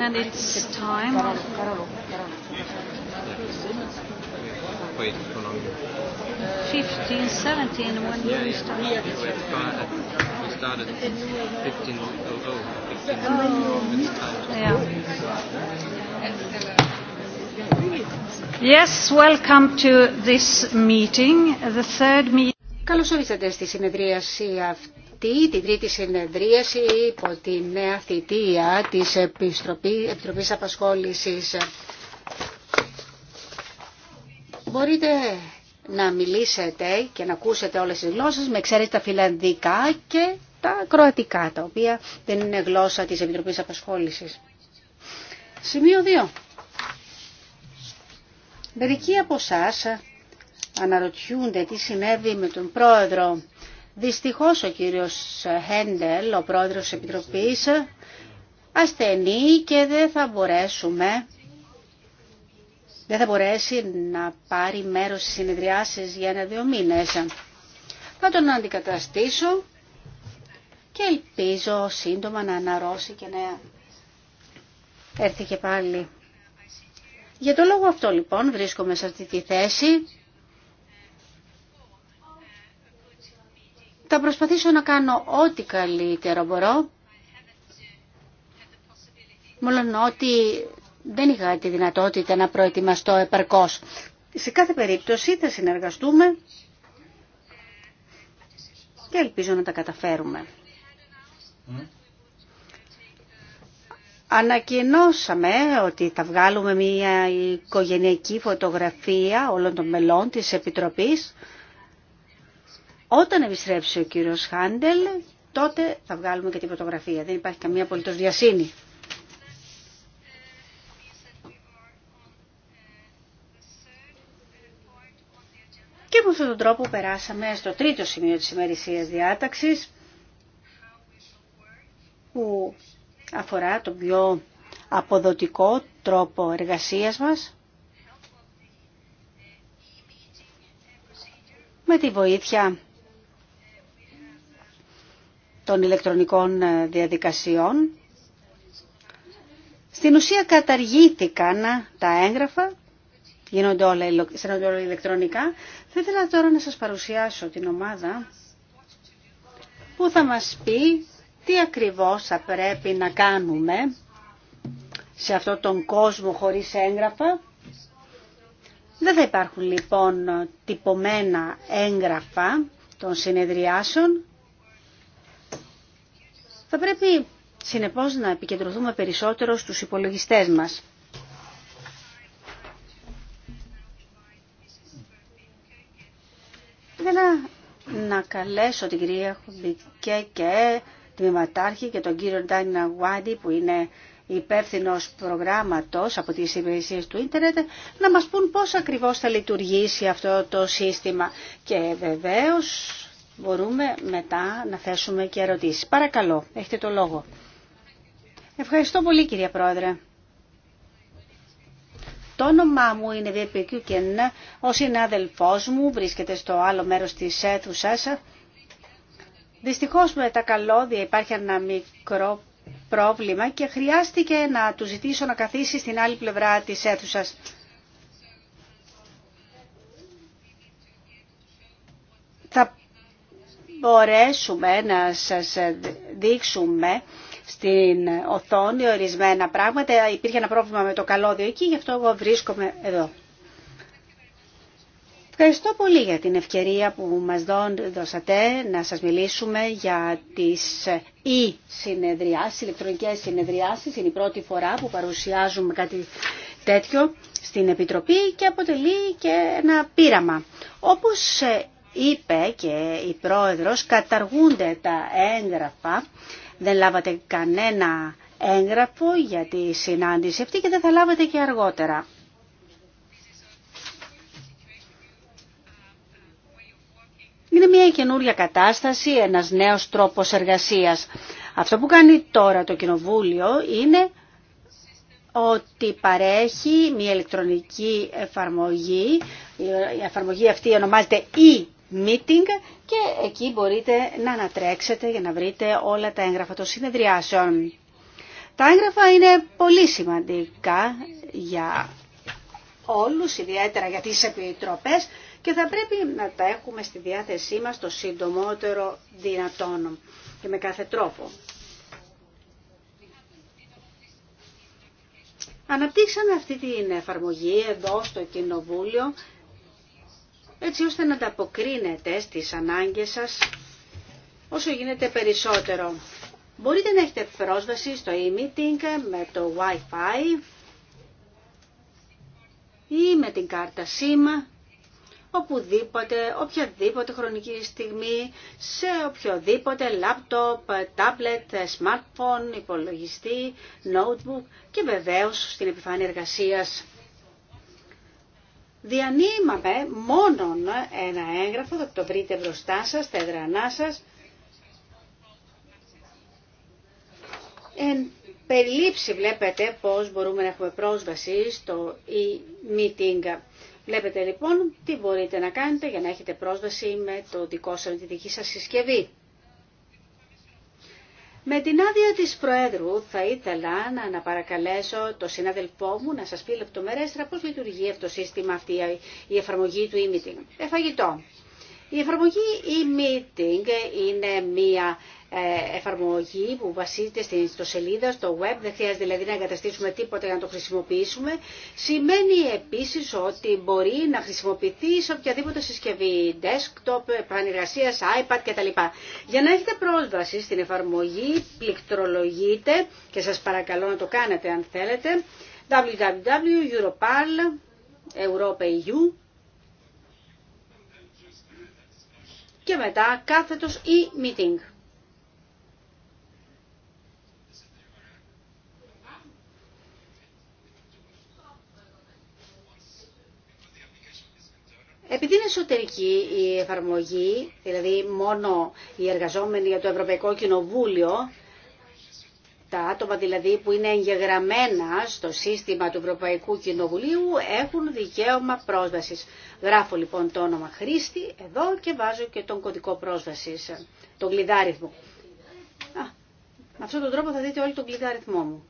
And it's time. Wait, how long? 15, when yeah, we started. we started 15, oh, Yeah. Yes, welcome to this meeting, the third meeting. Καλώς ορίσατε στη συνεδρίαση αυτή τρίτη, την τρίτη συνεδρίαση υπό τη νέα θητεία της Επιτροπής Απασχόλησης. Μπορείτε να μιλήσετε και να ακούσετε όλες τις γλώσσες, με εξαίρεση τα φιλανδικά και τα κροατικά, τα οποία δεν είναι γλώσσα της Επιτροπής Απασχόλησης. Σημείο 2. Μερικοί από εσά αναρωτιούνται τι συνέβη με τον πρόεδρο Δυστυχώς ο κύριος Χέντελ, ο πρόεδρος της Επιτροπής, ασθενεί και δεν θα μπορέσουμε δεν θα μπορέσει να πάρει μέρος στις συνεδριάσεις για ένα-δύο μήνες. Θα τον αντικαταστήσω και ελπίζω σύντομα να αναρρώσει και να έρθει και πάλι. Για τον λόγο αυτό λοιπόν βρίσκομαι σε αυτή τη θέση Θα προσπαθήσω να κάνω ό,τι καλύτερο μπορώ, μόνο ότι δεν είχα τη δυνατότητα να προετοιμαστώ επαρκώς. Σε κάθε περίπτωση θα συνεργαστούμε και ελπίζω να τα καταφέρουμε. Ανακοινώσαμε ότι θα βγάλουμε μια οικογενειακή φωτογραφία όλων των μελών της Επιτροπής όταν επιστρέψει ο κύριος Χάντελ, τότε θα βγάλουμε και την φωτογραφία. Δεν υπάρχει καμία απολύτως διασύνη. Και με αυτόν τον τρόπο περάσαμε στο τρίτο σημείο της ημερησίας διάταξης που αφορά τον πιο αποδοτικό τρόπο εργασίας μας με τη βοήθεια των ηλεκτρονικών ε, διαδικασιών. Στην ουσία καταργήθηκαν τα έγγραφα, γίνονται όλα, ηλεκτρονικά. Θα ήθελα τώρα να σας παρουσιάσω την ομάδα που θα μας πει τι ακριβώς θα πρέπει να κάνουμε σε αυτόν τον κόσμο χωρίς έγγραφα. Δεν θα υπάρχουν λοιπόν τυπωμένα έγγραφα των συνεδριάσεων. Θα πρέπει συνεπώς να επικεντρωθούμε περισσότερο στους υπολογιστές μας. ήθελα να καλέσω την κυρία Χουμπικέ και τη Μηματάρχη και τον κύριο Ντάνινα Γουάντι που είναι υπεύθυνο προγράμματο από τις υπηρεσίες του ίντερνετ να μας πούν πώ ακριβώς θα λειτουργήσει αυτό το σύστημα. Και βεβαίω μπορούμε μετά να θέσουμε και ερωτήσεις. Παρακαλώ, έχετε το λόγο. Ευχαριστώ πολύ κυρία Πρόεδρε. Το όνομά μου είναι Κιούκεν, ο συνάδελφός μου βρίσκεται στο άλλο μέρος της αίθουσας. Δυστυχώς με τα καλώδια υπάρχει ένα μικρό πρόβλημα και χρειάστηκε να του ζητήσω να καθίσει στην άλλη πλευρά της αίθουσας. Θα μπορέσουμε να σας δείξουμε στην οθόνη ορισμένα πράγματα. Υπήρχε ένα πρόβλημα με το καλώδιο εκεί, γι' αυτό εγώ βρίσκομαι εδώ. Ευχαριστώ πολύ για την ευκαιρία που μας δώσατε να σας μιλήσουμε για τις ή συνεδριάσεις, ηλεκτρονικές συνεδριάσεις. Είναι η πρώτη φορά που παρουσιάζουμε κάτι τέτοιο στην Επιτροπή και αποτελεί και ένα πείραμα. Όπως είπε και η πρόεδρος καταργούνται τα έγγραφα. Δεν λάβατε κανένα έγγραφο για τη συνάντηση αυτή και δεν θα λάβετε και αργότερα. Είναι μια καινούρια κατάσταση, ένας νέος τρόπος εργασίας. Αυτό που κάνει τώρα το Κοινοβούλιο είναι ότι παρέχει μια ηλεκτρονική εφαρμογή. Η εφαρμογή αυτή ονομάζεται e meeting και εκεί μπορείτε να ανατρέξετε για να βρείτε όλα τα έγγραφα των συνεδριάσεων. Τα έγγραφα είναι πολύ σημαντικά για όλους, ιδιαίτερα για τις επιτροπές και θα πρέπει να τα έχουμε στη διάθεσή μας το συντομότερο δυνατόν και με κάθε τρόπο. Αναπτύξαμε αυτή την εφαρμογή εδώ στο Κοινοβούλιο έτσι ώστε να ανταποκρίνετε στις ανάγκες σας όσο γίνεται περισσότερο. Μπορείτε να έχετε πρόσβαση στο e-meeting με το Wi-Fi ή με την κάρτα SIM οπουδήποτε, οποιαδήποτε χρονική στιγμή, σε οποιοδήποτε λάπτοπ, τάμπλετ, smartphone, υπολογιστή, notebook και βεβαίως στην επιφάνεια εργασίας. Διανύμαμε μόνον ένα έγγραφο, το βρείτε μπροστά σας, στα έδρανά σας. Εν περίληψη βλέπετε πώς μπορούμε να έχουμε πρόσβαση στο e-meeting. Βλέπετε λοιπόν τι μπορείτε να κάνετε για να έχετε πρόσβαση με το δικό σας, τη δική σας συσκευή. Με την άδεια της Προέδρου θα ήθελα να, αναπαρακαλέσω παρακαλέσω το συνάδελφό μου να σας πει λεπτομερέστερα πώς λειτουργεί αυτό το σύστημα αυτή η εφαρμογή του e-meeting. Εφαγητό. Η εφαρμογή e-meeting είναι μία ε, εφαρμογή που βασίζεται στην ιστοσελίδα, στο web, δεν χρειάζεται δηλαδή να εγκαταστήσουμε τίποτα για να το χρησιμοποιήσουμε. Σημαίνει επίσης ότι μπορεί να χρησιμοποιηθεί σε οποιαδήποτε συσκευή, desktop, επανεργασία, iPad κτλ. Για να έχετε πρόσβαση στην εφαρμογή, πληκτρολογείτε και σας παρακαλώ να το κάνετε αν θέλετε, www.europal, και μετά κάθετος e-meeting. Επειδή είναι εσωτερική η εφαρμογή, δηλαδή μόνο οι εργαζόμενοι για το Ευρωπαϊκό Κοινοβούλιο, τα άτομα δηλαδή που είναι εγγεγραμμένα στο σύστημα του Ευρωπαϊκού Κοινοβουλίου έχουν δικαίωμα πρόσβασης. Γράφω λοιπόν το όνομα χρήστη εδώ και βάζω και τον κωδικό πρόσβασης, τον κλειδάριθμο. Α, με αυτόν τον τρόπο θα δείτε όλοι τον κλειδάριθμό μου.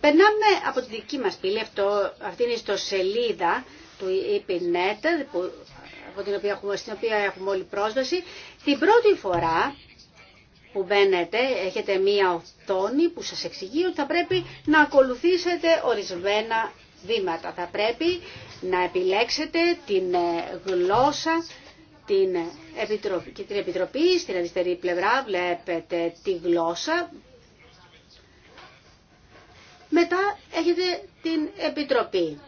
Περνάμε από τη δική μας πύλη, αυτή είναι η ιστοσελίδα του EPNET, από την οποία έχουμε, στην οποία έχουμε όλη πρόσβαση. Την πρώτη φορά που μπαίνετε έχετε μία οθόνη που σας εξηγεί ότι θα πρέπει να ακολουθήσετε ορισμένα βήματα. Θα πρέπει να επιλέξετε την ε, γλώσσα την επιτροπή, και την επιτροπή. Στην αριστερή πλευρά βλέπετε τη γλώσσα. Μετά έχετε την επιτροπή.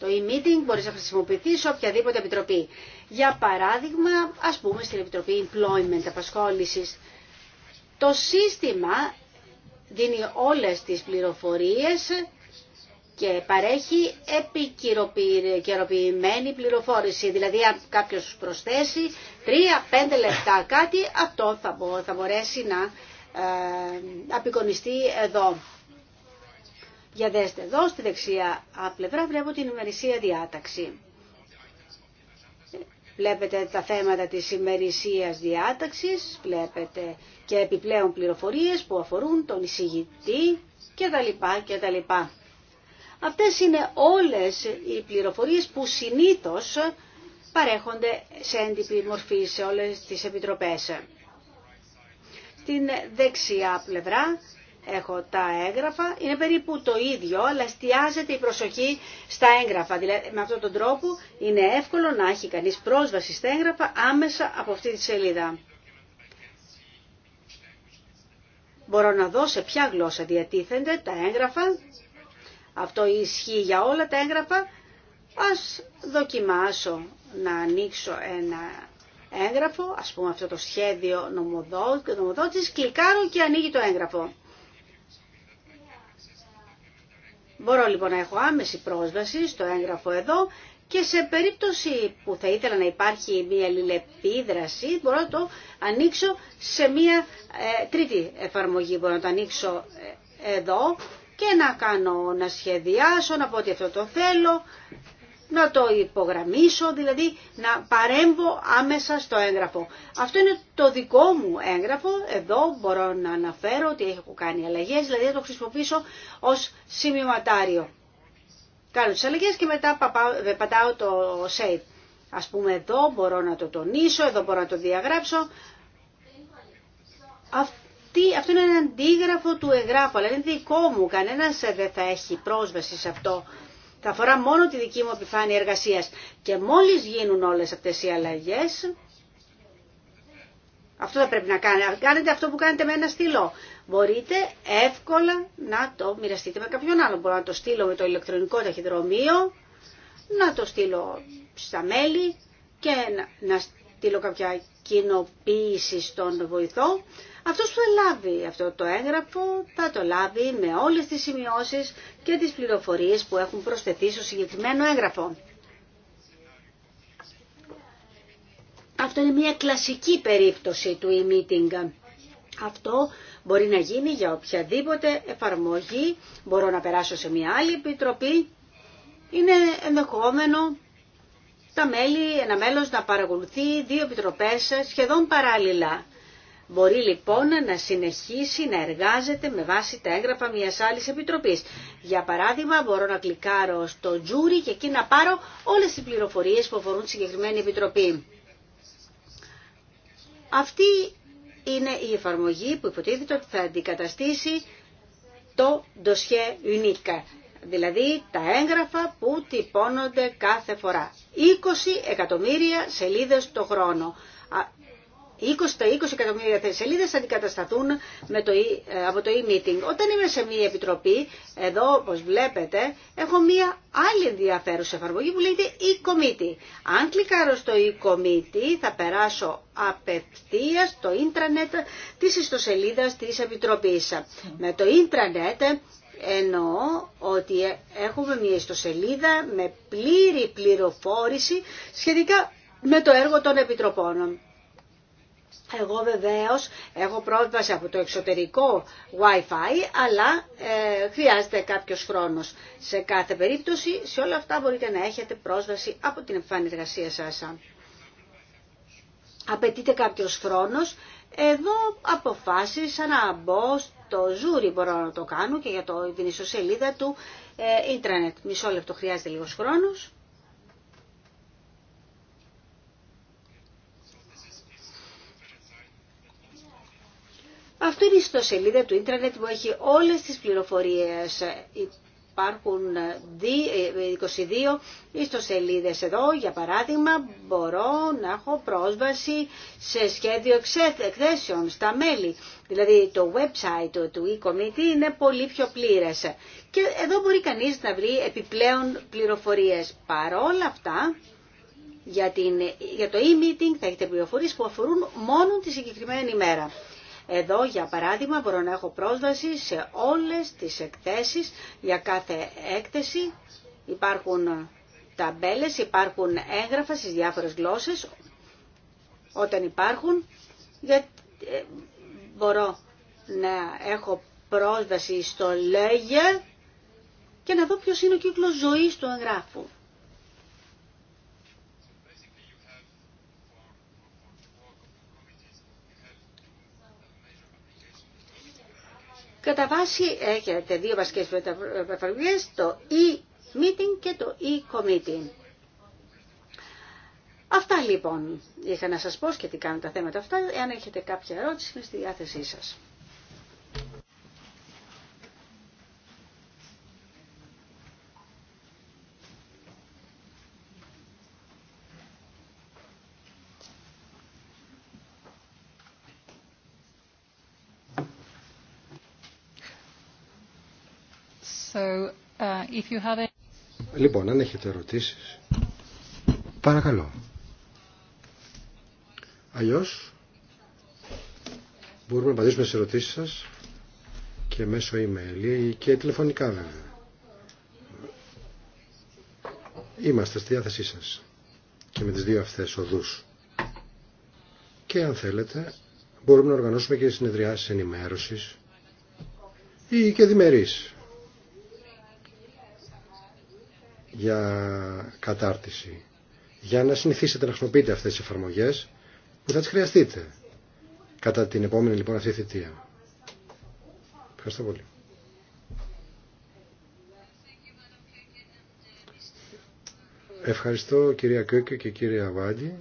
Το e-meeting μπορεί να χρησιμοποιηθεί σε οποιαδήποτε επιτροπή. Για παράδειγμα, ας πούμε στην Επιτροπή Employment, απασχόλησης. Το σύστημα δίνει όλες τις πληροφορίες και παρέχει επικαιροποιημένη πληροφόρηση. Δηλαδή αν κάποιος προσθέσει 3-5 λεπτά κάτι, αυτό θα μπορέσει να ε, απεικονιστεί εδώ. Για δέστε εδώ, στη δεξιά πλευρά βλέπω την ημερησία διάταξη. Βλέπετε τα θέματα της ημερησία διάταξης, βλέπετε και επιπλέον πληροφορίες που αφορούν τον εισηγητή και τα λοιπά και τα λοιπά. Αυτές είναι όλες οι πληροφορίες που συνήθως παρέχονται σε έντυπη μορφή σε όλες τις επιτροπές. Στην δεξιά πλευρά έχω τα έγγραφα, είναι περίπου το ίδιο, αλλά εστιάζεται η προσοχή στα έγγραφα. Δηλαδή, με αυτόν τον τρόπο είναι εύκολο να έχει κανείς πρόσβαση στα έγγραφα άμεσα από αυτή τη σελίδα. Μπορώ να δω σε ποια γλώσσα διατίθενται τα έγγραφα. Αυτό ισχύει για όλα τα έγγραφα. Ας δοκιμάσω να ανοίξω ένα έγγραφο, ας πούμε αυτό το σχέδιο νομοδότης, κλικάρω και ανοίγει το έγγραφο. Μπορώ λοιπόν να έχω άμεση πρόσβαση στο έγγραφο εδώ και σε περίπτωση που θα ήθελα να υπάρχει μια λιλεπίδραση, μπορώ να το ανοίξω σε μια ε, τρίτη εφαρμογή. Μπορώ να το ανοίξω ε, εδώ και να κάνω, να σχεδιάσω, να πω ότι αυτό το θέλω, να το υπογραμμίσω, δηλαδή να παρέμβω άμεσα στο έγγραφο. Αυτό είναι το δικό μου έγγραφο, εδώ μπορώ να αναφέρω ότι έχω κάνει αλλαγές, δηλαδή να το χρησιμοποιήσω ως σημειωματάριο. Κάνω τις αλλαγές και μετά πατάω το save. Ας πούμε εδώ μπορώ να το τονίσω, εδώ μπορώ να το διαγράψω. αυτό είναι ένα αντίγραφο του εγγράφου, αλλά είναι δικό μου. Κανένας ε, δεν θα έχει πρόσβαση σε αυτό θα αφορά μόνο τη δική μου επιφάνεια εργασίας. Και μόλις γίνουν όλες αυτές οι αλλαγές, αυτό θα πρέπει να κάνετε. Κάνετε αυτό που κάνετε με ένα στυλό. Μπορείτε εύκολα να το μοιραστείτε με κάποιον άλλον. Μπορώ να το στείλω με το ηλεκτρονικό ταχυδρομείο, να το στείλω στα μέλη και να στείλω κάποια κοινοποίηση στον βοηθό αυτός που ελάβει αυτό το έγγραφο θα το λάβει με όλες τις σημειώσεις και τις πληροφορίες που έχουν προσθεθεί στο συγκεκριμένο έγγραφο. Αυτό είναι μια κλασική περίπτωση του e-meeting. Αυτό μπορεί να γίνει για οποιαδήποτε εφαρμογή. Μπορώ να περάσω σε μια άλλη επιτροπή. Είναι ενδεχόμενο τα μέλη, ένα μέλος να παρακολουθεί δύο επιτροπές σχεδόν παράλληλα. Μπορεί λοιπόν να συνεχίσει να εργάζεται με βάση τα έγγραφα μιας άλλης επιτροπής. Για παράδειγμα μπορώ να κλικάρω στο τζούρι και εκεί να πάρω όλες τις πληροφορίες που αφορούν τη συγκεκριμένη επιτροπή. Αυτή είναι η εφαρμογή που υποτίθεται ότι θα αντικαταστήσει το ντοσιέ UNICA, δηλαδή τα έγγραφα που τυπώνονται κάθε φορά. 20 εκατομμύρια σελίδες το χρόνο τα 20 εκατομμύρια σελίδε σελίδες θα αντικατασταθούν με το, e, ε, από το e-meeting. Όταν είμαι σε μια επιτροπή, εδώ όπως βλέπετε, έχω μια άλλη ενδιαφέρουσα εφαρμογή που λέγεται e-committee. Αν κλικάρω στο e-committee θα περάσω απευθείας στο intranet της ιστοσελίδας της επιτροπής. Με το intranet εννοώ ότι ε, έχουμε μια ιστοσελίδα με πλήρη πληροφόρηση σχετικά με το έργο των επιτροπών. Εγώ βεβαίως έχω πρόσβαση από το εξωτερικό Wi-Fi, αλλά ε, χρειάζεται κάποιος χρόνος. Σε κάθε περίπτωση, σε όλα αυτά μπορείτε να έχετε πρόσβαση από την επιφάνεια εργασία σας. Απαιτείται κάποιος χρόνος. Εδώ αποφάσισα να μπω στο ζούρι, μπορώ να το κάνω και για το, την ιστοσελίδα του ε, ίντρανετ. Μισό λεπτό χρειάζεται λίγος χρόνος. Αυτή είναι η ιστοσελίδα του ίντερνετ που έχει όλες τις πληροφορίες. Υπάρχουν 22 ε, ε, ιστοσελίδες εδώ, για παράδειγμα, μπορώ να έχω πρόσβαση σε σχέδιο εκθέσεων στα μέλη. Δηλαδή το website του e-committee είναι πολύ πιο πλήρες. Και εδώ μπορεί κανείς να βρει επιπλέον πληροφορίες. Παρόλα αυτά, για, την, για το e-meeting θα έχετε πληροφορίες που αφορούν μόνο τη συγκεκριμένη ημέρα. Εδώ, για παράδειγμα, μπορώ να έχω πρόσβαση σε όλες τις εκθέσεις. Για κάθε έκθεση υπάρχουν ταμπέλες, υπάρχουν έγγραφα στις διάφορες γλώσσες. Όταν υπάρχουν, γιατί ε, μπορώ να έχω πρόσβαση στο λέγε και να δω ποιος είναι ο κύκλος ζωής του εγγράφου. Κατά βάση έχετε δύο βασικέ προεφαρμογέ, το e-meeting και το e-committee. Αυτά λοιπόν είχα να σας πω σχετικά με τα θέματα αυτά. Εάν έχετε κάποια ερώτηση, είμαι στη διάθεσή σας. Λοιπόν, αν έχετε ερωτήσεις, παρακαλώ. Αλλιώς, μπορούμε να απαντήσουμε σε ερωτήσεις σας και μέσω email και τηλεφωνικά βέβαια. Είμαστε στη διάθεσή σας και με τις δύο αυτές οδούς. Και αν θέλετε, μπορούμε να οργανώσουμε και συνεδριάσεις ενημέρωσης ή και δημερίς. για κατάρτιση για να συνηθίσετε να χρησιμοποιείτε αυτές τις εφαρμογές που θα τις χρειαστείτε κατά την επόμενη λοιπόν αυτή θητεία. Ευχαριστώ πολύ. Ευχαριστώ κυρία Κιόκιο και κύρια Βάντι.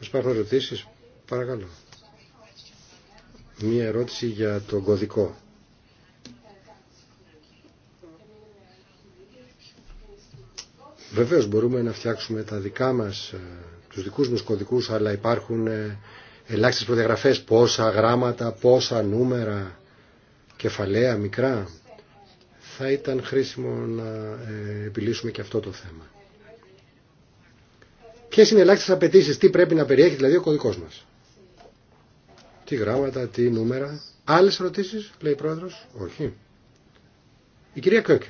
υπάρχουν ερωτήσεις. Παρακαλώ. Μία ερώτηση για τον κωδικό. Βεβαίως μπορούμε να φτιάξουμε τα δικά μας, ε, τους δικούς μας κωδικούς, αλλά υπάρχουν ε, ελάχιστες προδιαγραφές, πόσα γράμματα, πόσα νούμερα, κεφαλαία, μικρά. Θα ήταν χρήσιμο να ε, επιλύσουμε και αυτό το θέμα. Ποιες είναι οι ελάχιστες απαιτήσεις, τι πρέπει να περιέχει δηλαδή ο κωδικός μας. Τι γράμματα, τι νούμερα. Άλλες ερωτήσεις, λέει η πρόεδρος. Όχι. Η κυρία Κόκε.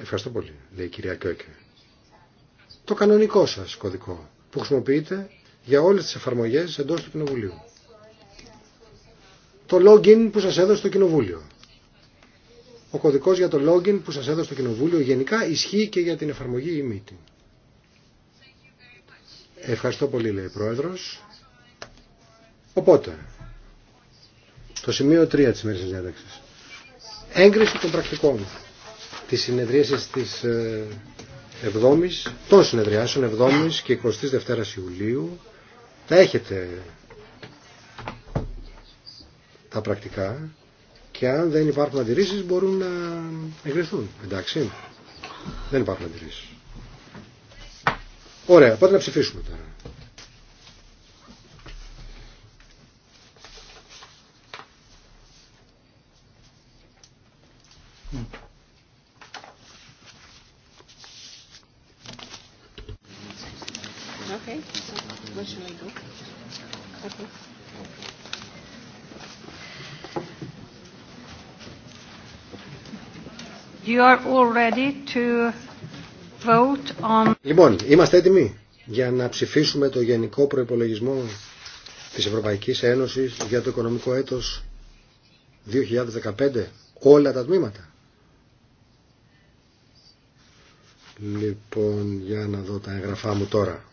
Ευχαριστώ πολύ, λέει η κυρία Κιόκε. Το κανονικό σας κωδικό που χρησιμοποιείτε για όλες τις εφαρμογές εντό του Κοινοβουλίου. Το login που σας έδωσε το Κοινοβούλιο. Ο κωδικός για το login που σας έδωσε το Κοινοβούλιο γενικά ισχύει και για την εφαρμογή e-meeting. Ευχαριστώ πολύ, λέει ο Πρόεδρος. Οπότε, το σημείο 3 της μέρης διάταξη. Έγκριση των πρακτικών. Τις συνεδρίες της 7ης, ε, των συνεδριάσεων 7η και 22ης Ιουλίου. Τα έχετε τα πρακτικά και αν δεν υπάρχουν αντιρρήσεις μπορούν να εγκριθούν. Εντάξει, δεν υπάρχουν αντιρρήσεις. Ωραία, πότε να ψηφίσουμε τώρα. Λοιπόν, είμαστε έτοιμοι για να ψηφίσουμε το Γενικό Προϋπολογισμό της Ευρωπαϊκής Ένωσης για το οικονομικό έτος 2015, όλα τα τμήματα. Λοιπόν, για να δω τα εγγραφά μου τώρα.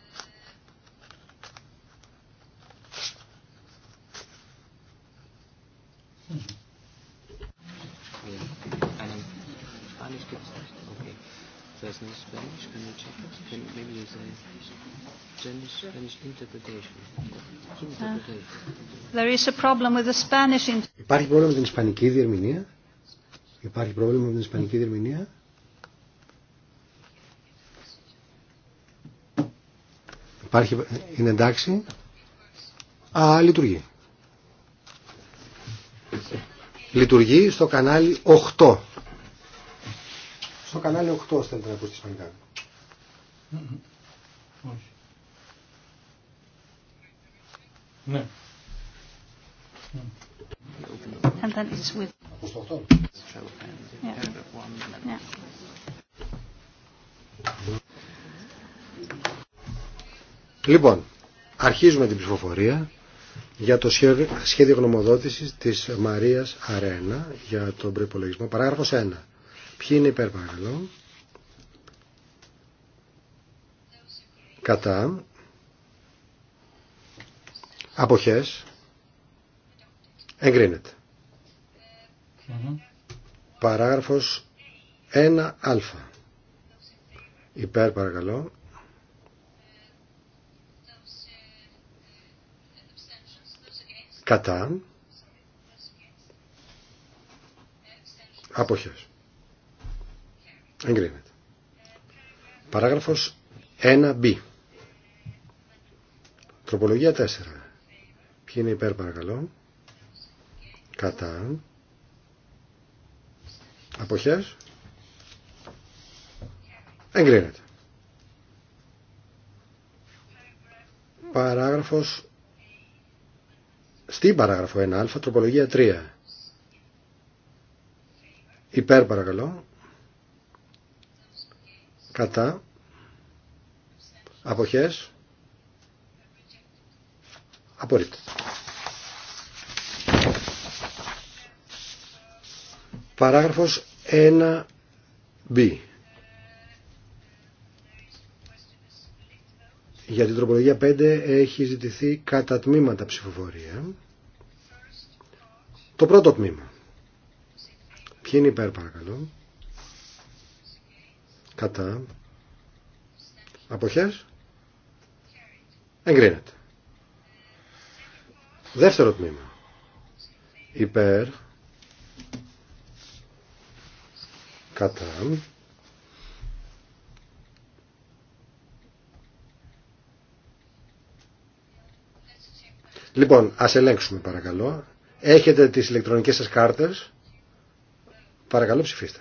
Υπάρχει πρόβλημα με την ισπανική διερμηνία. Υπάρχει πρόβλημα με την ισπανική διερμηνία. Υπάρχει, είναι εντάξει. Α, λειτουργεί. Λειτουργεί στο κανάλι 8. Στο κανάλι 8 θέλετε να ακούσετε ισπανικά. Όχι. Ναι. it's with... Λοιπόν, αρχίζουμε την ψηφοφορία για το σχέδιο γνωμοδότησης της Μαρίας Αρένα για τον προϋπολογισμό. Παράγραφος 1. Ποιοι είναι υπέρ παρακαλώ. Κατά. Αποχές. Εγκρίνεται. Mm -hmm. Παράγραφος 1α. Υπέρ παρακαλώ. Κατά. Αποχές. Εγκρίνεται. Παράγραφος 1b. Τροπολογία 4. Ποιοι είναι υπέρ παρακαλώ. Κατά. Αποχές. Εγκρίνεται. Παράγραφος. Στην παράγραφο 1α τροπολογία 3. Υπέρ παρακαλώ κατά αποχές απορρίπτεται. Παράγραφος 1b. Για την τροπολογία 5 έχει ζητηθεί κατά τμήματα ψηφοφορία. Το πρώτο τμήμα. Ποιοι είναι υπέρ παρακαλώ κατά αποχές εγκρίνεται. Δεύτερο τμήμα υπέρ κατά Λοιπόν, ας ελέγξουμε παρακαλώ. Έχετε τις ηλεκτρονικές σας κάρτες. Παρακαλώ ψηφίστε.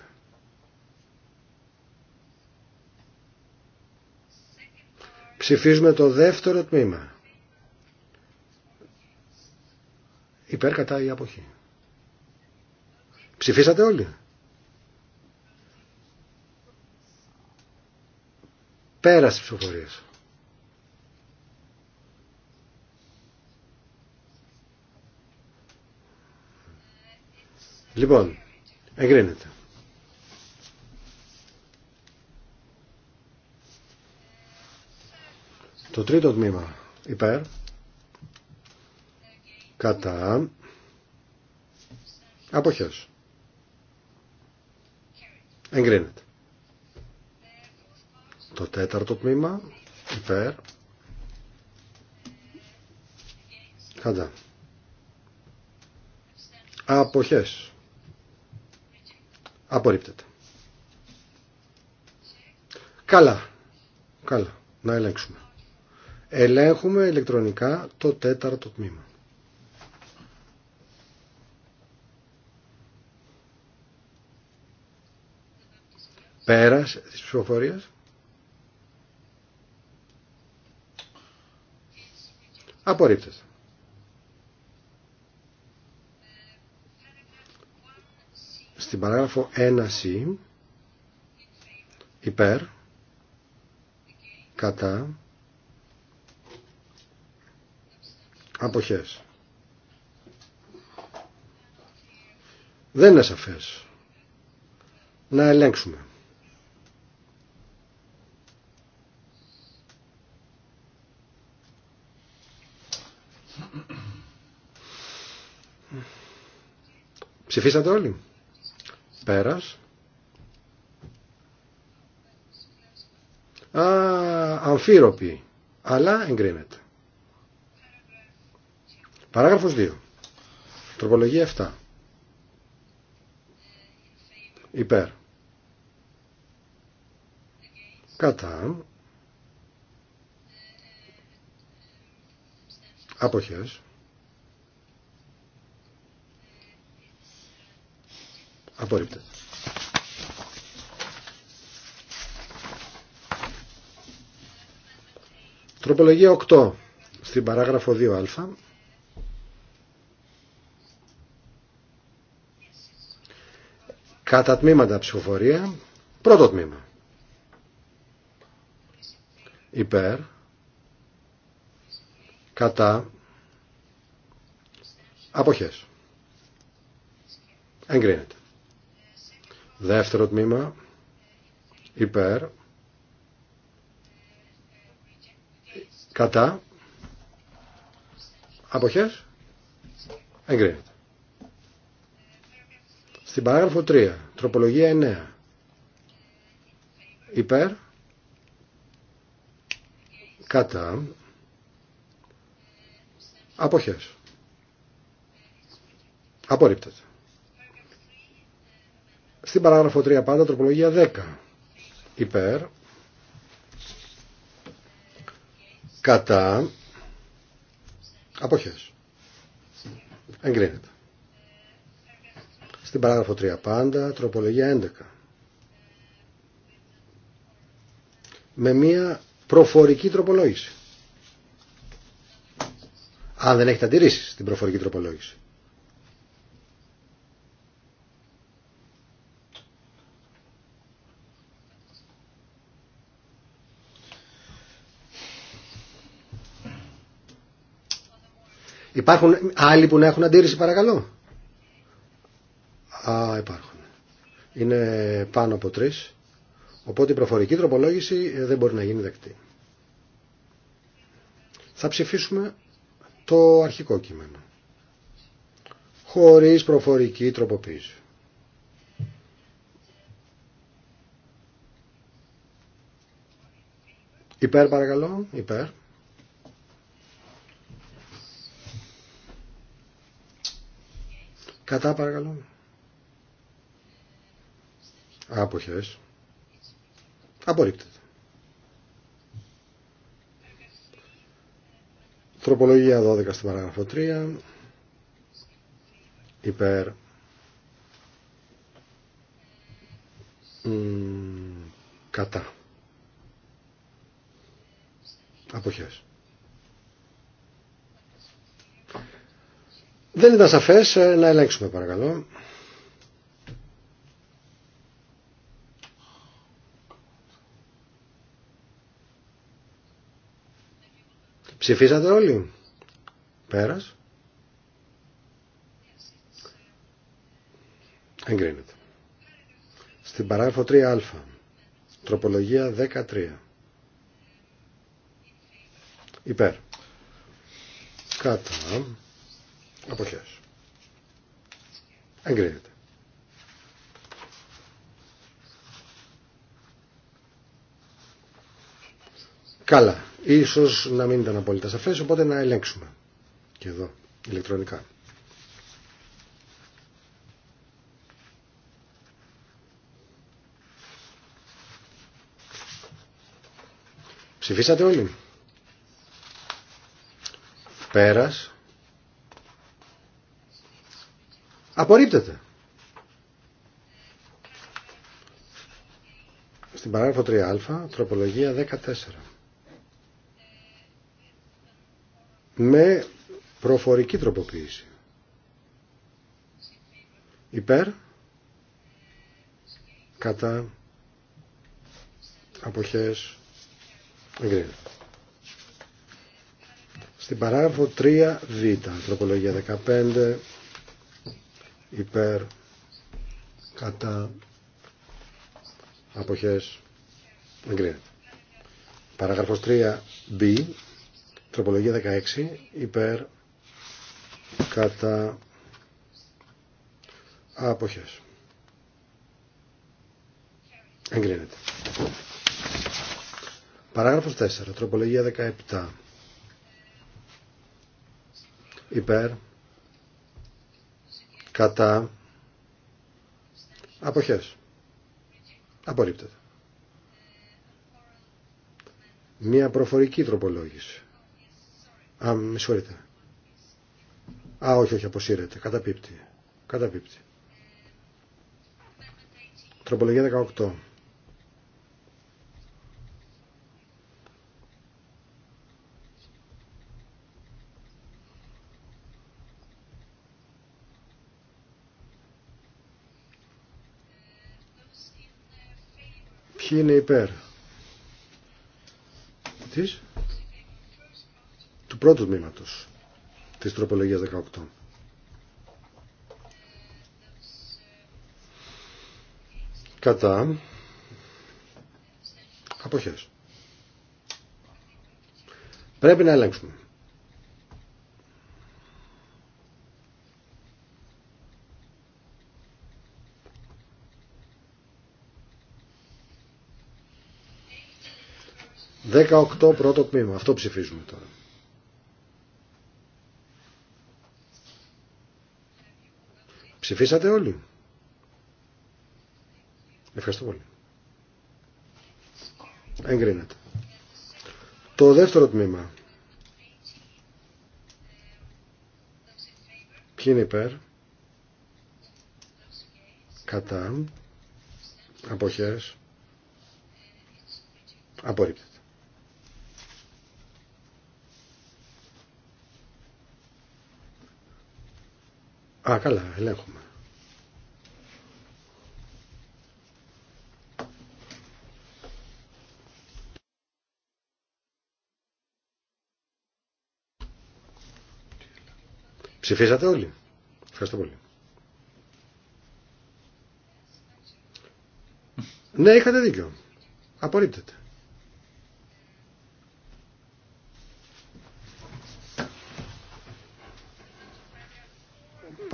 Ψηφίζουμε το δεύτερο τμήμα. Υπέρ κατά ή αποχή. Ψηφίσατε όλοι. Πέρασε ψηφοφορίες. Λοιπόν, εγκρίνεται. Το τρίτο τμήμα υπέρ κατά αποχές. Εγκρίνεται. Το τέταρτο τμήμα υπέρ κατά αποχές. Απορρίπτεται. Καλά. Καλά. Να ελέγξουμε. Ελέγχουμε ηλεκτρονικά το τέταρτο τμήμα. Πέρας της ψηφοφορίας. Απορρίπτεται. Στην παράγραφο 1c υπέρ κατά Αποχές. Δεν είναι σαφές. Να ελέγξουμε. Ψηφίσατε όλοι. Πέρας. Α, αμφίροποι. Αλλά εγκρίνεται. Παράγραφος 2. Τροπολογία 7. Υπέρ. Κατά. Αποχές. Απορρίπτε. Τροπολογία 8 στην παράγραφο 2α Κατά τμήματα ψηφοφορία. Πρώτο τμήμα. Υπέρ. Κατά. Αποχές. Εγκρίνεται. Δεύτερο τμήμα. Υπέρ. Κατά. Αποχές. Εγκρίνεται. Στην παράγραφο 3, τροπολογία 9. Υπέρ, κατά, αποχές. Απορρίπτεται. Στην παράγραφο 3 πάντα τροπολογία 10. Υπέρ, κατά, αποχές. Εγκρίνεται. Στην παράγραφο 3 πάντα, τροπολογία 11. Με μία προφορική τροπολόγηση. Αν δεν έχετε αντιρρήσεις στην προφορική τροπολόγηση. Υπάρχουν άλλοι που να έχουν αντίρρηση παρακαλώ. Α, υπάρχουν. Είναι πάνω από τρεις. Οπότε η προφορική τροπολόγηση ε, δεν μπορεί να γίνει δεκτή. Θα ψηφίσουμε το αρχικό κείμενο. Χωρίς προφορική τροποποίηση. Υπέρ παρακαλώ, υπέρ. Κατά παρακαλώ. Άποχες. Απορρίπτεται. Τροπολογία 12 στην παράγραφο 3. Υπέρ. Μ, κατά. Αποχές. Δεν ήταν σαφές ε, να ελέγξουμε παρακαλώ. Ψηφίσατε όλοι. Πέρας. Εγκρίνεται. Στην παράγραφο 3α. Τροπολογία 13. Υπέρ. Κάτω. Αποχές. Εγκρίνεται. Καλά. Ίσως να μην ήταν απόλυτα σαφές, οπότε να ελέγξουμε. Και εδώ, ηλεκτρονικά. Ψηφίσατε όλοι. Πέρας. Απορρίπτεται. Στην παράγραφο 3α, τροπολογία 14. με προφορική τροποποίηση. Υπέρ, κατά, αποχές, εγκρίνεται. Στην παράγραφο 3β, τροπολογία 15, υπέρ, κατά, αποχές, εγκρίνεται. Παράγραφος 3Β Τροπολογία 16 υπέρ κατά αποχές. Εγκρίνεται. Παράγραφος 4. Τροπολογία 17. Υπέρ. Κατά. Αποχές. Απορρίπτεται. Μία προφορική τροπολόγηση. Α, με συγχωρείτε. Α, όχι, όχι, αποσύρεται. Καταπίπτει. Καταπίπτει. Τροπολογία 18. Ποιοι είναι υπέρ Τις πρώτου τμήματος τη Τροπολογία 18. Κατά αποχές. Πρέπει να ελέγξουμε. 18 πρώτο τμήμα. Αυτό ψηφίζουμε τώρα. Ψηφίσατε όλοι. Ευχαριστώ πολύ. Εγκρίνεται. Το δεύτερο τμήμα. Ποιοι είναι υπέρ. Κατά. Αποχές. Απορρίπτεται. Α, καλά, ελέγχουμε. Ψηφίσατε όλοι. Ευχαριστώ πολύ. Ναι, είχατε δίκιο. Απορρίπτεται.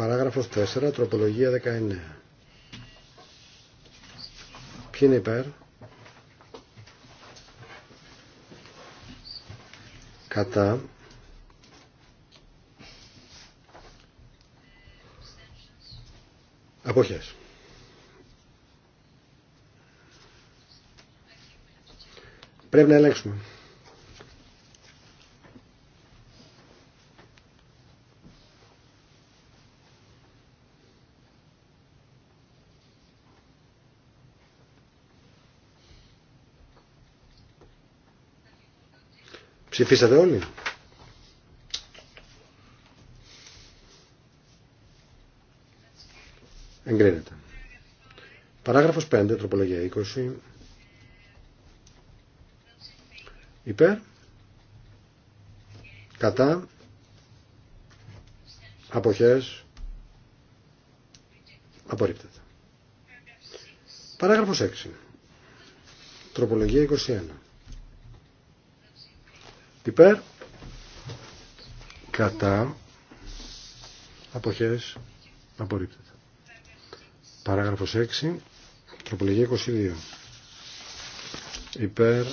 Παράγραφος 4, τροπολογία 19. Ποιοι είναι υπέρ. Κατά. Αποχές. Πρέπει να ελέγξουμε. Ψηφίσατε όλοι. Εγκρίνεται. Παράγραφος 5, τροπολογία 20. Υπέρ. Κατά. Αποχές. Απορρίπτεται. Παράγραφος 6. Τροπολογία 21. Υπέρ. Κατά. Αποχές. Απορρίπτεται. Παράγραφος 6. Τροπολογία 22. Υπέρ.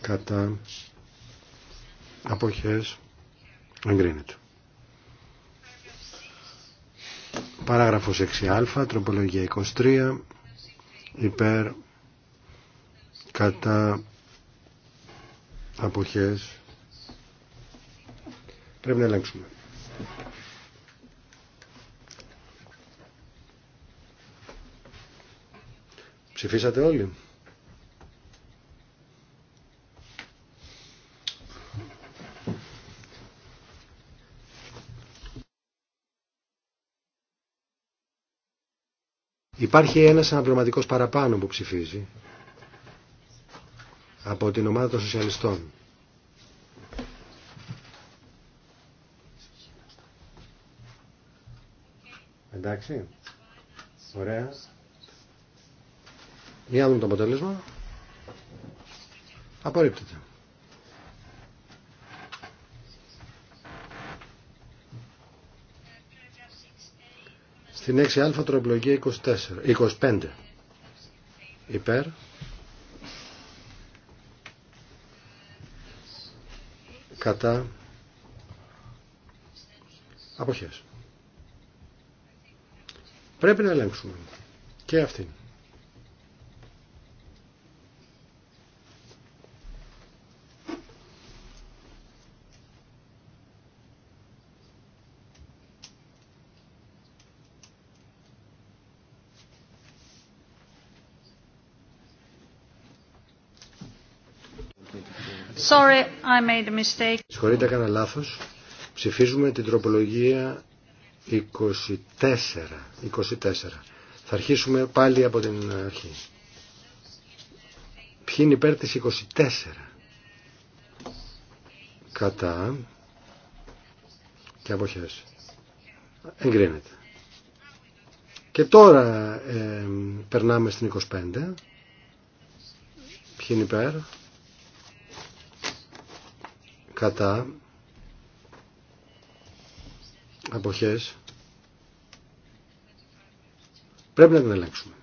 Κατά. Αποχές. Εγκρίνεται. Παράγραφος 6α, τροπολογία 23, υπέρ, κατά, αποχές πρέπει να ελέγξουμε. Ψηφίσατε όλοι. Υπάρχει ένας αναπληρωματικός παραπάνω που ψηφίζει από την ομάδα των σοσιαλιστών. Εντάξει. Ωραία. Για να το αποτέλεσμα. Απορρίπτεται. Στην 6α τροπολογία 24, 25. Υπέρ. κατά αποχές. Πρέπει να ελέγξουμε και αυτήν. I made Συγχωρείτε, έκανα λάθος. Ψηφίζουμε την τροπολογία 24. 24. Θα αρχίσουμε πάλι από την αρχή. Ποιοι είναι υπέρ της 24. Κατά και αποχές. Εγκρίνεται. Και τώρα ε, περνάμε στην 25. Ποιοι είναι υπέρ κατά αποχές πρέπει να την ελέγξουμε.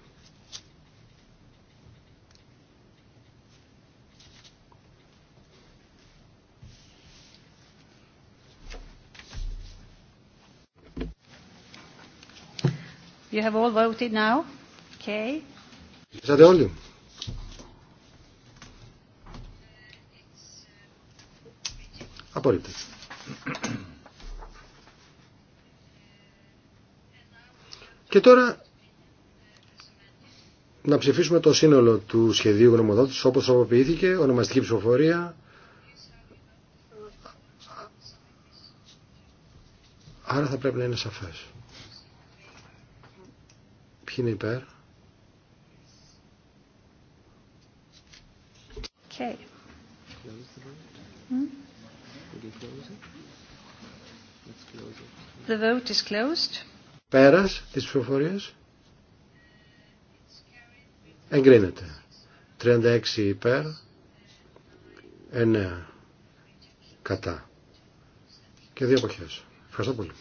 You have all voted now. Okay. all όλοι. Και τώρα να ψηφίσουμε το σύνολο του σχεδίου γνωμοδότησης όπως τροποποιήθηκε, ονομαστική ψηφοφορία. Άρα θα πρέπει να είναι σαφές. Ποιοι είναι υπέρ. Okay. The vote is closed. Πέρας της ψηφοφορίας. Εγκρίνεται. 36 υπέρ, 9 κατά και δύο εποχές. Ευχαριστώ πολύ.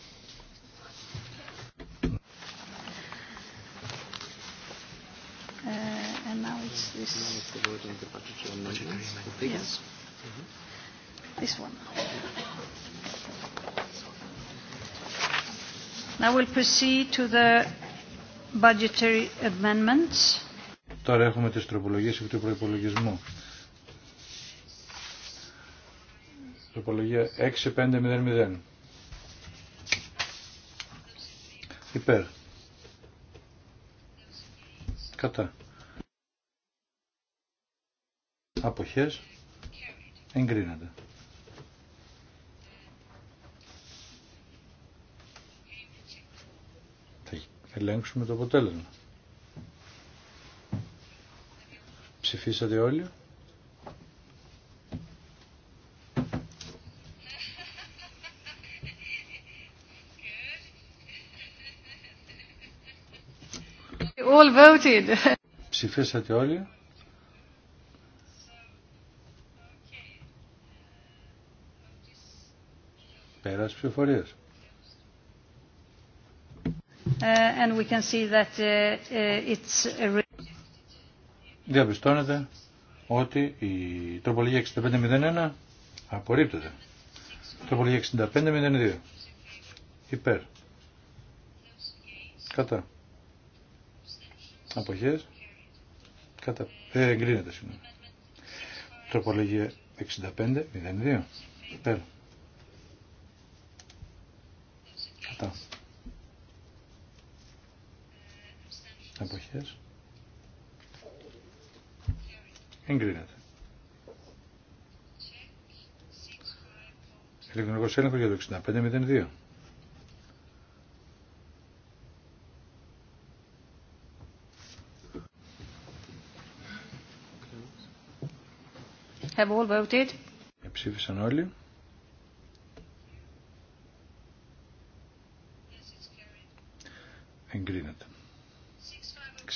Uh, and now it's this. Now it's the vote on the budgetary amendments. Yes. Mm -hmm. Now we'll proceed to the budgetary amendments. Τώρα έχουμε τις τροπολογίες το προϋπολογισμό. Τροπολογία 6500. Υπέρ. Κατά. Αποχές. Εγκρίνεται. ελέγξουμε το αποτέλεσμα. Ψηφίσατε όλοι. All voted. Ψηφίσατε όλοι. Πέρας ψηφορίες. Διαπιστώνετε ε, ε, Διαπιστώνεται ότι η τροπολογία 6501 απορρίπτεται. Τροπολογία 6502 υπέρ. Κατά. Αποχές. Κατά. Ε, εγκρίνεται, συγγνώμη. Τροπολογία 6502 υπέρ. Κατά. εποχές Εγκρίνεται. Ελεκτρονικός έλεγχος για το 6502. Have all voted. Ψήφισαν όλοι.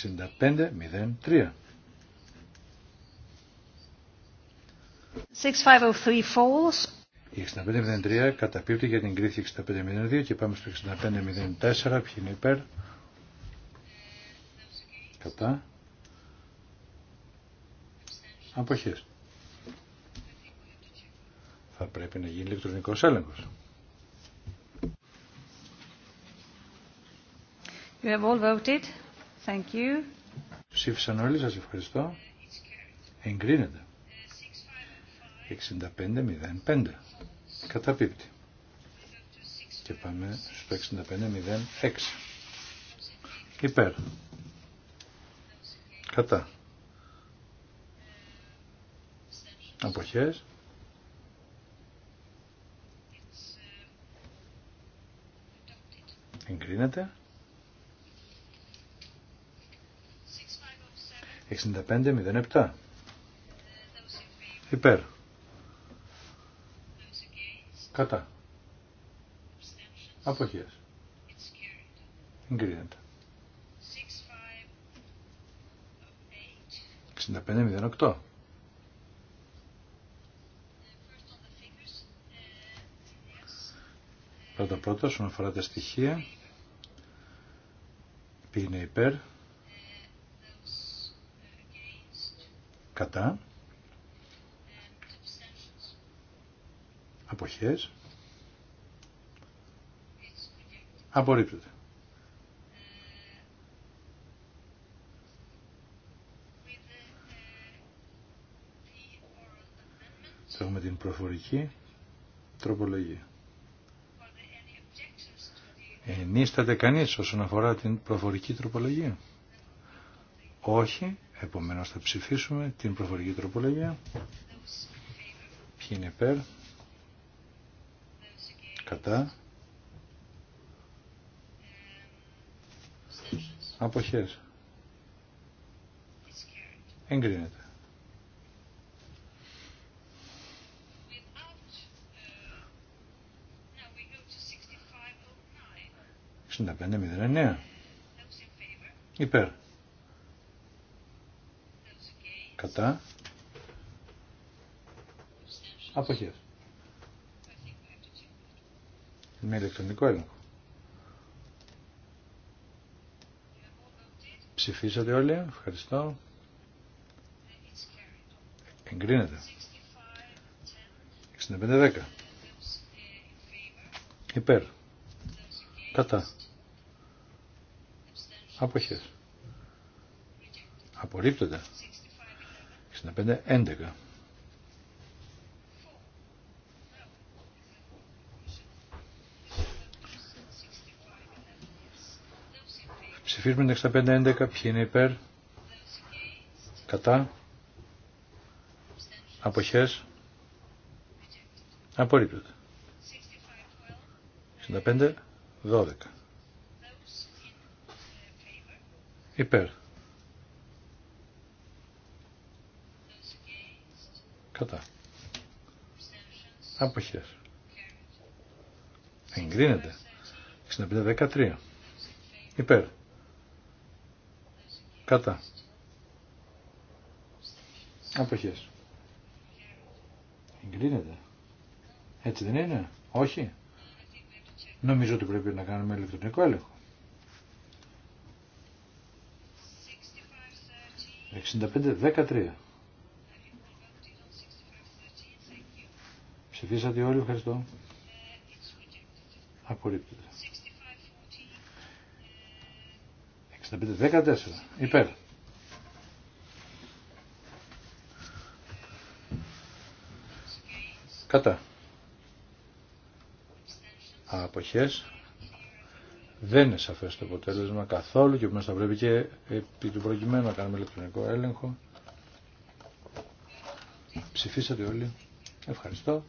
Oh Η 6503 καταπίπτει για την κρίση 6502 και πάμε στο 6504. Ποιοι είναι υπέρ. Κατά. Αποχές. Θα πρέπει να γίνει ηλεκτρονικός έλεγχος. You have all voted. Thank you. Ψήφισαν όλοι, σας ευχαριστώ. Εγκρίνεται. 65-05. Καταπίπτει. Και πάμε στο 65-06. Υπέρ. Κατά. Αποχές. Εγκρίνεται. 65-07. Υπέρ. Κατά. Αποχές. Εγκρίνεται. 65-08. Πρώτα πρώτα, όσον αφορά τα στοιχεία, πήγαινε υπέρ, κατά αποχές απορρίπτεται. έχουμε την προφορική τροπολογία. Ενίσταται κανείς όσον αφορά την προφορική τροπολογία. Όχι, Επομένως θα ψηφίσουμε την προφορική τροπολογία. Ποιοι είναι υπέρ. Κατά. Αποχές. Εγκρίνεται. Συνταπέντε μηδέν Υπέρ. Κατά. Αποχές. Με ηλεκτρονικό έλεγχο. Ψηφίσατε όλοι. Ευχαριστώ. Εγκρίνεται. 65-10. Υπέρ. Κατά. Αποχές. Απορρίπτονται. 65-11. ψηφισουμε την 65-11. Ποιοι είναι υπέρ. Κατά. Αποχές. Απορρίπτεται. 65-12. Υπέρ. αποχες Αποχές. Εγκρίνεται. 65-13. Υπέρ. Κατά. Αποχές. Εγκρίνεται. Έτσι δεν είναι. Όχι. Νομίζω ότι πρέπει να κάνουμε ηλεκτρονικό έλεγχο. 65-13. Ψηφίσατε όλοι, ευχαριστώ. Απορρίπτεται. 65-14, υπέρ. Κατά. Αποχές. Δεν είναι σαφές το αποτέλεσμα καθόλου και επομένως θα πρέπει και επί του προκειμένου να κάνουμε ηλεκτρονικό έλεγχο. Ψηφίσατε όλοι. Ευχαριστώ.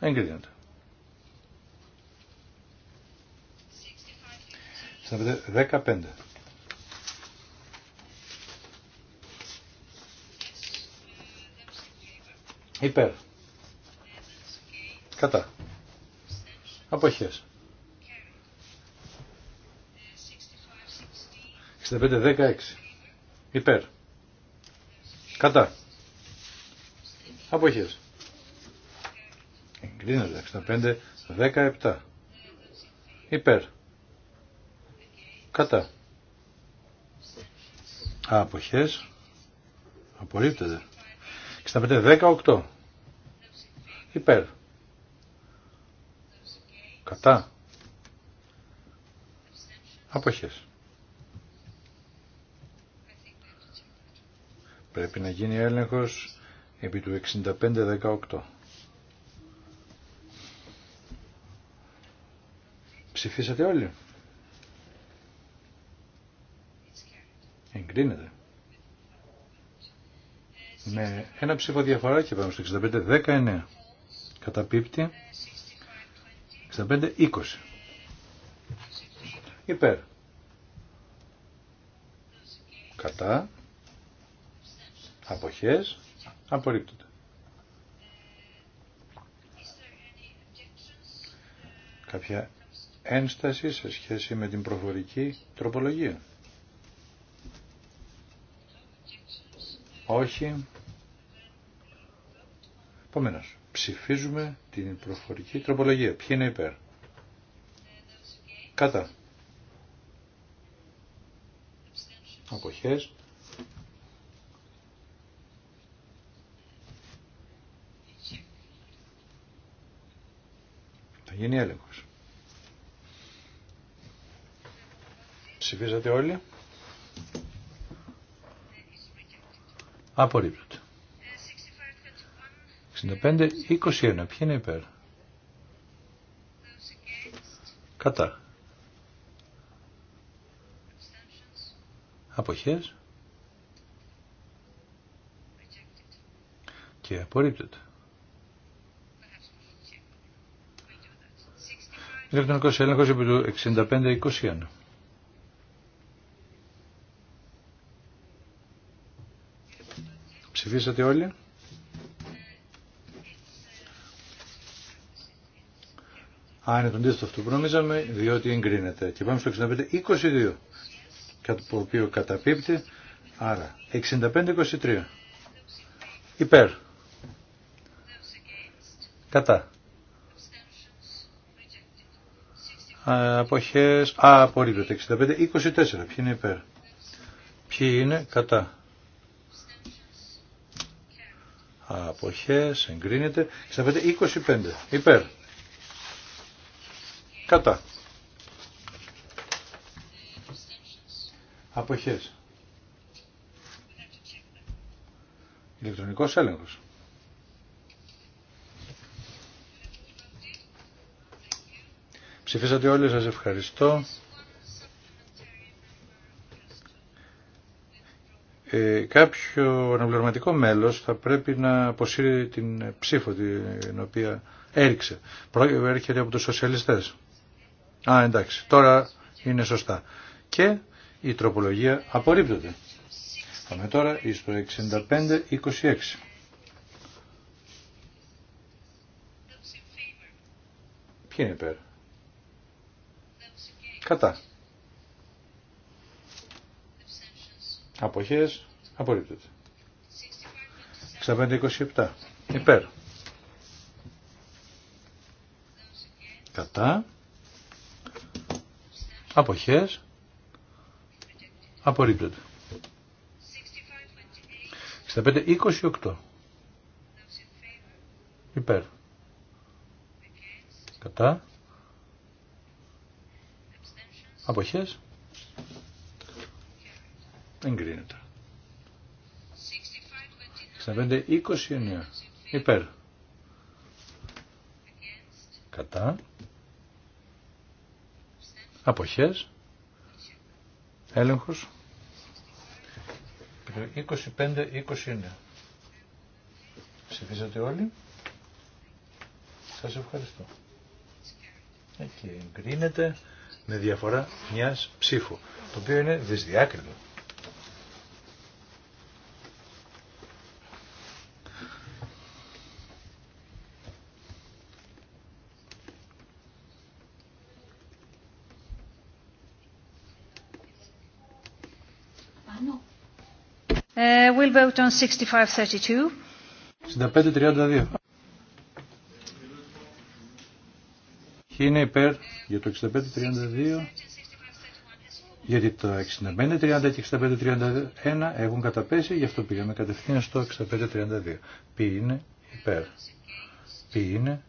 Εγκρίνεται. Στην 15. Υπέρ. Κατά. Αποχές. 65-16. Υπέρ. Κατά. Αποχές. Εγκρίνεται. 65, 17. Υπέρ. Κατά. Αποχές. Απορρίπτεται. 65, 18. Υπέρ. Κατά. Αποχές. Πρέπει να γίνει έλεγχος επί του 65-18. Ψηφίσατε όλοι. Εγκρίνεται. Με ένα ψήφο διαφορά και πάμε στο 65-19. Καταπίπτει. 65-20. Υπέρ. Κατά. Αποχές. Απορρίπτονται. Κάποια ένσταση σε σχέση με την προφορική τροπολογία. Όχι. Επομένω, ψηφίζουμε την προφορική τροπολογία. Ποιοι είναι υπέρ. Κατά. Αποχές. Θα γίνει έλεγχος. Ψηφίσατε όλοι. Απορρίπτεται. 65-21. Ποιοι είναι υπέρ. Κατά. Αποχές. Και απορρίπτωτο. Ηλεκτρονικός έλεγχος επί του 65-21. Ψηφίσατε όλοι. Α, είναι τον τίτλο αυτό που νομίζαμε, διότι εγκρίνεται. Και πάμε στο 65-22, το οποίο καταπίπτει, άρα 65-23. Υπέρ. Κατά. Αποχές. Α, απορρίπτεται. 65-24. Ποιοι είναι υπέρ. Ποιοι είναι κατά. αποχές, εγκρίνεται. 25, υπέρ. Κατά. Αποχές. Ηλεκτρονικός έλεγχος. Ψηφίσατε όλοι, σας ευχαριστώ. ε, κάποιο αναπληρωματικό μέλος θα πρέπει να αποσύρει την ψήφο την οποία έριξε. Έρχεται από τους σοσιαλιστές. Α, εντάξει, τώρα είναι σωστά. Και η τροπολογία απορρίπτεται. Πάμε τώρα στο 65-26. Ποιοι είναι υπέρ. Κατά. Αποχές. Απορρίπτεται. 65-27. Υπέρ. Κατά. Αποχές. Απορρίπτεται. 65-28. Υπέρ. Κατά. Αποχές. Εγκρίνεται. 65-29. Υπέρ. Κατά. Αποχές. Έλεγχος. 25-29. Ψηφίσατε όλοι. Σας ευχαριστώ. Ε, και εγκρίνεται με διαφορά μιας ψήφου, το οποίο είναι δυσδιάκριτο. vote on 6532. 65-32. Ποιοι είναι υπέρ για το 65-32. Γιατί το 65-30 και 65-31 έχουν καταπέσει, γι' αυτό πήγαμε κατευθείαν στο 65-32. Ποιοι είναι υπέρ. Ποιοι είναι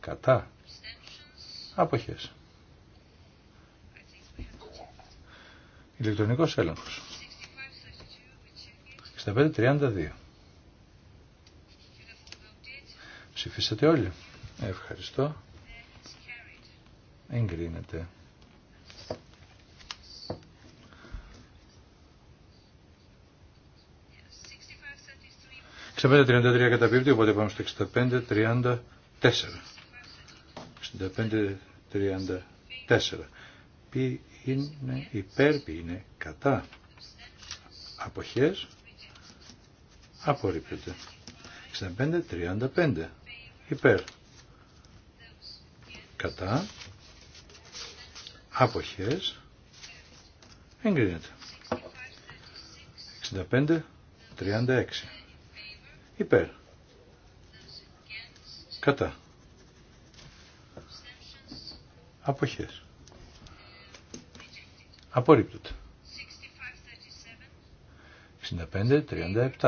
κατά. Αποχές. Ηλεκτρονικός έλεγχος. 6532 32 Ψηφίσατε όλοι. Ευχαριστώ. Εγκρίνεται. Σε 5.33 καταπίπτει, οπότε πάμε στο 65.34. 65.34. Ποιοι είναι υπέρ, ποιοι είναι κατά. Αποχές απορρίπτεται. 65-35 υπέρ κατά αποχές εγκρίνεται. 65-36 υπέρ κατά αποχές απορρίπτεται.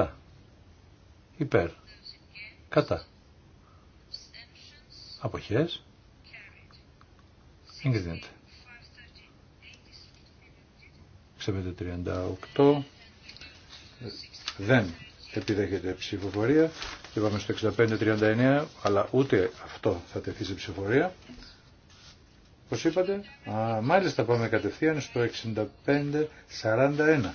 65-37 Υπέρ. Κατά. Αποχές. Εγκρίνεται. 38. Δεν επιδέχεται ψηφοφορία. Και πάμε στο 65-39, αλλά ούτε αυτό θα τεθεί σε ψηφοφορία. Πώς είπατε. Α, μάλιστα πάμε κατευθείαν στο 65-41.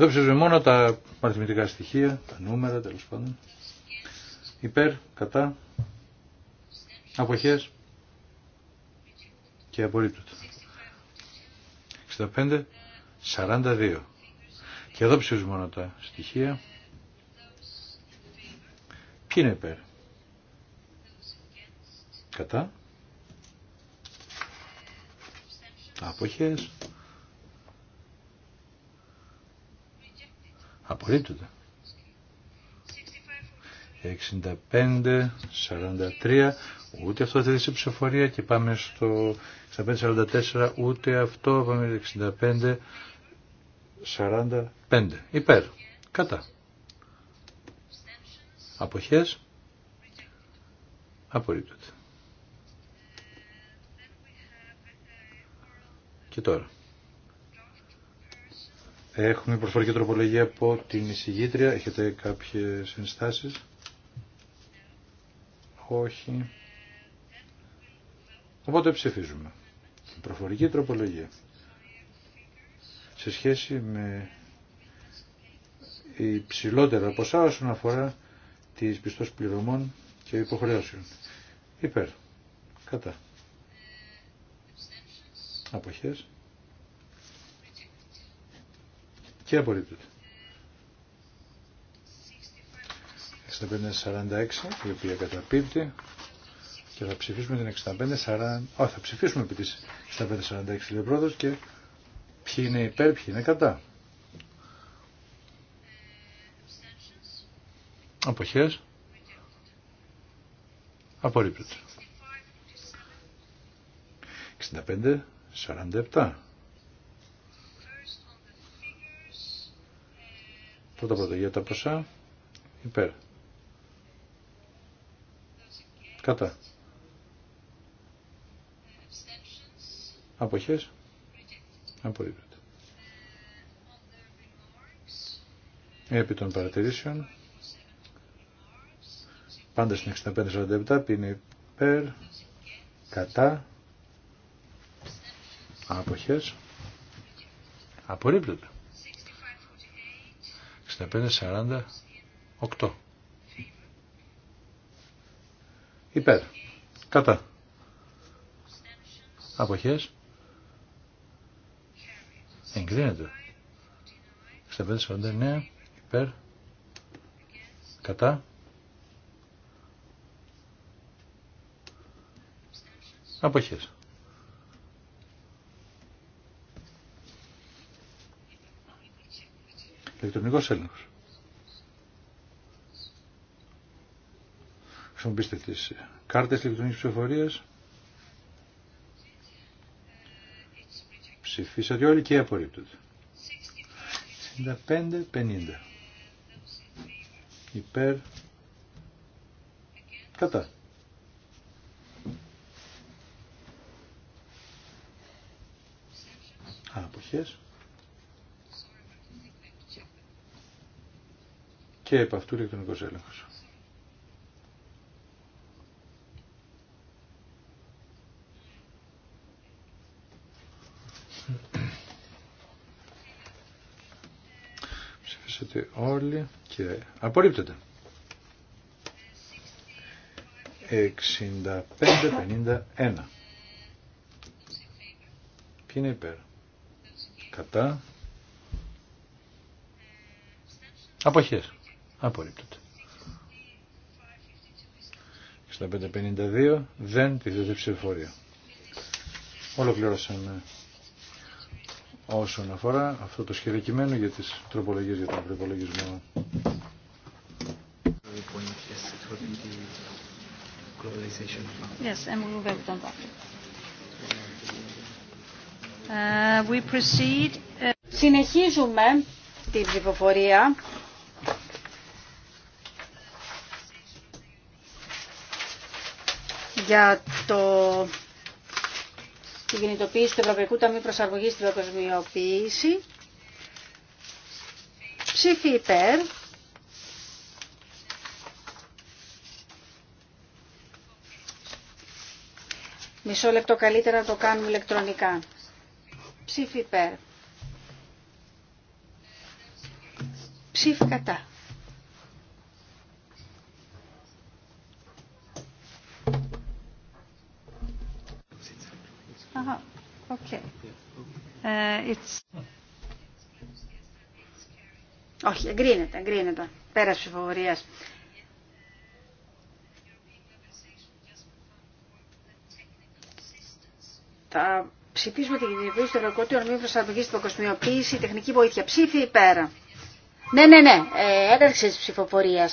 Εδώ ψηφίζουμε μόνο τα αριθμητικά στοιχεία, τα νούμερα τέλο πάντων. Υπέρ, κατά, αποχές και απορρίπτωτο. 65, 42. Και εδώ ψηφίζουμε μόνο τα στοιχεία. Ποιοι είναι υπέρ. Κατά. Αποχές. απορριπτωται 65, 43, ούτε αυτό θέλει σε ψηφοφορία και πάμε στο 65, 44, ούτε αυτό, πάμε 65, 45. Υπέρ. Κατά. Αποχές. Απορρίπτεται. Και τώρα. Έχουμε προφορική τροπολογία από την εισηγήτρια. Έχετε κάποιες ενστάσεις. Όχι. Οπότε ψηφίζουμε. Προφορική τροπολογία. Σε σχέση με υψηλότερα ποσά όσον αφορά τις πιστώσεις πληρωμών και υποχρεώσεων. Υπέρ. Κατά. Αποχές. και απορρίπτεται. 65-46 η οποία καταπίπτει και θα ψηφίσουμε την 65-40 θα ψηφίσουμε επί της 65-46 λέει πρόεδρος και ποιοι είναι υπέρ, ποιοι είναι κατά. Αποχές. Απορρίπτεται. 65-47 Πρώτα πρώτα για τα ποσά υπέρ. Κατά. Αποχές. Απορρίπτεται. Επί των παρατηρήσεων. Πάντα στην 65-47 είναι υπέρ. Κατά. Αποχές. Απορρίπτεται. 65-48. Υπέρ. Κατά. Αποχές. Εγκρίνεται. 65-49. Υπέρ. Κατά. Αποχές. ηλεκτρονικός έλεγχος. Χρησιμοποιήστε τι κάρτες ηλεκτρονικής ψηφοφορίας. Ψηφίσατε όλοι και απορρίπτωτε. 65-50. Υπέρ. Κατά. Αποχές. και επ' αυτού ηλεκτρονικό έλεγχο. Ψηφίσατε όλοι και απορρίπτεται. 65-51. Ποιοι είναι υπέρ. Κατά. Αποχές. Απορρίπτεται. 6552 δεν τη δίδεται ψηφοφορία. Ολοκληρώσαμε όσον αφορά αυτό το σχεδιακημένο για τις τροπολογίες για τον προπολογισμό. Yes, and we will on that. Uh, we proceed. Uh, Συνεχίζουμε την ψηφοφορία για το την κινητοποίηση του Ευρωπαϊκού Ταμείου Προσαρμογής στην Παγκοσμιοποίηση. Ψήφι υπέρ. Μισό λεπτό καλύτερα να το κάνουμε ηλεκτρονικά. Ψήφι υπέρ. Ψήφι κατά. Ε, Όχι, εγκρίνεται, εγκρίνεται. Πέρα ψηφοφορία. Θα ψηφίσουμε την κινητοποίηση του εργοκότου ορμήν προσαρμογή στην παγκοσμιοποίηση, τεχνική βοήθεια. Ψήφι ή πέρα. Ναι, ναι, ναι. Ε, έναρξη τη ψηφοφορία.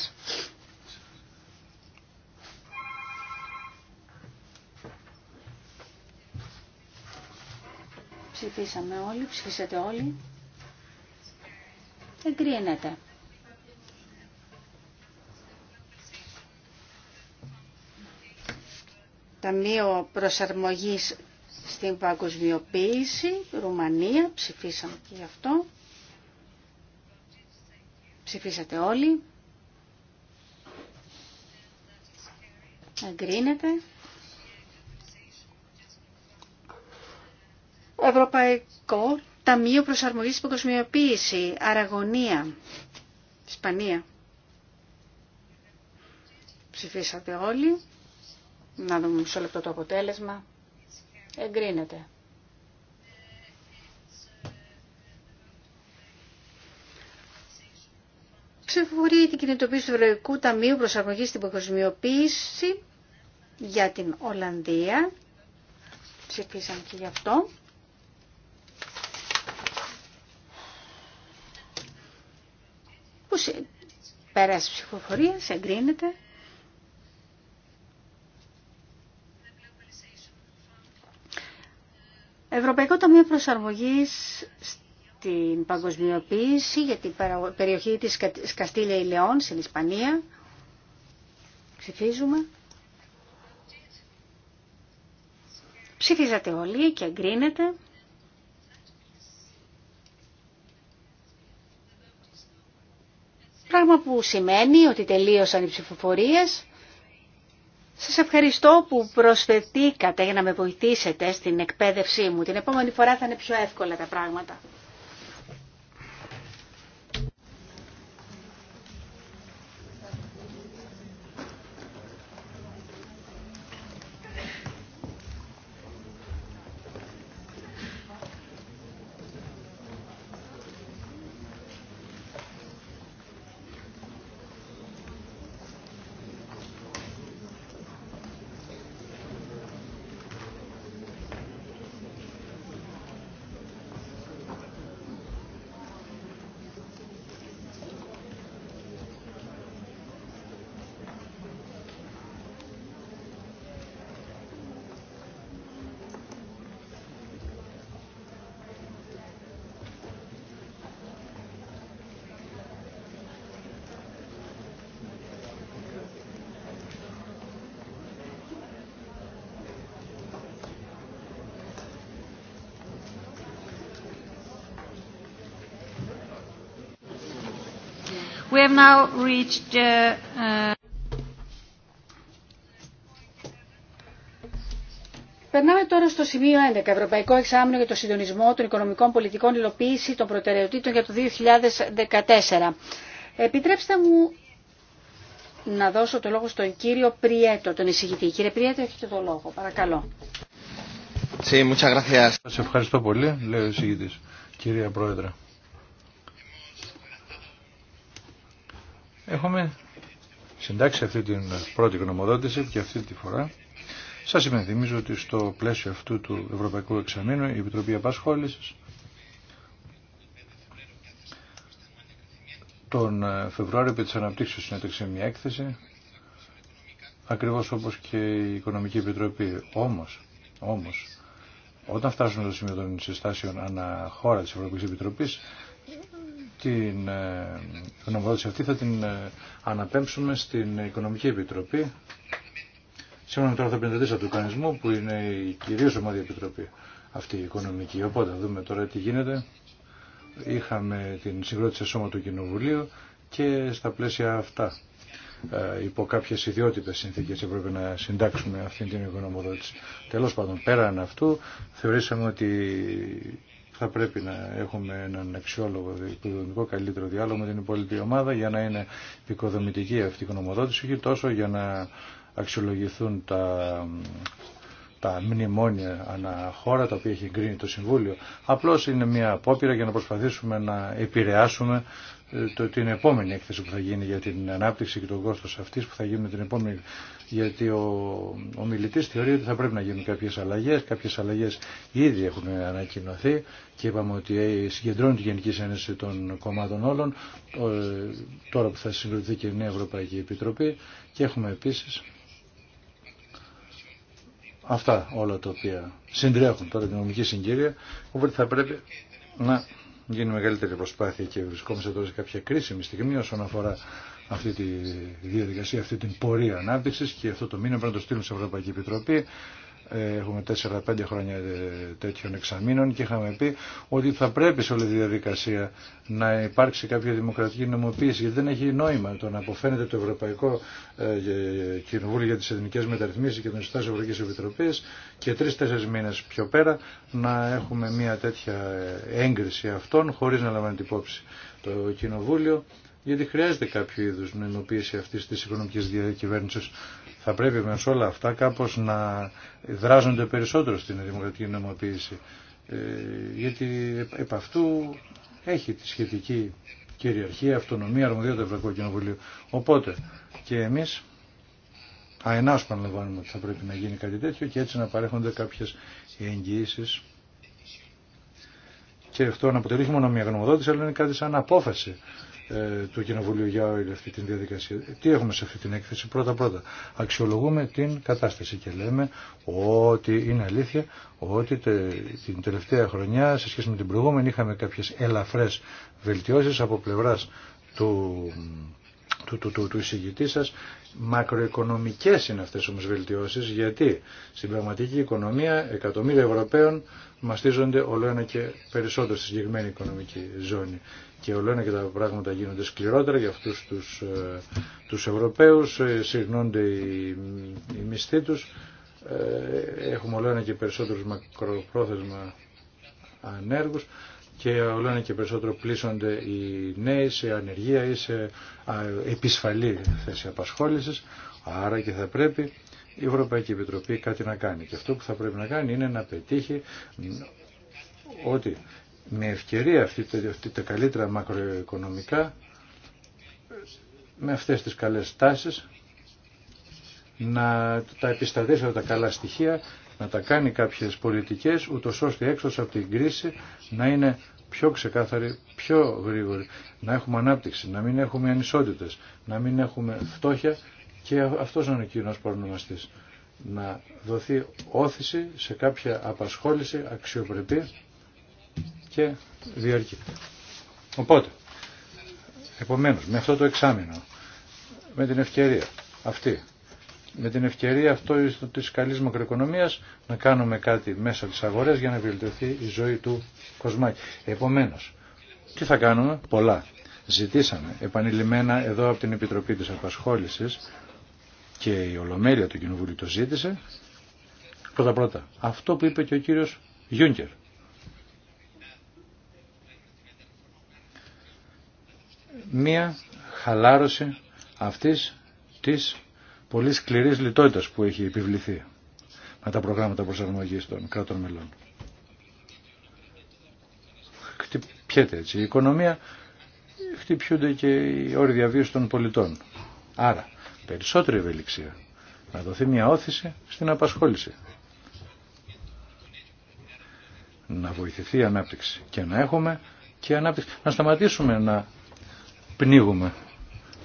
Ψηφίσαμε όλοι, ψηφίσατε όλοι. Εγκρίνεται. Ταμείο Προσαρμογής στην Παγκοσμιοποίηση, Ρουμανία, ψηφίσαμε και γι' αυτό. Ψηφίσατε όλοι. Εγκρίνεται. Ευρωπαϊκό Ταμείο Προσαρμογής στην Αραγωνία, Ισπανία. Ψηφίσατε όλοι. Να δούμε μισό λεπτό το αποτέλεσμα. Εγκρίνεται. Ψηφορεί την κινητοποίηση του Ευρωπαϊκού Ταμείου Προσαρμογής στην Παγκοσμιοποίηση για την Ολλανδία. Ψηφίσαμε και γι' αυτό. Πέρασε ψηφοφορία, εγκρίνεται. Ευρωπαϊκό Ταμείο Προσαρμογής στην παγκοσμιοποίηση για την περιοχή της Καστήλια Ιλεών στην Ισπανία. Ψηφίζουμε. Ψηφίζατε όλοι και εγκρίνεται. Πράγμα που σημαίνει ότι τελείωσαν οι ψηφοφορίες. Σας ευχαριστώ που προσθετήκατε για να με βοηθήσετε στην εκπαίδευσή μου. Την επόμενη φορά θα είναι πιο εύκολα τα πράγματα. now reached uh, Περνάμε τώρα στο σημείο 11, Ευρωπαϊκό Εξάμεινο για το Συντονισμό των Οικονομικών Πολιτικών Υλοποίηση των Προτεραιοτήτων για το 2014. Επιτρέψτε μου να δώσω το λόγο στον κύριο Πριέτο, τον εισηγητή. Κύριε Πριέτο, έχετε το λόγο. Παρακαλώ. Sí, Σας ευχαριστώ πολύ, λέει ο εισηγητής. Κυρία Πρόεδρε. Έχουμε συντάξει αυτή την πρώτη γνωμοδότηση και αυτή τη φορά σας υπενθυμίζω ότι στο πλαίσιο αυτού του Ευρωπαϊκού Εξαμήνου η Επιτροπή Απασχόληση. τον Φεβρουάριο επί τη αναπτύξεω συνέταξε μια έκθεση ακριβώς όπως και η Οικονομική Επιτροπή. Όμως, όμως όταν φτάσουμε στο σημείο των συστάσεων ανά χώρα της Ευρωπαϊκής Επιτροπής την ε, γνωμοδότηση αυτή θα την ε, αναπέμψουμε στην Οικονομική Επιτροπή σύμφωνα με το άρθρο 54 του Κανισμού που είναι η κυρίω ομάδια επιτροπή αυτή η οικονομική. Οπότε θα δούμε τώρα τι γίνεται. Είχαμε την συγκρότηση σώμα του Κοινοβουλίου και στα πλαίσια αυτά ε, υπό κάποιες ιδιότητε συνθήκε έπρεπε να συντάξουμε αυτή την οικονομοδότηση. Τέλος πάντων, πέραν αυτού θεωρήσαμε ότι θα πρέπει να έχουμε έναν αξιόλογο οικοδομικό καλύτερο διάλογο με την υπόλοιπη ομάδα για να είναι οικοδομητική αυτή η γνωμοδότηση και τόσο για να αξιολογηθούν τα τα μνημόνια αναχώρα τα οποία έχει εγκρίνει το Συμβούλιο. Απλώς είναι μια απόπειρα για να προσπαθήσουμε να επηρεάσουμε ε, το, την επόμενη έκθεση που θα γίνει για την ανάπτυξη και τον κόστος αυτής που θα γίνει την επόμενη γιατί ο, ο μιλητής θεωρεί ότι θα πρέπει να γίνουν κάποιες αλλαγές κάποιες αλλαγές ήδη έχουν ανακοινωθεί και είπαμε ότι ε, συγκεντρώνει τη Γενική Σένεση των κομμάτων όλων ε, τώρα που θα συγκροτηθεί και η Νέα Ευρωπαϊκή Επιτροπή και έχουμε επίσης Αυτά όλα τα οποία συντρέχουν τώρα την νομική συγκύρια, οπότε θα πρέπει να γίνει μεγαλύτερη προσπάθεια και βρισκόμαστε τώρα σε κάποια κρίσιμη στιγμή όσον αφορά αυτή τη διαδικασία, αυτή την πορεία ανάπτυξης και αυτό το μήνα πρέπει να το στείλουμε στην Ευρωπαϊκή Επιτροπή Έχουμε 4-5 χρόνια ε, τέτοιων εξαμήνων και είχαμε πει ότι θα πρέπει σε όλη τη διαδικασία να υπάρξει κάποια δημοκρατική νομοποίηση γιατί δεν έχει νόημα το να αποφαίνεται το Ευρωπαϊκό ε, ε, Κοινοβούλιο για τις Εθνικές Μεταρρυθμίσεις και τον Συστάσεων Ευρωπαϊκής Επιτροπής και 3-4 μήνες πιο πέρα να έχουμε μια τέτοια έγκριση αυτών χωρίς να λαμβάνει την υπόψη το Κοινοβούλιο γιατί χρειάζεται κάποιο είδους νοημοποίηση αυτής της οικονομικής διακυβέρνησης θα πρέπει με όλα αυτά κάπως να δράζονται περισσότερο στην δημοκρατική νομοποίηση. Ε, γιατί επ' αυτού έχει τη σχετική κυριαρχία, αυτονομία, αρμοδιότητα του Ευρωπαϊκού Κοινοβουλίου. Οπότε και εμείς αενάς παραλαμβάνουμε ότι θα πρέπει να γίνει κάτι τέτοιο και έτσι να παρέχονται κάποιες εγγυήσεις και αυτό να αποτελεί μόνο μια γνωμοδότηση, αλλά είναι κάτι σαν απόφαση ε, του Κοινοβουλίου για όλη αυτή τη διαδικασία. Τι έχουμε σε αυτή την έκθεση. Πρώτα πρώτα αξιολογούμε την κατάσταση και λέμε ότι είναι αλήθεια ότι την τελευταία χρονιά σε σχέση με την προηγούμενη είχαμε κάποιες ελαφρές βελτιώσεις από πλευράς του του, του, του, του εισηγητή σας μακροοικονομικές είναι αυτές όμως βελτιώσεις γιατί στην πραγματική οικονομία εκατομμύρια Ευρωπαίων μαστίζονται όλο ένα και περισσότερο στη συγκεκριμένη οικονομική ζώνη και όλο ένα και τα πράγματα γίνονται σκληρότερα για αυτούς τους, ε, τους Ευρωπαίους ε, οι, οι μισθοί τους ε, έχουμε όλο ένα και περισσότερους μακροπρόθεσμα ανέργους και όλο ένα και περισσότερο πλήσονται οι νέοι σε ανεργία ή σε επισφαλή θέση απασχόλησης. Άρα και θα πρέπει η Ευρωπαϊκή Επιτροπή κάτι να κάνει. Και αυτό που θα πρέπει να κάνει είναι να πετύχει ότι με ευκαιρία αυτή, αυτή τα καλύτερα μακροοικονομικά με αυτές τις καλές τάσεις να τα επιστατήσει τα καλά στοιχεία, να τα κάνει κάποιες πολιτικές, ούτω ώστε έξω από την κρίση να είναι πιο ξεκάθαρη, πιο γρήγορη. Να έχουμε ανάπτυξη, να μην έχουμε ανισότητες, να μην έχουμε φτώχεια και αυτός είναι ο κοινός Να δοθεί όθηση σε κάποια απασχόληση αξιοπρεπή και διαρκή. Οπότε, επομένως, με αυτό το εξάμεινο, με την ευκαιρία αυτή με την ευκαιρία αυτό της καλής μακροοικονομίας να κάνουμε κάτι μέσα στις αγορές για να βελτιωθεί η ζωή του κοσμάκη. Επομένω, τι θα κάνουμε, πολλά. Ζητήσαμε επανειλημμένα εδώ από την Επιτροπή της Απασχόλησης και η Ολομέλεια του Κοινοβουλίου το ζήτησε. Πρώτα πρώτα, αυτό που είπε και ο κύριος Γιούγκερ. Μία χαλάρωση αυτής της πολύ σκληρής λιτότητας που έχει επιβληθεί με τα προγράμματα προσαρμογής των κράτων μελών. Χτυπιέται έτσι η οικονομία, χτυπιούνται και οι όροι διαβίωση των πολιτών. Άρα, περισσότερη ευελιξία. Να δοθεί μια όθηση στην απασχόληση. Να βοηθηθεί η ανάπτυξη και να έχουμε και ανάπτυξη. Να σταματήσουμε να πνίγουμε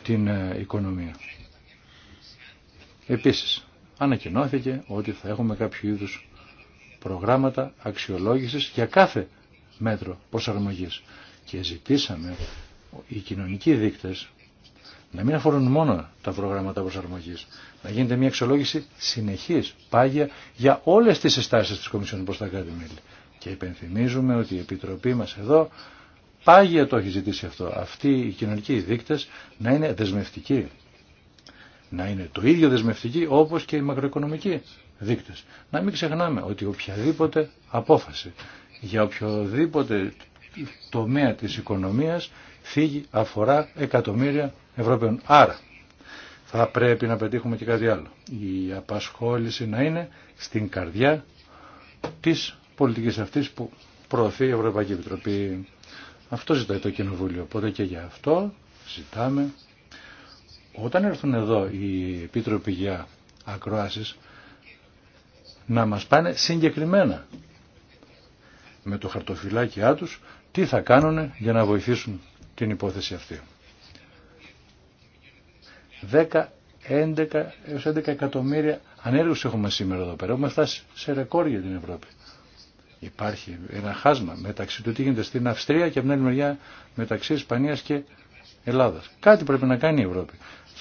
την ε, οικονομία. Επίσης, ανακοινώθηκε ότι θα έχουμε κάποιο είδους προγράμματα αξιολόγησης για κάθε μέτρο προσαρμογής και ζητήσαμε οι κοινωνικοί δείκτες να μην αφορούν μόνο τα προγράμματα προσαρμογής, να γίνεται μια αξιολόγηση συνεχής, πάγια, για όλες τις συστάσεις της Κομισιόν προς τα κράτη Και υπενθυμίζουμε ότι η Επιτροπή μας εδώ πάγια το έχει ζητήσει αυτό. Αυτοί οι κοινωνικοί δείκτες να είναι δεσμευτικοί να είναι το ίδιο δεσμευτική όπως και οι μακροοικονομικοί δείκτες. Να μην ξεχνάμε ότι οποιαδήποτε απόφαση για οποιοδήποτε τομέα της οικονομίας θίγει αφορά εκατομμύρια Ευρωπαίων. Άρα θα πρέπει να πετύχουμε και κάτι άλλο. Η απασχόληση να είναι στην καρδιά της πολιτικής αυτής που προωθεί η Ευρωπαϊκή Επιτροπή. Αυτό ζητάει το Κοινοβούλιο. Οπότε και για αυτό ζητάμε όταν έρθουν εδώ οι επίτροποι για ακροάσεις να μας πάνε συγκεκριμένα με το χαρτοφυλάκιά τους τι θα κάνουν για να βοηθήσουν την υπόθεση αυτή. 10, 11 έως 11 εκατομμύρια ανέργους έχουμε σήμερα εδώ πέρα. Έχουμε φτάσει σε ρεκόρ για την Ευρώπη. Υπάρχει ένα χάσμα μεταξύ του τι γίνεται στην Αυστρία και από την άλλη μεριά μεταξύ Ισπανίας και Ελλάδας. Κάτι πρέπει να κάνει η Ευρώπη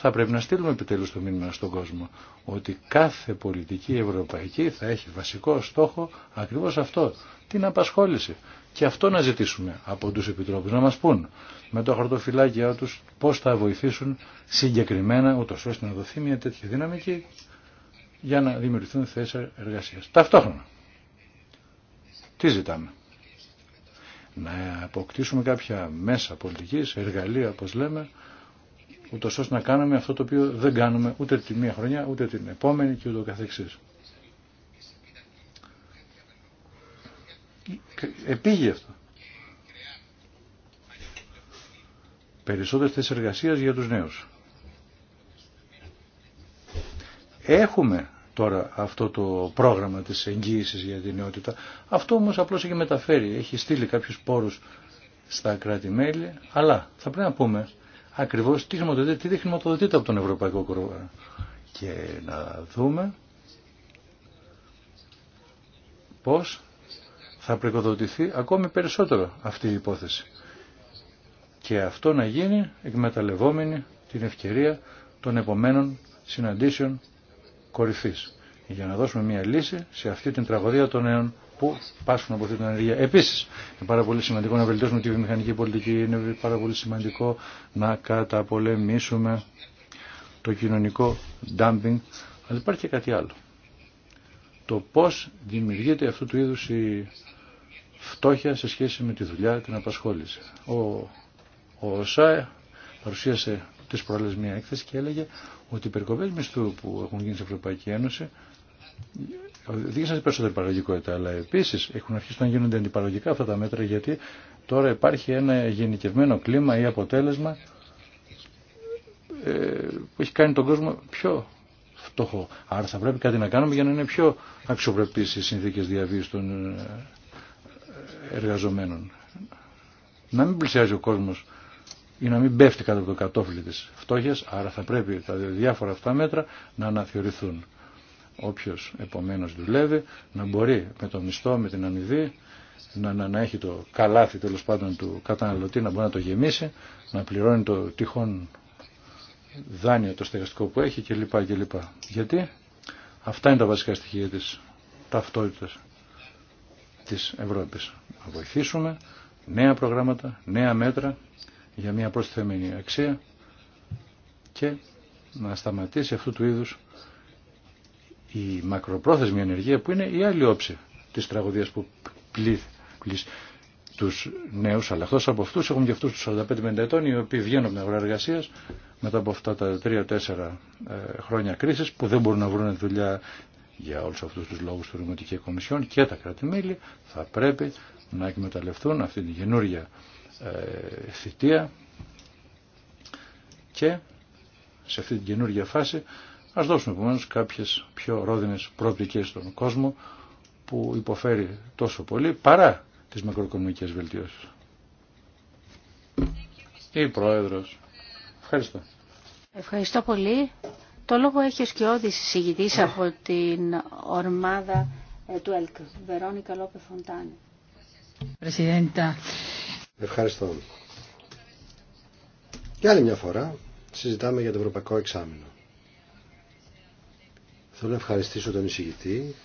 θα πρέπει να στείλουμε επιτέλους το μήνυμα στον κόσμο ότι κάθε πολιτική ευρωπαϊκή θα έχει βασικό στόχο ακριβώς αυτό, την απασχόληση. Και αυτό να ζητήσουμε από τους επιτρόπους να μας πούν με το χαρτοφυλάκια τους πώς θα βοηθήσουν συγκεκριμένα ούτως ώστε να δοθεί μια τέτοια δυναμική για να δημιουργηθούν θέσεις εργασίας. Ταυτόχρονα. Τι ζητάμε. Να αποκτήσουμε κάποια μέσα πολιτικής, εργαλεία όπως λέμε, ούτως ώστε να κάνουμε αυτό το οποίο δεν κάνουμε ούτε τη μία χρονιά, ούτε την επόμενη και ούτω καθεξής. Επήγε αυτό. Περισσότερες θέσεις εργασίας για τους νέους. Έχουμε τώρα αυτό το πρόγραμμα της εγγύησης για την νεότητα. Αυτό όμως απλώς έχει μεταφέρει, έχει στείλει κάποιους πόρους στα κράτη-μέλη, αλλά θα πρέπει να πούμε ακριβώς τι χρηματοδοτείται, τι δεν χρηματοδοτείται από τον Ευρωπαϊκό Κρούα. Και να δούμε πώς θα πρεκοδοτηθεί ακόμη περισσότερο αυτή η υπόθεση. Και αυτό να γίνει εκμεταλλευόμενη την ευκαιρία των επομένων συναντήσεων κορυφής για να δώσουμε μια λύση σε αυτή την τραγωδία των νέων που πάσχουν από αυτή την ανεργία. Επίση, είναι πάρα πολύ σημαντικό να βελτιώσουμε τη βιομηχανική πολιτική, είναι πάρα πολύ σημαντικό να καταπολεμήσουμε το κοινωνικό dumping, αλλά υπάρχει και κάτι άλλο. Το πώ δημιουργείται αυτού του είδους η φτώχεια σε σχέση με τη δουλειά, την απασχόληση. Ο, ο ΣΑΕ παρουσίασε τις προάλλε μια έκθεση και έλεγε ότι οι περικοπέ μισθού που έχουν γίνει στην Ευρωπαϊκή Ένωση δεν σε περισσότερη παραγωγικότητα, αλλά επίση έχουν αρχίσει να γίνονται αντιπαραγωγικά αυτά τα μέτρα γιατί τώρα υπάρχει ένα γενικευμένο κλίμα ή αποτέλεσμα ε, που έχει κάνει τον κόσμο πιο φτωχό. Άρα θα πρέπει κάτι να κάνουμε για να είναι πιο αξιοπρεπεί οι συνθήκε διαβίωση των ε, εργαζομένων. Να μην πλησιάζει ο κόσμο ή να μην πέφτει κάτω από το κατόφλι τη φτώχεια, άρα θα πρέπει τα διάφορα αυτά μέτρα να αναθεωρηθούν όποιος επομένως δουλεύει να μπορεί με το μισθό, με την αμοιβή να, έχει το καλάθι τέλο πάντων του καταναλωτή να μπορεί να το γεμίσει, να πληρώνει το τυχόν δάνειο το στεγαστικό που έχει κλπ. κλπ. Γιατί αυτά είναι τα βασικά στοιχεία της ταυτότητας της Ευρώπης. Να βοηθήσουμε νέα προγράμματα, νέα μέτρα για μια προσθεμένη αξία και να σταματήσει αυτού του είδους η μακροπρόθεσμη ενεργεία που είναι η άλλη όψη της τραγωδίας που πλήθ, τους νέους, αλλά εκτός από αυτούς έχουμε και αυτούς τους 45-50 ετών οι οποίοι βγαίνουν από την αγορά εργασίας μετά από αυτά τα 3-4 ε, χρόνια κρίσης που δεν μπορούν να βρουν δουλειά για όλους αυτούς τους λόγους του Ρημοτική Κομισιόν και τα κρατημέλη θα πρέπει να εκμεταλλευτούν αυτή την καινούργια ε, θητεία και σε αυτή την καινούργια φάση Ας δώσουμε επομένως κάποιες πιο ρόδινες προοπτικές στον κόσμο που υποφέρει τόσο πολύ παρά τις μακροοικονομικές βελτιώσεις. Η Πρόεδρος. Ευχαριστώ. Ευχαριστώ πολύ. Το λόγο έχει ο Σκιώδης συζητητής από την ορμάδα ε, του ΕΛΚ. Βερόνικα Λόπε Φοντάνη. Ευχαριστώ. Και άλλη μια φορά συζητάμε για το Ευρωπαϊκό Εξάμεινο. Θέλω να ευχαριστήσω τον εισηγητή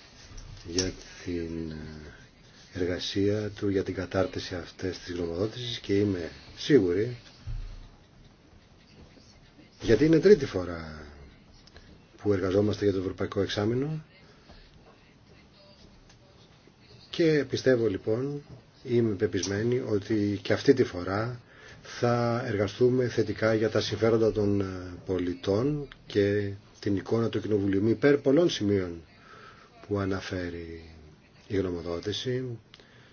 για την εργασία του, για την κατάρτιση αυτές της γνωμοδότησης και είμαι σίγουρη γιατί είναι τρίτη φορά που εργαζόμαστε για το Ευρωπαϊκό Εξάμεινο και πιστεύω λοιπόν, είμαι πεπισμένη ότι και αυτή τη φορά θα εργαστούμε θετικά για τα συμφέροντα των πολιτών και την εικόνα του Κοινοβουλίου υπέρ πολλών σημείων που αναφέρει η γνωμοδότηση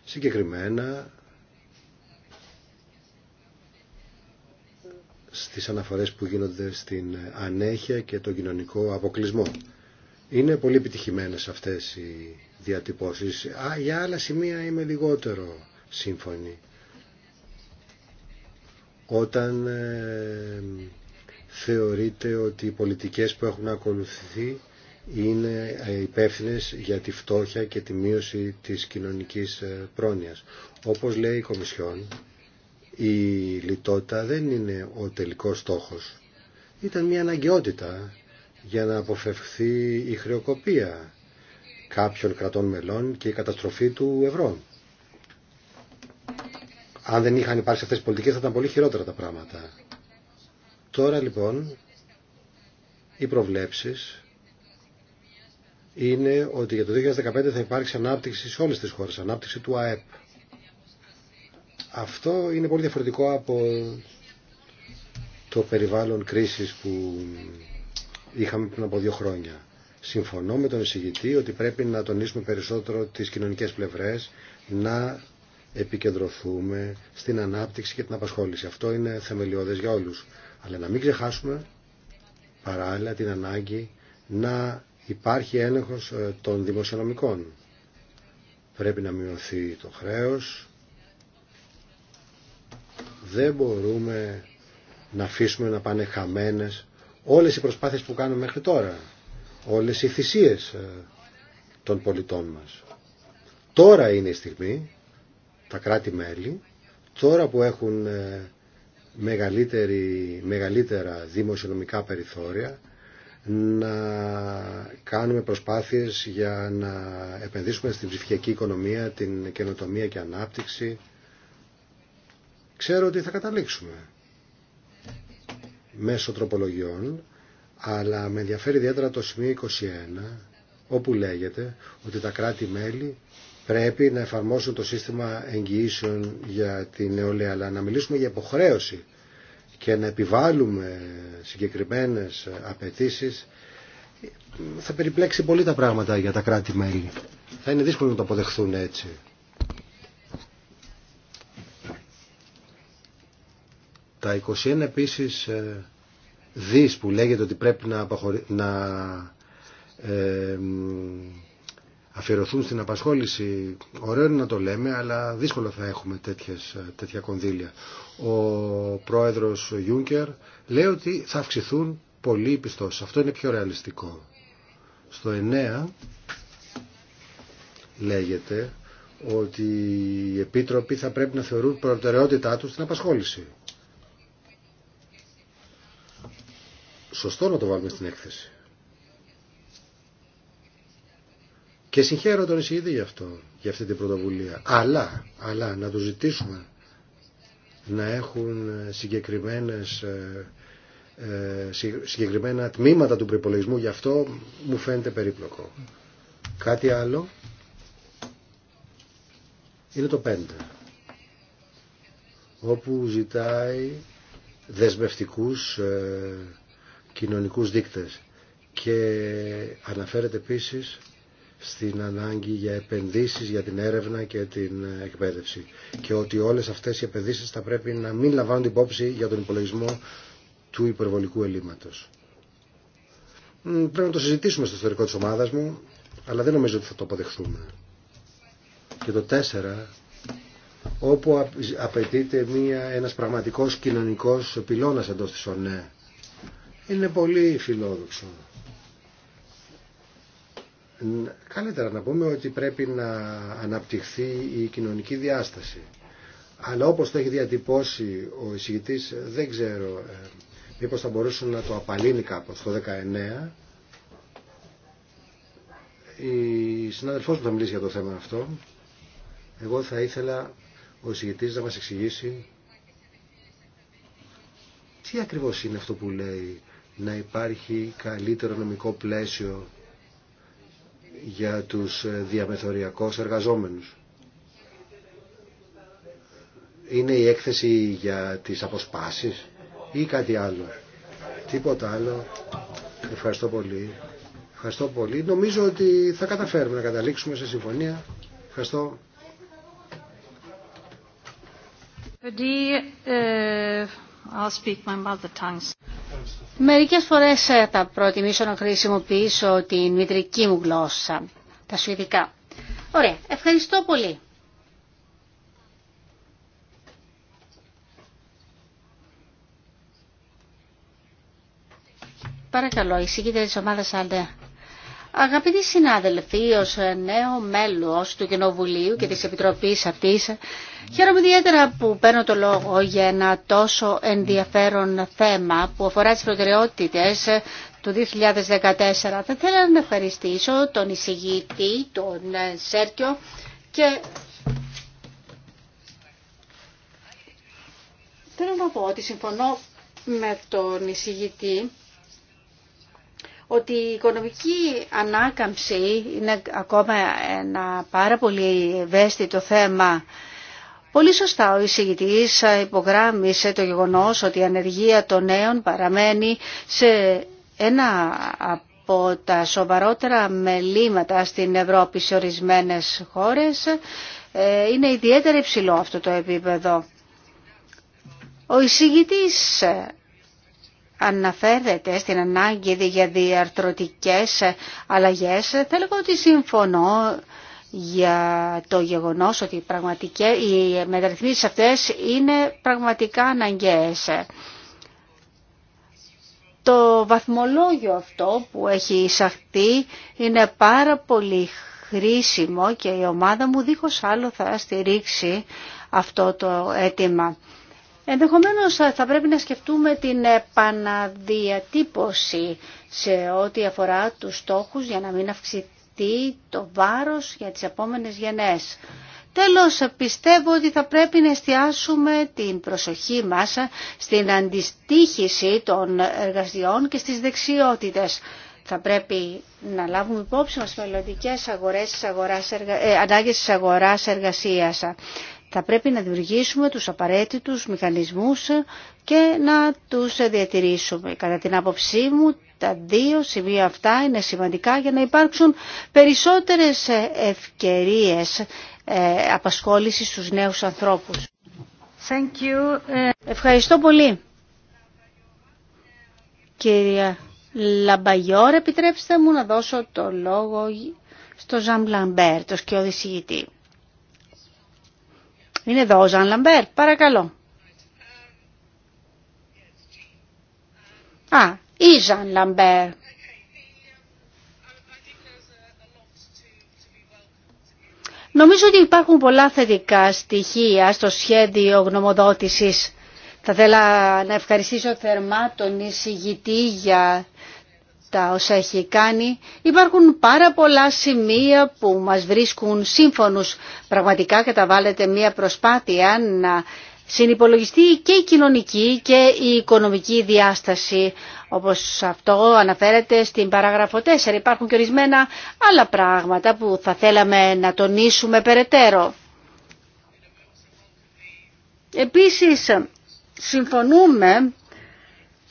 συγκεκριμένα στις αναφορές που γίνονται στην ανέχεια και τον κοινωνικό αποκλεισμό. Είναι πολύ επιτυχημένες αυτές οι διατυπώσεις. Α, για άλλα σημεία είμαι λιγότερο σύμφωνη. Όταν ε, θεωρείτε ότι οι πολιτικές που έχουν ακολουθηθεί είναι ε, υπεύθυνε για τη φτώχεια και τη μείωση της κοινωνικής ε, πρόνοιας. Όπως λέει η Κομισιόν, η λιτότητα δεν είναι ο τελικός στόχος. Ήταν μια αναγκαιότητα για να αποφευχθεί η χρεοκοπία κάποιων κρατών μελών και η καταστροφή του ευρώ. Αν δεν είχαν υπάρξει αυτές οι πολιτικές θα ήταν πολύ χειρότερα τα πράγματα. Τώρα λοιπόν οι προβλέψεις είναι ότι για το 2015 θα υπάρξει ανάπτυξη σε όλες τις χώρες, ανάπτυξη του ΑΕΠ. Αυτό είναι πολύ διαφορετικό από το περιβάλλον κρίσης που είχαμε πριν από δύο χρόνια. Συμφωνώ με τον εισηγητή ότι πρέπει να τονίσουμε περισσότερο τις κοινωνικές πλευρές, να επικεντρωθούμε στην ανάπτυξη και την απασχόληση. Αυτό είναι θεμελιώδες για όλους. Αλλά να μην ξεχάσουμε παράλληλα την ανάγκη να υπάρχει έλεγχος ε, των δημοσιονομικών. Πρέπει να μειωθεί το χρέος. Δεν μπορούμε να αφήσουμε να πάνε χαμένες όλες οι προσπάθειες που κάνουμε μέχρι τώρα. Όλες οι θυσίες ε, των πολιτών μας. Τώρα είναι η στιγμή, τα κράτη-μέλη, τώρα που έχουν ε, μεγαλύτερη, μεγαλύτερα δημοσιονομικά περιθώρια, να κάνουμε προσπάθειες για να επενδύσουμε στην ψηφιακή οικονομία, την καινοτομία και ανάπτυξη. Ξέρω ότι θα καταλήξουμε μέσω τροπολογιών, αλλά με ενδιαφέρει ιδιαίτερα το σημείο 21, όπου λέγεται ότι τα κράτη-μέλη πρέπει να εφαρμόσουν το σύστημα εγγυήσεων για την νεολαία, αλλά να μιλήσουμε για υποχρέωση και να επιβάλλουμε συγκεκριμένες απαιτήσεις θα περιπλέξει πολύ τα πράγματα για τα κράτη-μέλη. Θα είναι δύσκολο να το αποδεχθούν έτσι. Τα 21 επίσης ε, δις που λέγεται ότι πρέπει να, αποχωρη... να... Ε αφιερωθούν στην απασχόληση. Ωραίο είναι να το λέμε, αλλά δύσκολο θα έχουμε ε, τέτοια κονδύλια. Ο πρόεδρος Γιούνκερ λέει ότι θα αυξηθούν πολύ οι Αυτό είναι πιο ρεαλιστικό. Στο 9 λέγεται ότι οι επίτροποι θα πρέπει να θεωρούν προτεραιότητά τους την απασχόληση. Σωστό να το βάλουμε στην έκθεση. Και συγχαίρω τον εισηγητή για αυτό, για αυτή την πρωτοβουλία. Αλλά, αλλά να του ζητήσουμε να έχουν συγκεκριμένες, ε, ε, συγκεκριμένα τμήματα του προπολογισμού, γι' αυτό μου φαίνεται περίπλοκο. Κάτι άλλο είναι το 5 όπου ζητάει δεσμευτικούς ε, κοινωνικούς δείκτες και αναφέρεται επίσης στην ανάγκη για επενδύσεις για την έρευνα και την εκπαίδευση και ότι όλες αυτές οι επενδύσεις θα πρέπει να μην λαμβάνουν την υπόψη για τον υπολογισμό του υπερβολικού ελλείμματος. Πρέπει να το συζητήσουμε στο ιστορικό της ομάδας μου, αλλά δεν νομίζω ότι θα το αποδεχθούμε. Και το τέσσερα, όπου απαιτείται μια, ένας πραγματικός κοινωνικός πυλώνας εντός της είναι πολύ φιλόδοξο. Καλύτερα να πούμε ότι πρέπει να αναπτυχθεί η κοινωνική διάσταση. Αλλά όπως το έχει διατυπώσει ο εισηγητής, δεν ξέρω ε, μήπως θα μπορούσε να το απαλύνει κάπως το 19. Η συναδελφός μου θα μιλήσει για το θέμα αυτό. Εγώ θα ήθελα ο εισηγητής να μας εξηγήσει τι ακριβώς είναι αυτό που λέει να υπάρχει καλύτερο νομικό πλαίσιο για τους διαμεθοριακούς εργαζόμενους. Είναι η έκθεση για τις αποσπάσεις ή κάτι άλλο. Τίποτα άλλο. Ευχαριστώ πολύ. Ευχαριστώ πολύ. Νομίζω ότι θα καταφέρουμε να καταλήξουμε σε συμφωνία. Ευχαριστώ. Μερικές φορές ε, θα προτιμήσω να χρησιμοποιήσω την μητρική μου γλώσσα, τα σουηδικά. Ωραία, ευχαριστώ πολύ. Παρακαλώ, η συγκίτρια της ομάδας Αγαπητοί συνάδελφοι, ως νέο μέλος του Κοινοβουλίου και της Επιτροπής αυτής, χαίρομαι ιδιαίτερα που παίρνω το λόγο για ένα τόσο ενδιαφέρον θέμα που αφορά τις προτεραιότητε του 2014. Θα ήθελα να ευχαριστήσω τον εισηγητή, τον Σέρκιο και θέλω να πω ότι συμφωνώ με τον εισηγητή ότι η οικονομική ανάκαμψη είναι ακόμα ένα πάρα πολύ ευαίσθητο θέμα. Πολύ σωστά ο εισηγητής υπογράμμισε το γεγονός ότι η ανεργία των νέων παραμένει σε ένα από τα σοβαρότερα μελήματα στην Ευρώπη σε ορισμένες χώρες. Ε, είναι ιδιαίτερα υψηλό αυτό το επίπεδο. Ο εισηγητής αναφέρεται στην ανάγκη για διαρθρωτικές αλλαγές. Θα λέγω ότι συμφωνώ για το γεγονός ότι οι μεταρρυθμίσεις αυτές είναι πραγματικά αναγκαίες. Το βαθμολόγιο αυτό που έχει εισαχθεί είναι πάρα πολύ χρήσιμο και η ομάδα μου δίχως άλλο θα στηρίξει αυτό το αίτημα. Ενδεχομένως θα πρέπει να σκεφτούμε την επαναδιατύπωση σε ό,τι αφορά τους στόχους για να μην αυξηθεί το βάρος για τις επόμενες γενές. Τέλος, πιστεύω ότι θα πρέπει να εστιάσουμε την προσοχή μας στην αντιστήχηση των εργασιών και στις δεξιότητες. Θα πρέπει να λάβουμε υπόψη μας μελλοντικές αγορές, αγοράς, εργα... ε, αγοράς εργασίας. Θα πρέπει να δημιουργήσουμε τους απαραίτητους μηχανισμούς και να τους διατηρήσουμε. Κατά την άποψή μου, τα δύο σημεία αυτά είναι σημαντικά για να υπάρξουν περισσότερες ευκαιρίες ε, απασχόλησης στους νέους ανθρώπους. Thank you. Ε, Ευχαριστώ πολύ. Κυρία Λαμπαγιόρ, επιτρέψτε μου να δώσω το λόγο στο Ζαμπλαμπέρ, το σκιώδη συγητή. Είναι εδώ ο Ζαν Λαμπέρ, παρακαλώ. Α, η Ζαν Λαμπέρ. Νομίζω ότι υπάρχουν πολλά θετικά στοιχεία στο σχέδιο γνωμοδότησης. Θα ήθελα να ευχαριστήσω θερμά τον εισηγητή για τα όσα έχει κάνει. Υπάρχουν πάρα πολλά σημεία που μας βρίσκουν σύμφωνους. Πραγματικά καταβάλλεται μια προσπάθεια να συνυπολογιστεί και η κοινωνική και η οικονομική διάσταση. Όπως αυτό αναφέρεται στην παράγραφο 4. Υπάρχουν και ορισμένα άλλα πράγματα που θα θέλαμε να τονίσουμε περαιτέρω. Επίσης, συμφωνούμε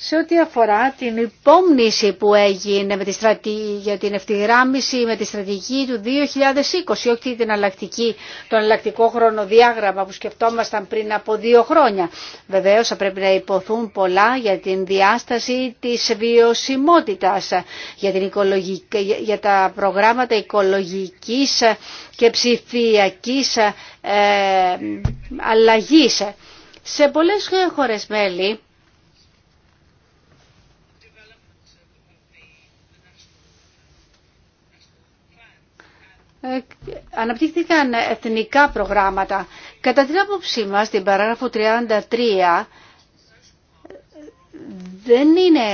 σε ό,τι αφορά την υπόμνηση που έγινε με τη στρατη... για την ευθυγράμμιση με τη στρατηγική του 2020, όχι την αλλακτική, το αλλακτικό χρονοδιάγραμμα που σκεφτόμασταν πριν από δύο χρόνια. Βεβαίως θα πρέπει να υποθούν πολλά για την διάσταση της βιωσιμότητας, για, οικολογική... για τα προγράμματα οικολογικής και ψηφιακής ε... Σε πολλές χώρες μέλη Ε, αναπτύχθηκαν εθνικά προγράμματα. Κατά την άποψή μας, στην παράγραφο 33, δεν, είναι,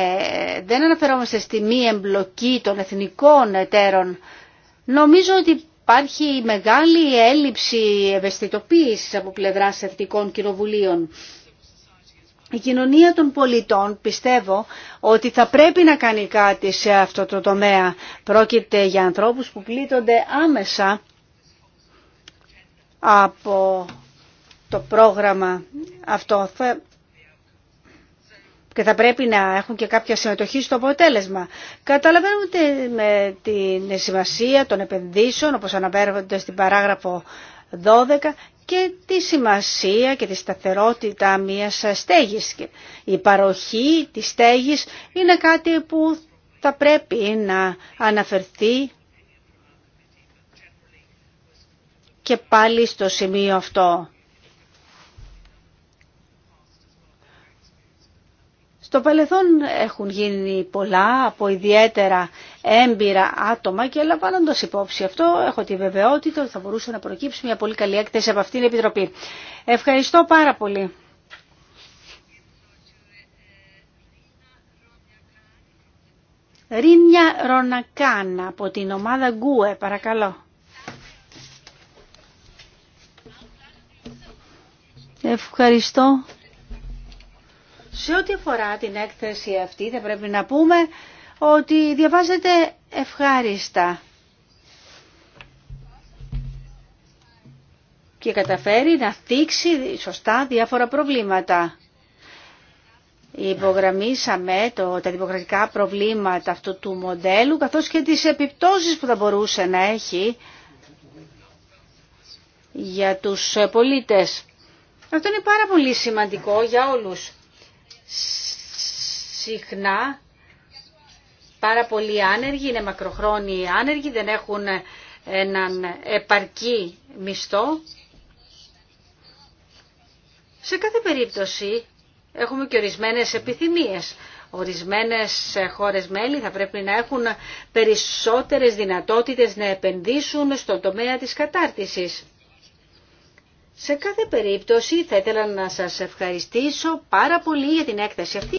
δεν αναφερόμαστε στη μη εμπλοκή των εθνικών εταίρων. Νομίζω ότι υπάρχει μεγάλη έλλειψη ευαισθητοποίησης από πλευράς εθνικών κοινοβουλίων. Η κοινωνία των πολιτών πιστεύω ότι θα πρέπει να κάνει κάτι σε αυτό το τομέα. Πρόκειται για ανθρώπους που πλήττονται άμεσα από το πρόγραμμα αυτό και θα πρέπει να έχουν και κάποια συμμετοχή στο αποτέλεσμα. Καταλαβαίνετε με την σημασία των επενδύσεων, όπως αναφέρονται στην παράγραφο 12 και τη σημασία και τη σταθερότητα μιας στέγης. Η παροχή της στέγης είναι κάτι που θα πρέπει να αναφερθεί και πάλι στο σημείο αυτό. Στο παρελθόν έχουν γίνει πολλά από ιδιαίτερα έμπειρα άτομα και λαμβάνοντα υπόψη αυτό έχω τη βεβαιότητα ότι θα μπορούσε να προκύψει μια πολύ καλή έκθεση από αυτήν την Επιτροπή. Ευχαριστώ πάρα πολύ. Ρίνια Ρονακάνα από την ομάδα Γκούε, παρακαλώ. Ευχαριστώ. Σε ό,τι αφορά την έκθεση αυτή θα πρέπει να πούμε ότι διαβάζεται ευχάριστα και καταφέρει να θίξει σωστά διάφορα προβλήματα. Υπογραμμίσαμε το, τα δημοκρατικά προβλήματα αυτού του μοντέλου καθώς και τις επιπτώσεις που θα μπορούσε να έχει για τους πολίτες. Αυτό είναι πάρα πολύ σημαντικό για όλους. Συχνά πάρα πολλοί άνεργοι, είναι μακροχρόνιοι άνεργοι, δεν έχουν έναν επαρκή μισθό. Σε κάθε περίπτωση έχουμε και ορισμένες επιθυμίες. Ορισμένες χώρες μέλη θα πρέπει να έχουν περισσότερες δυνατότητες να επενδύσουν στον τομέα της κατάρτισης. Σε κάθε περίπτωση θα ήθελα να σας ευχαριστήσω πάρα πολύ για την έκθεση αυτή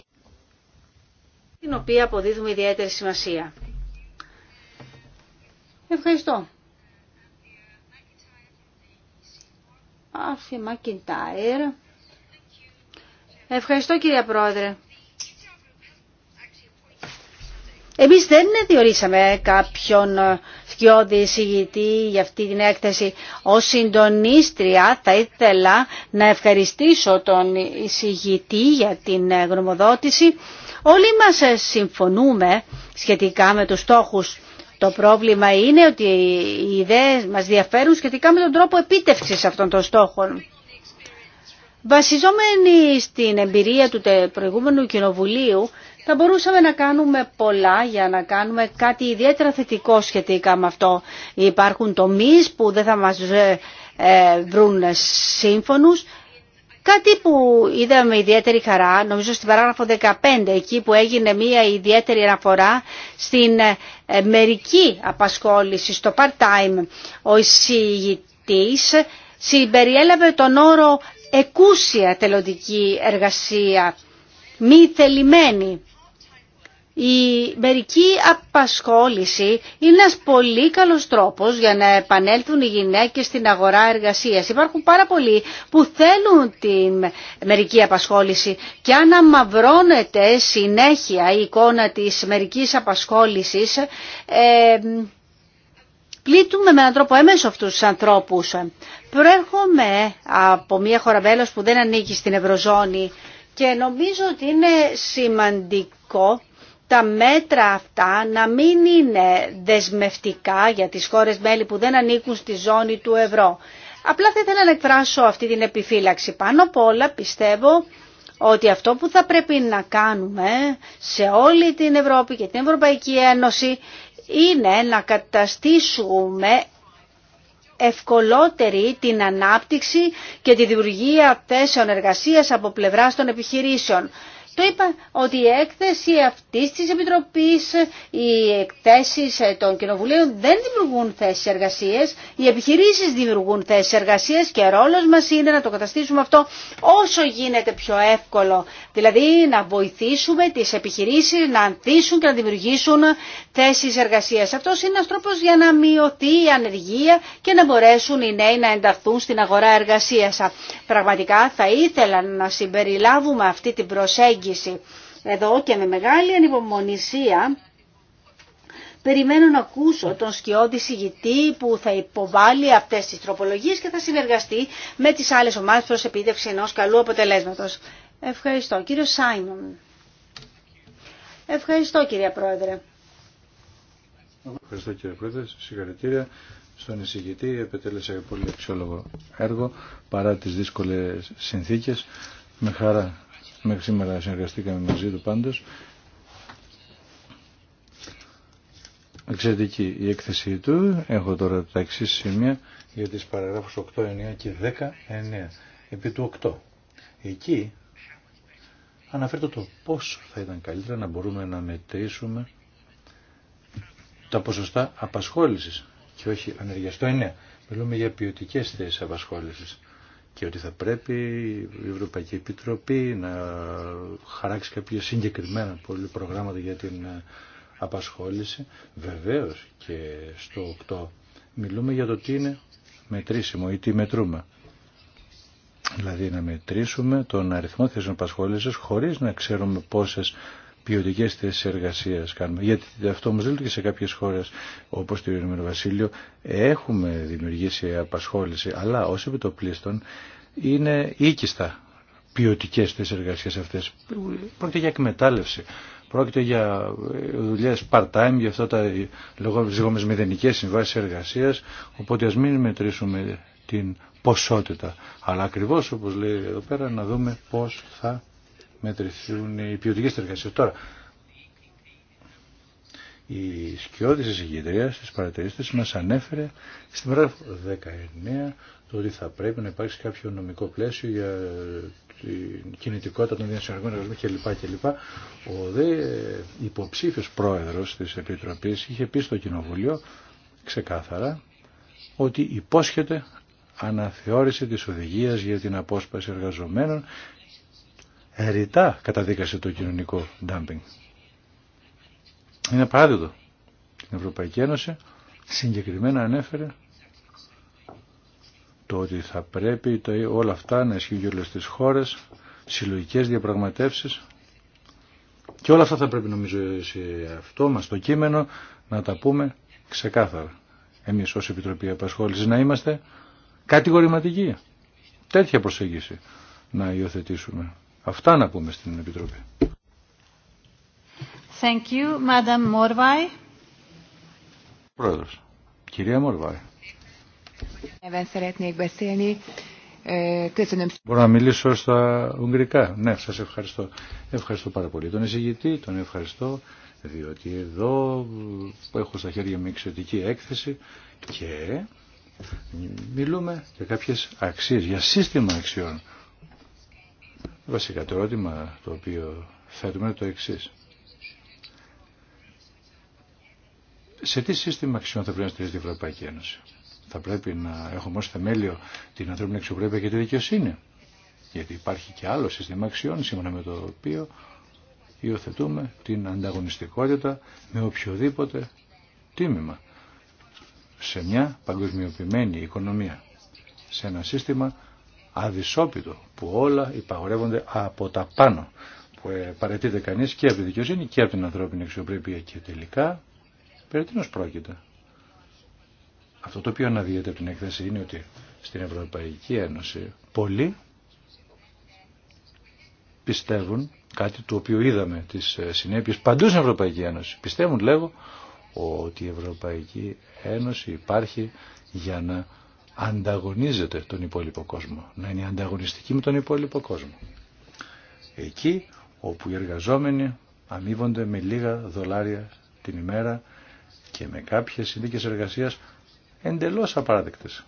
την οποία αποδίδουμε ιδιαίτερη σημασία. Ευχαριστώ. Μακιντάιρ. Ευχαριστώ κυρία Πρόεδρε. Εμείς δεν διορίσαμε κάποιον σκιώδη εισηγητή για αυτή την έκθεση. Ω συντονίστρια θα ήθελα να ευχαριστήσω τον εισηγητή για την γνωμοδότηση Όλοι μας ε, συμφωνούμε σχετικά με τους στόχους. Το πρόβλημα είναι ότι οι ιδέες μας διαφέρουν σχετικά με τον τρόπο επίτευξης αυτών των στόχων. Βασιζόμενοι στην εμπειρία του προηγούμενου κοινοβουλίου, θα μπορούσαμε να κάνουμε πολλά για να κάνουμε κάτι ιδιαίτερα θετικό σχετικά με αυτό. Υπάρχουν τομείς που δεν θα μας ε, ε, βρουν σύμφωνους, Κάτι που είδαμε ιδιαίτερη χαρά, νομίζω στην παράγραφο 15, εκεί που έγινε μια ιδιαίτερη αναφορά στην ε, μερική απασχόληση, στο part-time, ο εισηγητής συμπεριέλαβε τον όρο εκούσια τελοντική εργασία, μη θελημένη. Η μερική απασχόληση είναι ένας πολύ καλός τρόπος για να επανέλθουν οι γυναίκες στην αγορά εργασίας. Υπάρχουν πάρα πολλοί που θέλουν την μερική απασχόληση και αν αμαυρώνεται συνέχεια η εικόνα της μερικής απασχόλησης ε, πλήττουμε με έναν τρόπο έμεσο αυτούς τους ανθρώπους. Προέρχομαι από μια χώρα που δεν ανήκει στην Ευρωζώνη και νομίζω ότι είναι σημαντικό τα μέτρα αυτά να μην είναι δεσμευτικά για τις χώρες μέλη που δεν ανήκουν στη ζώνη του ευρώ. Απλά θα ήθελα να εκφράσω αυτή την επιφύλαξη. Πάνω απ' όλα πιστεύω ότι αυτό που θα πρέπει να κάνουμε σε όλη την Ευρώπη και την Ευρωπαϊκή Ένωση είναι να καταστήσουμε ευκολότερη την ανάπτυξη και τη δημιουργία θέσεων εργασίας από πλευράς των επιχειρήσεων. Το είπα ότι η έκθεση αυτή τη Επιτροπή, οι εκθέσει των κοινοβουλίων δεν δημιουργούν θέσει εργασία. Οι επιχειρήσει δημιουργούν θέσει εργασία και ρόλο μα είναι να το καταστήσουμε αυτό όσο γίνεται πιο εύκολο. Δηλαδή να βοηθήσουμε τι επιχειρήσει να ανθίσουν και να δημιουργήσουν θέσει εργασία. Αυτό είναι ένα τρόπο για να μειωθεί η ανεργία και να μπορέσουν οι νέοι να ενταχθούν στην αγορά εργασία. Πραγματικά θα ήθελα να συμπεριλάβουμε αυτή την προσέγγιση εδώ και με μεγάλη ανυπομονησία περιμένω να ακούσω τον σκιώδη συγητή που θα υποβάλει αυτές τις τροπολογίες και θα συνεργαστεί με τις άλλες ομάδες προς επίτευξη ενός καλού αποτελέσματος. Ευχαριστώ. Κύριο Σάιμον. Ευχαριστώ κύριε Πρόεδρε. Ευχαριστώ κύριε Πρόεδρε. Συγχαρητήρια στον εισηγητή. Επετέλεσε πολύ αξιόλογο έργο παρά τις δύσκολες συνθήκες. Με χαρά Μέχρι σήμερα συνεργαστήκαμε μαζί του πάντως. Εξαιρετική η έκθεσή του. Έχω τώρα τα εξή σημεία για τις παραγράφους 8, 9 και 9. Επί του 8. Εκεί αναφέρεται το πόσο θα ήταν καλύτερα να μπορούμε να μετρήσουμε τα ποσοστά απασχόλησης και όχι ανεργιαστό Στο 9. Μιλούμε για ποιοτικές θέσεις απασχόλησης και ότι θα πρέπει η Ευρωπαϊκή Επιτροπή να χαράξει κάποια συγκεκριμένα πολύ προγράμματα για την ε, απασχόληση. Βεβαίως και στο 8 μιλούμε για το τι είναι μετρήσιμο ή τι μετρούμε. Δηλαδή να μετρήσουμε τον αριθμό θέσεων απασχόλησης χωρίς να ξέρουμε πόσες ποιοτικέ θέσει εργασία κάνουμε. Γιατί αυτό όμω δεν και σε κάποιε χώρε όπω το Ηνωμένο Βασίλειο. Έχουμε δημιουργήσει απασχόληση, αλλά ω επιτοπλίστων είναι οίκιστα ποιοτικέ θέσει εργασία αυτέ. Πρόκειται για εκμετάλλευση. Πρόκειται για ε, δουλειέ part-time, για αυτά τα λεγόμενε μηδενικέ συμβάσει εργασία. Οπότε α μην μετρήσουμε την ποσότητα. Αλλά ακριβώ όπω λέει εδώ πέρα να δούμε πώ θα μετρηθούν οι ποιοτικέ εργασίε. Τώρα, η σκιώδη εισηγητρία στις παρατηρήσεις μα ανέφερε στην παράγραφο 19 το ότι θα πρέπει να υπάρξει κάποιο νομικό πλαίσιο για την κινητικότητα των διασυνεργών εργασιών κλπ. κλπ. Ο δε υποψήφιος πρόεδρος της Επιτροπής είχε πει στο Κοινοβουλίο ξεκάθαρα ότι υπόσχεται αναθεώρηση της οδηγίας για την απόσπαση εργαζομένων ρητά καταδίκασε το κοινωνικό ντάμπινγκ. Είναι παράδειγμα. Η Ευρωπαϊκή Ένωση συγκεκριμένα ανέφερε το ότι θα πρέπει το, όλα αυτά να ισχύουν και όλες τις χώρες, συλλογικές διαπραγματεύσεις και όλα αυτά θα πρέπει νομίζω σε αυτό μας το κείμενο να τα πούμε ξεκάθαρα. Εμείς ως Επιτροπή Απασχόλησης να είμαστε κατηγορηματικοί. Τέτοια προσέγγιση να υιοθετήσουμε. Αυτά να πούμε στην Επιτροπή. Thank you, Madam Morvai. Πρόεδρος, κυρία Μορβάη. Μπορώ να μιλήσω στα Ουγγρικά. Ναι, σας ευχαριστώ. Ευχαριστώ πάρα πολύ τον εισηγητή, τον ευχαριστώ, διότι εδώ έχω στα χέρια μου εξαιρετική έκθεση και μιλούμε για κάποιες αξίες, για σύστημα αξιών Βασικά το ερώτημα το οποίο θέτουμε είναι το εξή. Σε τι σύστημα αξιών θα πρέπει να στηρίζεται η Ευρωπαϊκή Ένωση. Θα πρέπει να έχουμε ως θεμέλιο την ανθρώπινη αξιοπρέπεια και τη δικαιοσύνη. Γιατί υπάρχει και άλλο σύστημα αξιών σύμφωνα με το οποίο υιοθετούμε την ανταγωνιστικότητα με οποιοδήποτε τίμημα σε μια παγκοσμιοποιημένη οικονομία, σε ένα σύστημα αδυσόπιτο που όλα υπαγορεύονται από τα πάνω που παρετείται κανείς και από τη δικαιοσύνη και από την ανθρώπινη αξιοπρέπεια και τελικά περί τίνος πρόκειται. Αυτό το οποίο αναδύεται από την έκθεση είναι ότι στην Ευρωπαϊκή Ένωση πολλοί πιστεύουν κάτι το οποίο είδαμε τις ε, συνέπειες παντού στην Ευρωπαϊκή Ένωση. Πιστεύουν λέγω ότι η Ευρωπαϊκή Ένωση υπάρχει για να ανταγωνίζεται τον υπόλοιπο κόσμο, να είναι ανταγωνιστική με τον υπόλοιπο κόσμο. Εκεί όπου οι εργαζόμενοι αμείβονται με λίγα δολάρια την ημέρα και με κάποιες συνθήκες εργασίας εντελώς απαράδεκτες.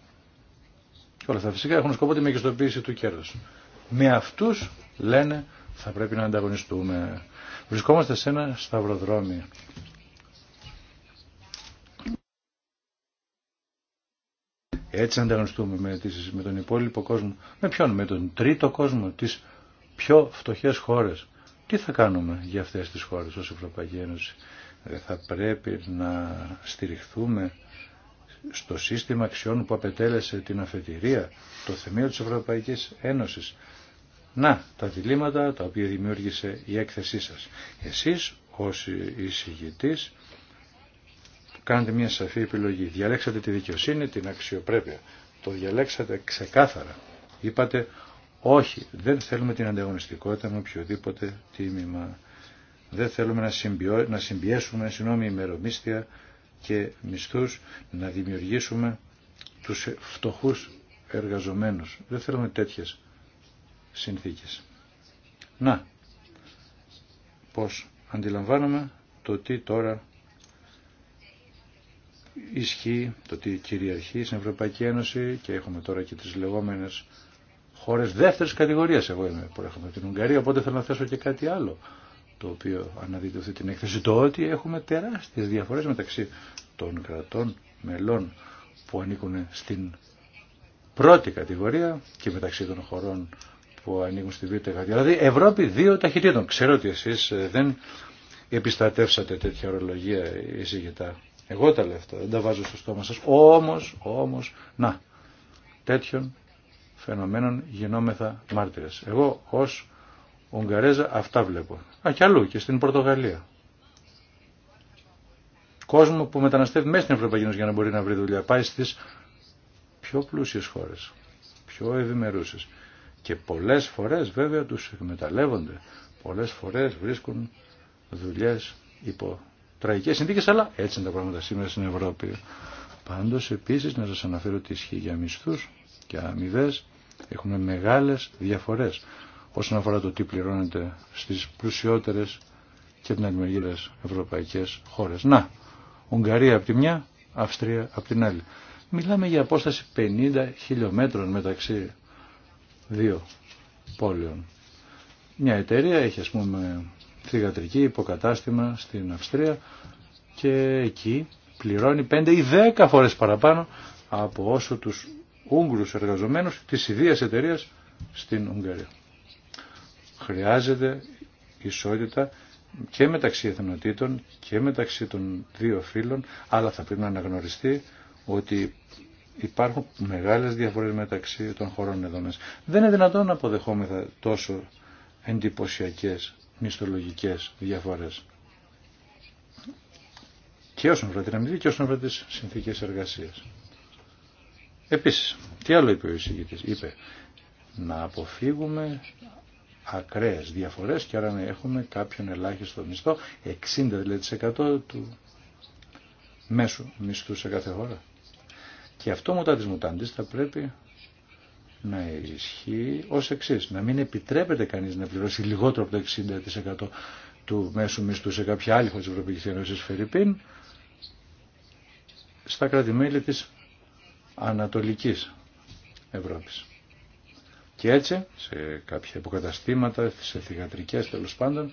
Και όλα αυτά φυσικά έχουν σκοπό τη μεγιστοποίηση του κέρδους. Με αυτούς λένε θα πρέπει να ανταγωνιστούμε. Βρισκόμαστε σε ένα σταυροδρόμι Έτσι να ανταγωνιστούμε με, τις, με τον υπόλοιπο κόσμο. Με ποιον, με τον τρίτο κόσμο, τις πιο φτωχές χώρες. Τι θα κάνουμε για αυτές τις χώρες ως Ευρωπαϊκή Ένωση. θα πρέπει να στηριχθούμε στο σύστημα αξιών που απετέλεσε την αφετηρία, το θεμείο της Ευρωπαϊκής Ένωσης. Να, τα διλήμματα τα οποία δημιούργησε η έκθεσή σας. Εσείς ως εισηγητής κάνετε μια σαφή επιλογή. Διαλέξατε τη δικαιοσύνη, την αξιοπρέπεια. Το διαλέξατε ξεκάθαρα. Είπατε όχι, δεν θέλουμε την ανταγωνιστικότητα με οποιοδήποτε τίμημα. Δεν θέλουμε να, να συμπιέσουμε συγνώμη ημερομίστια και μισθούς, να δημιουργήσουμε τους φτωχούς εργαζομένους. Δεν θέλουμε τέτοιες συνθήκες. Να, πώς αντιλαμβάνομαι το τι τώρα ισχύει, το τι κυριαρχεί στην Ευρωπαϊκή Ένωση και έχουμε τώρα και τις λεγόμενες χώρες δεύτερης κατηγορίας. Εγώ είμαι προέρχομαι από την Ουγγαρία, οπότε θέλω να θέσω και κάτι άλλο το οποίο αναδείται αυτή την έκθεση, το ότι έχουμε τεράστιες διαφορές μεταξύ των κρατών μελών που ανήκουν στην πρώτη κατηγορία και μεταξύ των χωρών που ανήκουν στη β' κατηγορία. Δηλαδή Ευρώπη δύο ταχυτήτων. Ξέρω ότι εσείς ε, δεν επιστατεύσατε τέτοια ορολογία εισηγητά. Εγώ τα λέω αυτά, δεν τα βάζω στο στόμα σας. Όμως, όμως, να, τέτοιων φαινομένων γινόμεθα μάρτυρες. Εγώ ως Ουγγαρέζα αυτά βλέπω. Α, και αλλού, και στην Πορτογαλία. Κόσμο που μεταναστεύει μέσα στην Ευρωπαϊκή Ένωση για να μπορεί να βρει δουλειά. Πάει στις πιο πλούσιες χώρες, πιο ευημερούσες. Και πολλές φορές βέβαια τους εκμεταλλεύονται. Πολλές φορές βρίσκουν δουλειές υπό τραγικές συνθήκες, αλλά έτσι είναι τα πράγματα σήμερα στην Ευρώπη. Πάντως επίσης να σας αναφέρω τι ισχύει για μισθούς και αμοιβέ. Έχουμε μεγάλες διαφορές όσον αφορά το τι πληρώνεται στις πλουσιότερες και την άλλη ευρωπαϊκέ χώρε. Να, Ουγγαρία από τη μια, Αυστρία από την άλλη. Μιλάμε για απόσταση 50 χιλιόμετρων μεταξύ δύο πόλεων. Μια εταιρεία έχει ας πούμε γατρική υποκατάστημα στην Αυστρία και εκεί πληρώνει 5 ή 10 φορές παραπάνω από όσο τους Ούγγρους εργαζομένους της ιδίας εταιρεία στην Ουγγαρία. Χρειάζεται ισότητα και μεταξύ εθνοτήτων και μεταξύ των δύο φίλων, αλλά θα πρέπει να αναγνωριστεί ότι υπάρχουν μεγάλες διαφορές μεταξύ των χωρών εδώ μέσα. Δεν είναι δυνατόν να αποδεχόμεθα τόσο εντυπωσιακές μισθολογικές διαφορές. Και όσον αφορά την αμοιβή και όσον αφορά τις συνθήκες εργασίας. Επίσης, τι άλλο είπε ο εισηγητής. Είπε να αποφύγουμε ακραίες διαφορές και άρα να έχουμε κάποιον ελάχιστο μισθό 60% δηλαδή του μέσου μισθού σε κάθε χώρα. Και αυτό μου τα της θα πρέπει να ισχύει ως εξή. Να μην επιτρέπεται κανείς να πληρώσει λιγότερο από το 60% του μέσου μισθού σε κάποια άλλη χώρα της Ευρωπαϊκής Ένωσης Φερρυπίν στα κρατημέλη μελη της Ανατολικής Ευρώπης. Και έτσι, σε κάποια υποκαταστήματα, σε θηγατρικές τέλο πάντων,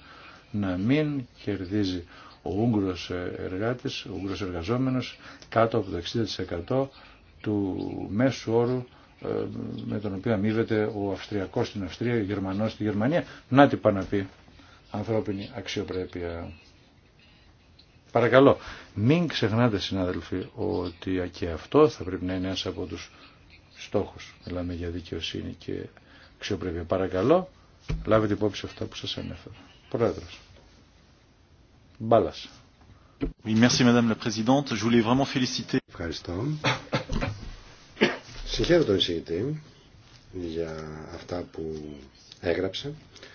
να μην κερδίζει ο Ούγγρος εργάτης, ο Ούγγρος εργαζόμενος, κάτω από το 60% του μέσου όρου ε, με τον οποίο αμείβεται ο Αυστριακός στην Αυστρία, ο Γερμανός στη Γερμανία. Να τι πάνε να πει ανθρώπινη αξιοπρέπεια. Παρακαλώ, μην ξεχνάτε συνάδελφοι ότι και αυτό θα πρέπει να είναι ένας από τους στόχους. Μιλάμε για δικαιοσύνη και αξιοπρέπεια. Παρακαλώ, λάβετε υπόψη αυτά που σας ανέφερα. Πρόεδρος. Μπάλας. Ευχαριστώ. Συγχαίρω τον εισηγητή για αυτά που έγραψε,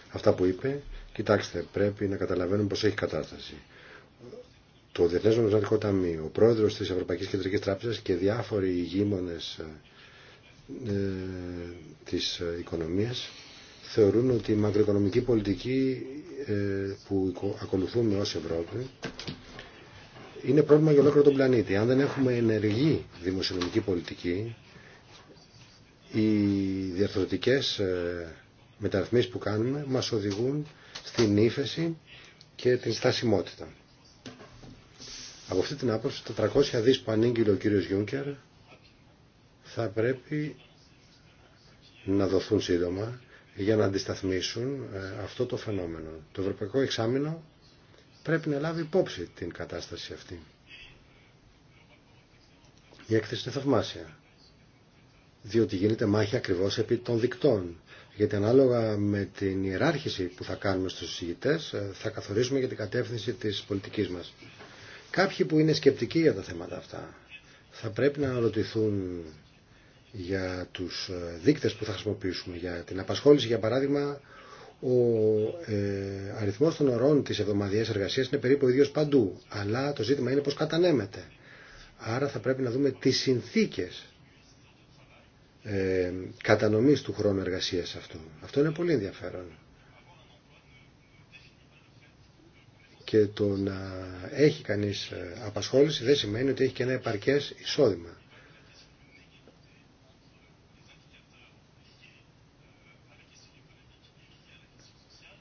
αυτά που είπε. Κοιτάξτε, πρέπει να καταλαβαίνουμε πως έχει κατάσταση. Το Διεθνές Νομισματικό Ταμείο, ο πρόεδρος της Ευρωπαϊκής Κεντρικής Τράπεζας και διάφοροι ηγήμονες ε, ε της οικονομίας θεωρούν ότι η μακροοικονομική πολιτική ε, που ακολουθούμε ως Ευρώπη είναι πρόβλημα για ολόκληρο τον πλανήτη. Αν δεν έχουμε ενεργή δημοσιονομική πολιτική οι διαρθρωτικές ε, μεταρρυθμίσεις που κάνουμε μας οδηγούν στην ύφεση και την στασιμότητα. Από αυτή την άποψη, τα 300 δις που ανήγγειλε ο κύριος Γιούνκερ θα πρέπει να δοθούν σύντομα για να αντισταθμίσουν ε, αυτό το φαινόμενο. Το Ευρωπαϊκό Εξάμεινο πρέπει να λάβει υπόψη την κατάσταση αυτή. Η έκθεση είναι θαυμάσια διότι γίνεται μάχη ακριβώς επί των δικτών. Γιατί ανάλογα με την ιεράρχηση που θα κάνουμε στους συζητητές ε, θα καθορίσουμε για την κατεύθυνση της πολιτικής μας. Κάποιοι που είναι σκεπτικοί για τα θέματα αυτά θα πρέπει να αναρωτηθούν για τους ε, δείκτες που θα χρησιμοποιήσουμε για την απασχόληση για παράδειγμα ο ε, αριθμός των ωρών της εβδομαδιαίας εργασίας είναι περίπου ίδιος παντού αλλά το ζήτημα είναι πως κατανέμεται άρα θα πρέπει να δούμε τις συνθήκες ε, κατανομής του χρόνου εργασίας αυτού. Αυτό είναι πολύ ενδιαφέρον. Και το να έχει κανείς ε, απασχόληση δεν σημαίνει ότι έχει και ένα επαρκές εισόδημα.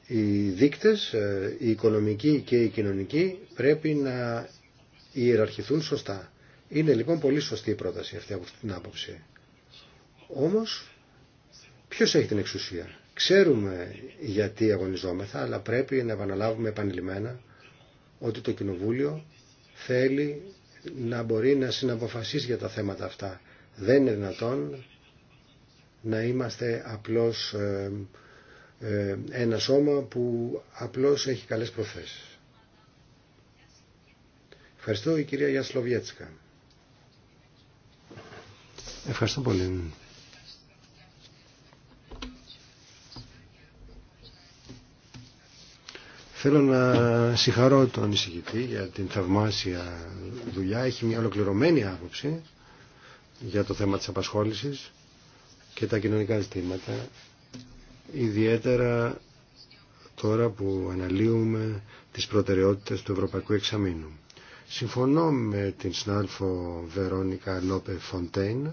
Οι δείκτες, ε, οι οικονομικοί και οι κοινωνικοί πρέπει να ιεραρχηθούν σωστά. Είναι λοιπόν πολύ σωστή η πρόταση αυτή από αυτή την άποψη. Όμως, ποιος έχει την εξουσία. Ξέρουμε γιατί αγωνιζόμεθα, αλλά πρέπει να επαναλάβουμε επανειλημμένα ότι το Κοινοβούλιο θέλει να μπορεί να συναποφασίσει για τα θέματα αυτά. Δεν είναι δυνατόν να είμαστε απλώς ε, ε, ένα σώμα που απλώς έχει καλές προθέσεις. Ευχαριστώ η κυρία Γιασλοβιέτσικα. Ευχαριστώ πολύ. Θέλω να συγχαρώ τον εισηγητή για την θαυμάσια δουλειά. Έχει μια ολοκληρωμένη άποψη για το θέμα της απασχόλησης και τα κοινωνικά ζητήματα. Ιδιαίτερα τώρα που αναλύουμε τις προτεραιότητες του Ευρωπαϊκού Εξαμήνου. Συμφωνώ με την Σνάλφο Βερόνικα Λόπε Φοντέιν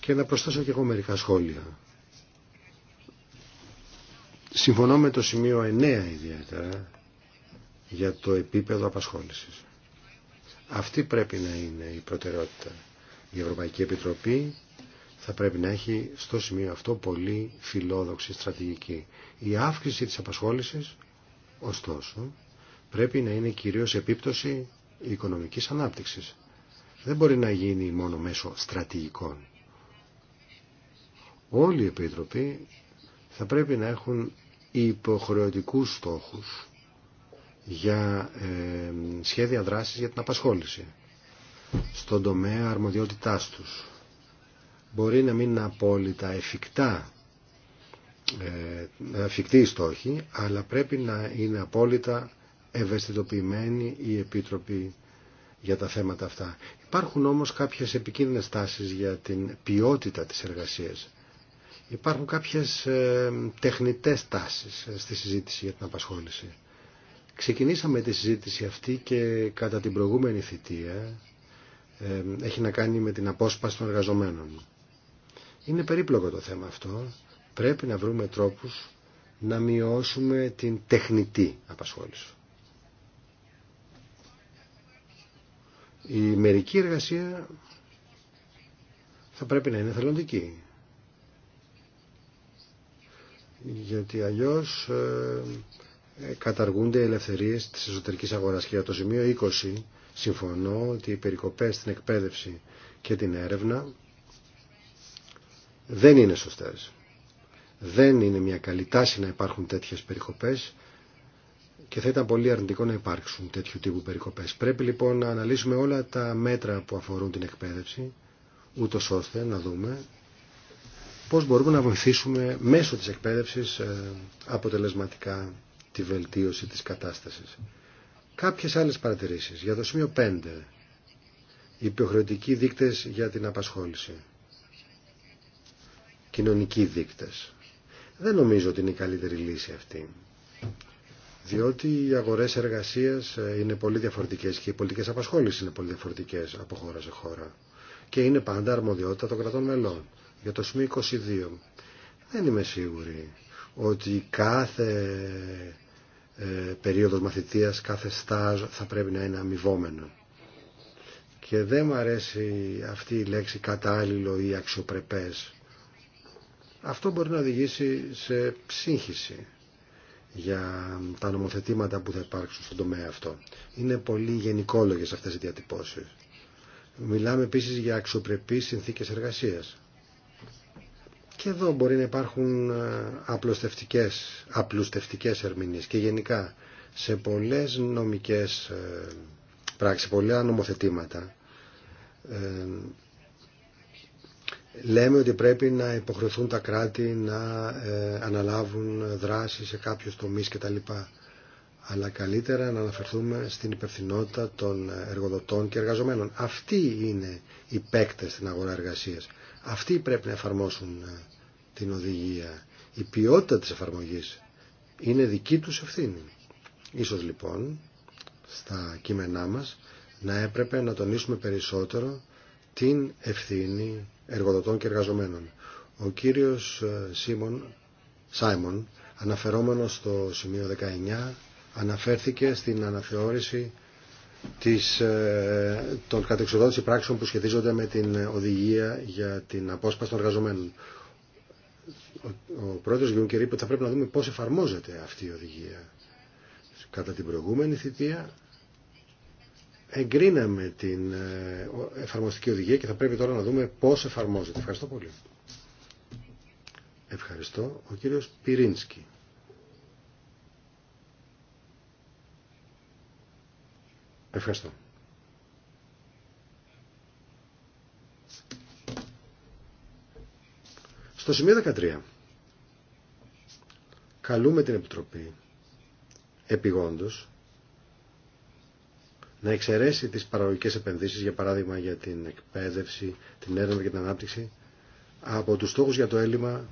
και να προσθέσω και εγώ μερικά σχόλια. Συμφωνώ με το σημείο 9 ιδιαίτερα για το επίπεδο απασχόλησης. Αυτή πρέπει να είναι η προτεραιότητα. Η Ευρωπαϊκή Επιτροπή θα πρέπει να έχει στο σημείο αυτό πολύ φιλόδοξη στρατηγική. Η αύξηση της απασχόλησης, ωστόσο, πρέπει να είναι κυρίως επίπτωση οικονομικής ανάπτυξης. Δεν μπορεί να γίνει μόνο μέσω στρατηγικών. Όλοι οι επίτροποι θα πρέπει να έχουν υποχρεωτικούς στόχους για ε, σχέδια δράσης για την απασχόληση στον τομέα αρμοδιότητάς τους. Μπορεί να μην είναι απόλυτα εφικτά ε, εφικτή η στόχη, αλλά πρέπει να είναι απόλυτα ευαισθητοποιημένη η Επίτροπη για τα θέματα αυτά. Υπάρχουν όμως κάποιες επικίνδυνες τάσεις για την ποιότητα της εργασίας. Υπάρχουν κάποιες ε, τεχνητές τάσεις ε, στη συζήτηση για την απασχόληση. Ξεκινήσαμε τη συζήτηση αυτή και κατά την προηγούμενη θητεία ε, έχει να κάνει με την απόσπαση των εργαζομένων. Είναι περίπλοκο το θέμα αυτό. Πρέπει να βρούμε τρόπους να μειώσουμε την τεχνητή απασχόληση. Η μερική εργασία θα πρέπει να είναι θελοντική γιατί αλλιώς ε, καταργούνται οι ελευθερίες της εσωτερικής αγοράς. Και για το σημείο 20 συμφωνώ ότι οι περικοπές στην εκπαίδευση και την έρευνα δεν είναι σωστές. Δεν είναι μια καλή τάση να υπάρχουν τέτοιες περικοπές και θα ήταν πολύ αρνητικό να υπάρξουν τέτοιου τύπου περικοπές. Πρέπει λοιπόν να αναλύσουμε όλα τα μέτρα που αφορούν την εκπαίδευση, ούτως ώστε να δούμε πώς μπορούμε να βοηθήσουμε μέσω της εκπαίδευσης ε, αποτελεσματικά τη βελτίωση της κατάστασης. Κάποιες άλλες παρατηρήσεις. Για το σημείο 5, υποχρεωτικοί δείκτες για την απασχόληση. Κοινωνικοί δείκτες. Δεν νομίζω ότι είναι η καλύτερη λύση αυτή. Διότι οι αγορές εργασίας ε, είναι πολύ διαφορετικές και οι πολιτικές απασχόλησεις είναι πολύ διαφορετικές από χώρα σε χώρα. Και είναι πάντα αρμοδιότητα των κρατών μελών για το σημείο 22. Δεν είμαι σίγουρη ότι κάθε ε, περίοδος μαθητείας, κάθε στάζ θα πρέπει να είναι αμοιβόμενο. Και δεν μου αρέσει αυτή η λέξη κατάλληλο ή αξιοπρεπές. Αυτό μπορεί να οδηγήσει σε ψύχηση για τα νομοθετήματα που θα υπάρξουν στον τομέα αυτό. Είναι πολύ γενικόλογες αυτές οι διατυπώσεις. Μιλάμε επίσης για αξιοπρεπείς συνθήκες εργασίας. Και εδώ μπορεί να υπάρχουν ε, απλουστευτικές, απλουστευτικές ερμηνείες και γενικά σε πολλές νομικές ε, πράξεις, πολλά νομοθετήματα ε, λέμε ότι πρέπει να υποχρεωθούν τα κράτη να αναλάβουν δράση σε κάποιους τομείς κτλ. Αλλά καλύτερα να αναφερθούμε στην υπευθυνότητα των εργοδοτών και εργαζομένων. Αυτοί είναι οι παίκτες στην αγορά εργασίας. Αυτοί πρέπει να εφαρμόσουν ε, την οδηγία. Η ποιότητα της εφαρμογής είναι δική τους ευθύνη. Ίσως λοιπόν στα κείμενά μας να έπρεπε να τονίσουμε περισσότερο την ευθύνη εργοδοτών και εργαζομένων. Ο κύριος ε, Σίμον, Σάιμον αναφερόμενος στο σημείο 19 αναφέρθηκε στην αναθεώρηση της, ε, των κατεξοδότηση πράξεων που σχετίζονται με την οδηγία για την απόσπαση των εργαζομένων. Ο, ο πρόεδρος Γιούνκερ είπε ότι θα πρέπει να δούμε πώς εφαρμόζεται αυτή η οδηγία. Κατά την προηγούμενη θητεία εγκρίναμε την ε, εφαρμοστική οδηγία και θα πρέπει τώρα να δούμε πώς εφαρμόζεται. Ευχαριστώ πολύ. Ευχαριστώ. Ο κύριος Πυρίνσκι. Ευχαριστώ. Στο σημείο 13 καλούμε την Επιτροπή επιγόντως να εξαιρέσει τις παραγωγικές επενδύσεις, για παράδειγμα για την εκπαίδευση, την έρευνα και την ανάπτυξη, από τους στόχους για το έλλειμμα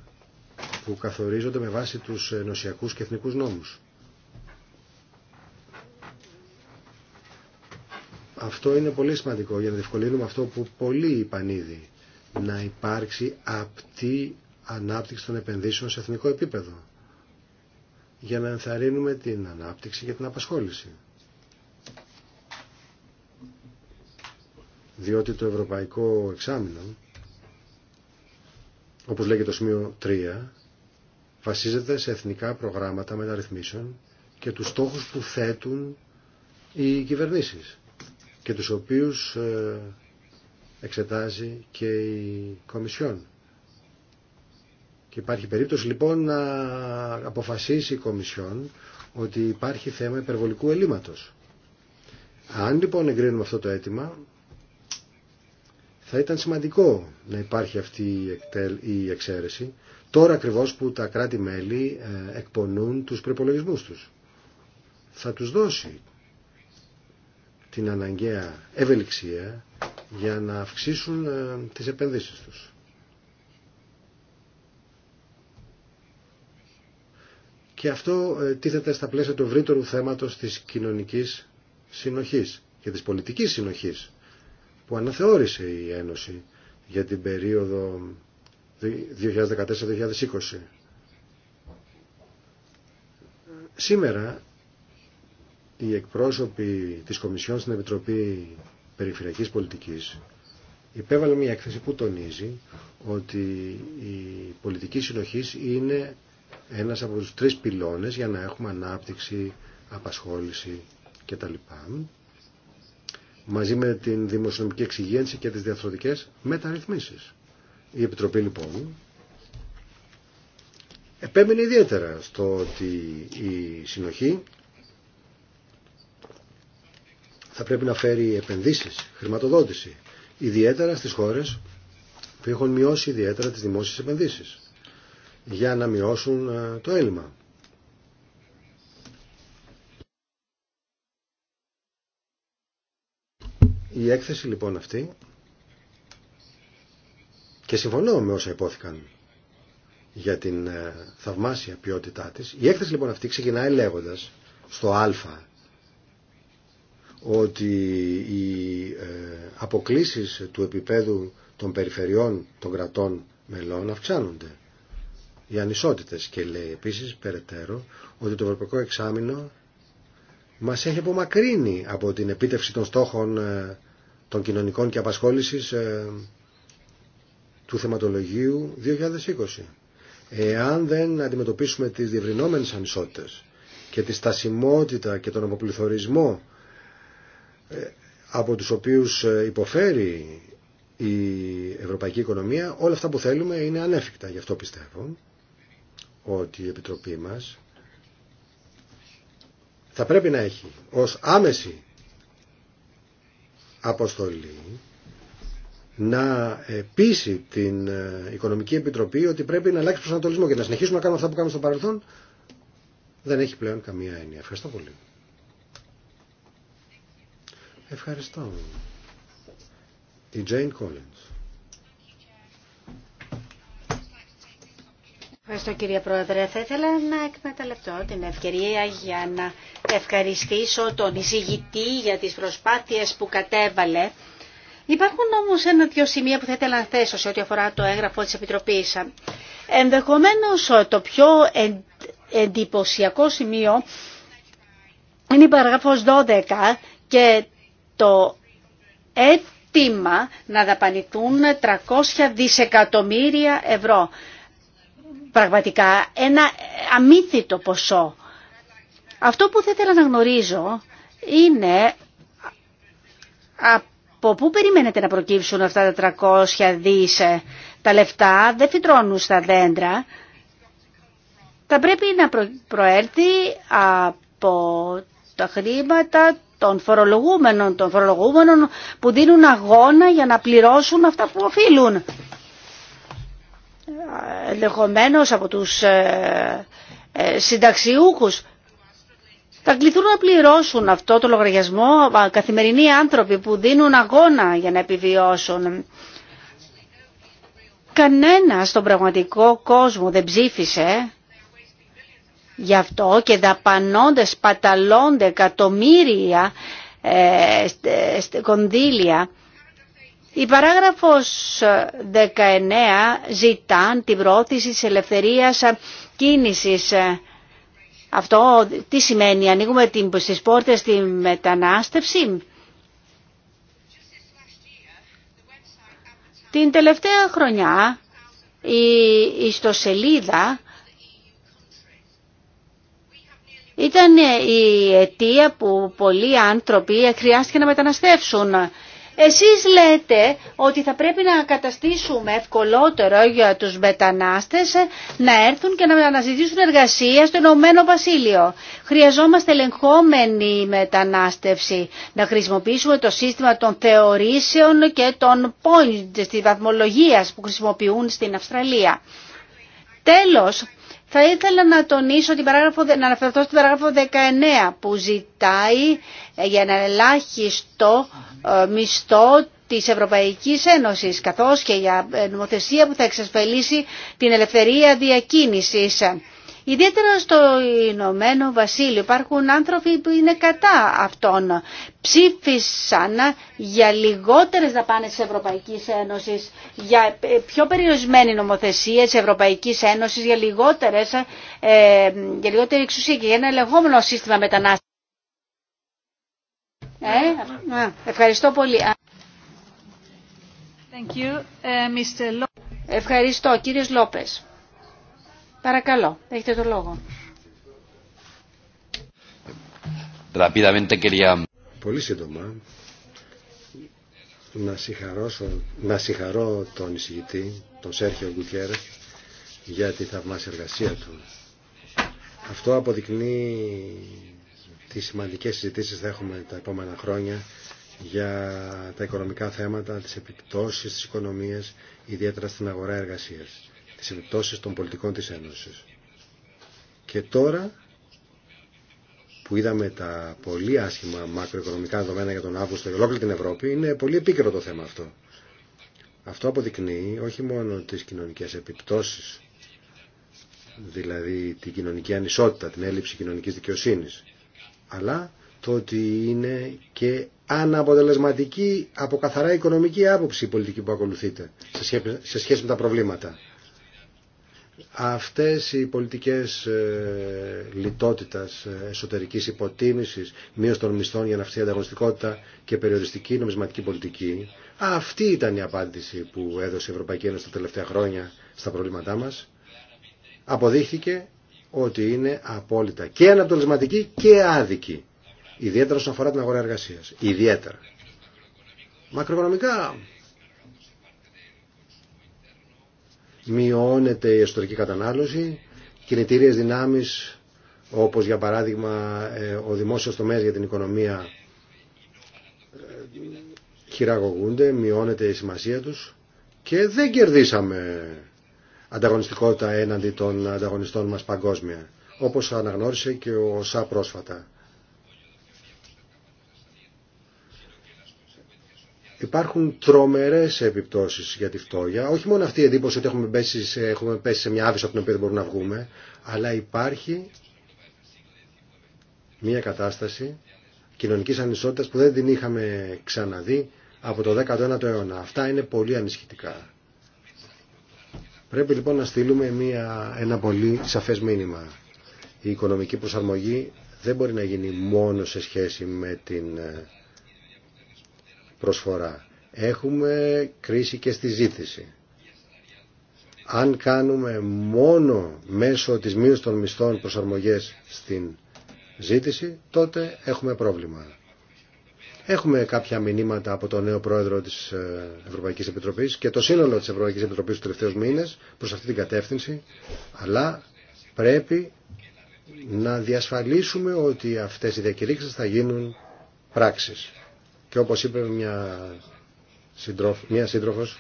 που καθορίζονται με βάση τους νοσιακούς και εθνικούς νόμους. Αυτό είναι πολύ σημαντικό για να διευκολύνουμε αυτό που πολλοί είπαν ήδη. Να υπάρξει απτή ανάπτυξη των επενδύσεων σε εθνικό επίπεδο. Για να ενθαρρύνουμε την ανάπτυξη και την απασχόληση. Διότι το ευρωπαϊκό εξάμεινο, όπως λέγεται το σημείο 3, βασίζεται σε εθνικά προγράμματα μεταρρυθμίσεων και τους στόχους που θέτουν οι κυβερνήσεις και τους οποίους ε, εξετάζει και η Κομισιόν. Και υπάρχει περίπτωση λοιπόν να αποφασίσει η Κομισιόν ότι υπάρχει θέμα υπερβολικού ελλείμματος. Αν λοιπόν εγκρίνουμε αυτό το αίτημα, θα ήταν σημαντικό να υπάρχει αυτή η εξαίρεση, τώρα ακριβώς που τα κράτη-μέλη ε, εκπονούν τους προπολογισμού τους. Θα τους δώσει την αναγκαία ευελιξία για να αυξήσουν ε, τις επενδύσεις τους. Και αυτό ε, τίθεται στα πλαίσια του ευρύτερου θέματος της κοινωνικής συνοχής και της πολιτικής συνοχής που αναθεώρησε η Ένωση για την περίοδο 2014-2020. Σήμερα οι εκπρόσωποι της Κομισιόν στην Επιτροπή Περιφερειακής Πολιτικής υπέβαλαν μια έκθεση που τονίζει ότι η πολιτική συνοχής είναι ένας από τους τρεις πυλώνες για να έχουμε ανάπτυξη, απασχόληση κτλ. Μαζί με την δημοσιονομική εξυγένση και τις διαφορετικέ μεταρρυθμίσεις. Η Επιτροπή λοιπόν επέμεινε ιδιαίτερα στο ότι η συνοχή θα πρέπει να φέρει επενδύσεις, χρηματοδότηση, ιδιαίτερα στις χώρες που έχουν μειώσει ιδιαίτερα τις δημόσιες επενδύσεις για να μειώσουν ε, το έλλειμμα. Η έκθεση λοιπόν αυτή και συμφωνώ με όσα υπόθηκαν για την ε, θαυμάσια ποιότητά της. Η έκθεση λοιπόν αυτή ξεκινάει λέγοντας στο α ότι οι ε, αποκλίσεις του επίπεδου των περιφερειών των κρατών μελών αυξάνονται. Οι ανισότητες και λέει επίσης περαιτέρω ότι το Ευρωπαϊκό Εξάμεινο μας έχει απομακρύνει από την επίτευξη των στόχων ε, των κοινωνικών και απασχόλησης ε, του θεματολογίου 2020. Εάν δεν αντιμετωπίσουμε τις διευρυνόμενες ανισότητες και τη στασιμότητα και τον αποπληθωρισμό ε, από τους οποίους ε, υποφέρει η ευρωπαϊκή οικονομία, όλα αυτά που θέλουμε είναι ανέφικτα. Γι' αυτό πιστεύω ότι η Επιτροπή μας θα πρέπει να έχει ως άμεση αποστολή να πείσει την ε, Οικονομική Επιτροπή ότι πρέπει να αλλάξει προσανατολισμό και να συνεχίσουμε να κάνουμε αυτά που κάνουμε στο παρελθόν δεν έχει πλέον καμία έννοια. Ευχαριστώ πολύ. Ευχαριστώ. Τη Jane Collins. Ευχαριστώ κύριε Πρόεδρε. Θα ήθελα να εκμεταλλευτώ την ευκαιρία για να ευχαριστήσω τον εισηγητή για τις προσπάθειες που κατέβαλε. Υπάρχουν όμως ένα-δυο σημεία που θα ήθελα να θέσω σε ό,τι αφορά το έγγραφο της Επιτροπής. Ενδεχομένως το πιο εντυπωσιακό σημείο είναι η παραγράφος 12 και το αίτημα να δαπανηθούν 300 δισεκατομμύρια ευρώ. Πραγματικά ένα αμύθιτο ποσό. Αυτό που θα ήθελα να γνωρίζω είναι από πού περιμένετε να προκύψουν αυτά τα 300 δις. Τα λεφτά δεν φυτρώνουν στα δέντρα. Θα πρέπει να προέρθει από τα χρήματα των φορολογούμενων, των φορολογούμενων που δίνουν αγώνα για να πληρώσουν αυτά που οφείλουν. Ενδεχομένω από τους ε, ε, συνταξιούχους θα κληθούν να πληρώσουν αυτό το λογαριασμό καθημερινοί άνθρωποι που δίνουν αγώνα για να επιβιώσουν. Κανένα στον πραγματικό κόσμο δεν ψήφισε Γι' αυτό και δαπανώνται, σπαταλώνται εκατομμύρια ε, κονδύλια. Η παράγραφος 19 ε, ζητά την πρόθεση της ελευθερίας κίνησης. Ε, αυτό τι σημαίνει, ανοίγουμε στις πόρτες τη μετανάστευση. Την τελευταία χρονιά η ιστοσελίδα ήταν η αιτία που πολλοί άνθρωποι χρειάστηκαν να μεταναστεύσουν. Εσείς λέτε ότι θα πρέπει να καταστήσουμε ευκολότερο για τους μετανάστες να έρθουν και να αναζητήσουν εργασία στο Ηνωμένο Βασίλειο. Χρειαζόμαστε ελεγχόμενη μετανάστευση, να χρησιμοποιήσουμε το σύστημα των θεωρήσεων και των points της βαθμολογίας που χρησιμοποιούν στην Αυστραλία. Τέλος, θα ήθελα να τονίσω την παράγραφο, να αναφερθώ στην παράγραφο 19 που ζητάει ε, για ένα ελάχιστο ε, μισθό της Ευρωπαϊκής Ένωσης καθώς και για ε, νομοθεσία που θα εξασφαλίσει την ελευθερία διακίνησης. Ιδιαίτερα στο Ηνωμένο Βασίλειο υπάρχουν άνθρωποι που είναι κατά αυτών. Ψήφισαν για λιγότερες δαπάνες της Ευρωπαϊκής Ένωσης, για ε, πιο περιορισμένη νομοθεσία της Ευρωπαϊκής Ένωσης, για, λιγότερες, ε, για λιγότερη εξουσία και για ένα λεγόμενο σύστημα μετανάστευσης. Ε, ευχαριστώ πολύ. Thank you, Mr. Ευχαριστώ, κύριος Λόπες. Παρακαλώ, έχετε το λόγο. Πολύ σύντομα να, συγχαρώ τον εισηγητή, τον Σέρχιο Γκουκέρ, για τη θαυμάσια εργασία του. Αυτό αποδεικνύει τις σημαντικές συζητήσεις θα έχουμε τα επόμενα χρόνια για τα οικονομικά θέματα, τις επιπτώσεις της οικονομίας, ιδιαίτερα στην αγορά εργασίας συμπτώσεις των πολιτικών της Ένωσης. Και τώρα που είδαμε τα πολύ άσχημα μακροοικονομικά δεδομένα για τον Αύγουστο και ολόκληρη την Ευρώπη, είναι πολύ επίκαιρο το θέμα αυτό. Αυτό αποδεικνύει όχι μόνο τις κοινωνικές επιπτώσεις, δηλαδή την κοινωνική ανισότητα, την έλλειψη κοινωνικής δικαιοσύνης, αλλά το ότι είναι και αναποτελεσματική από καθαρά οικονομική άποψη η πολιτική που ακολουθείτε σε σχέση με τα προβλήματα αυτές οι πολιτικές ε, λιτότητας, ε, εσωτερικής υποτίμησης, μείωση των μισθών για να αυξηθεί η ανταγωνιστικότητα και περιοριστική νομισματική πολιτική, αυτή ήταν η απάντηση που έδωσε η Ευρωπαϊκή Ένωση τα τελευταία χρόνια στα προβλήματά μας. Αποδείχθηκε ότι είναι απόλυτα και αναπτολισματική και άδικη. Ιδιαίτερα όσον αφορά την αγορά εργασίας. Ιδιαίτερα. Μακροοικονομικά μειώνεται η εσωτερική κατανάλωση, κινητήριε δυνάμει όπως για παράδειγμα ε, ο δημόσιο τομέας για την οικονομία ε, χειραγωγούνται, μειώνεται η σημασία τους και δεν κερδίσαμε ανταγωνιστικότητα έναντι των ανταγωνιστών μας παγκόσμια, όπως αναγνώρισε και ο ΣΑ πρόσφατα. υπάρχουν τρομερές επιπτώσεις για τη φτώχεια. Όχι μόνο αυτή η εντύπωση ότι έχουμε πέσει σε, έχουμε πέσει μια άβυση από την οποία δεν μπορούμε να βγούμε, αλλά υπάρχει μια κατάσταση κοινωνικής ανισότητας που δεν την είχαμε ξαναδεί από το 19ο αιώνα. Αυτά είναι πολύ ανισχυτικά. Πρέπει λοιπόν να στείλουμε μια, ένα πολύ σαφές μήνυμα. Η οικονομική προσαρμογή δεν μπορεί να γίνει μόνο σε σχέση με την ε, προσφορά. Έχουμε κρίση και στη ζήτηση. Αν κάνουμε μόνο μέσω της μείωσης των μισθών προσαρμογές στην ζήτηση, τότε έχουμε πρόβλημα. Έχουμε κάποια μηνύματα από τον νέο πρόεδρο της ε, Ευρωπαϊκής Επιτροπής και το σύνολο της Ευρωπαϊκής Επιτροπής του τελευταίους μήνες προς αυτή την κατεύθυνση, αλλά πρέπει να διασφαλίσουμε ότι αυτές οι διακηρύξεις θα γίνουν πράξεις. Και όπως είπε μια, συντρόφ, μια σύντροφος,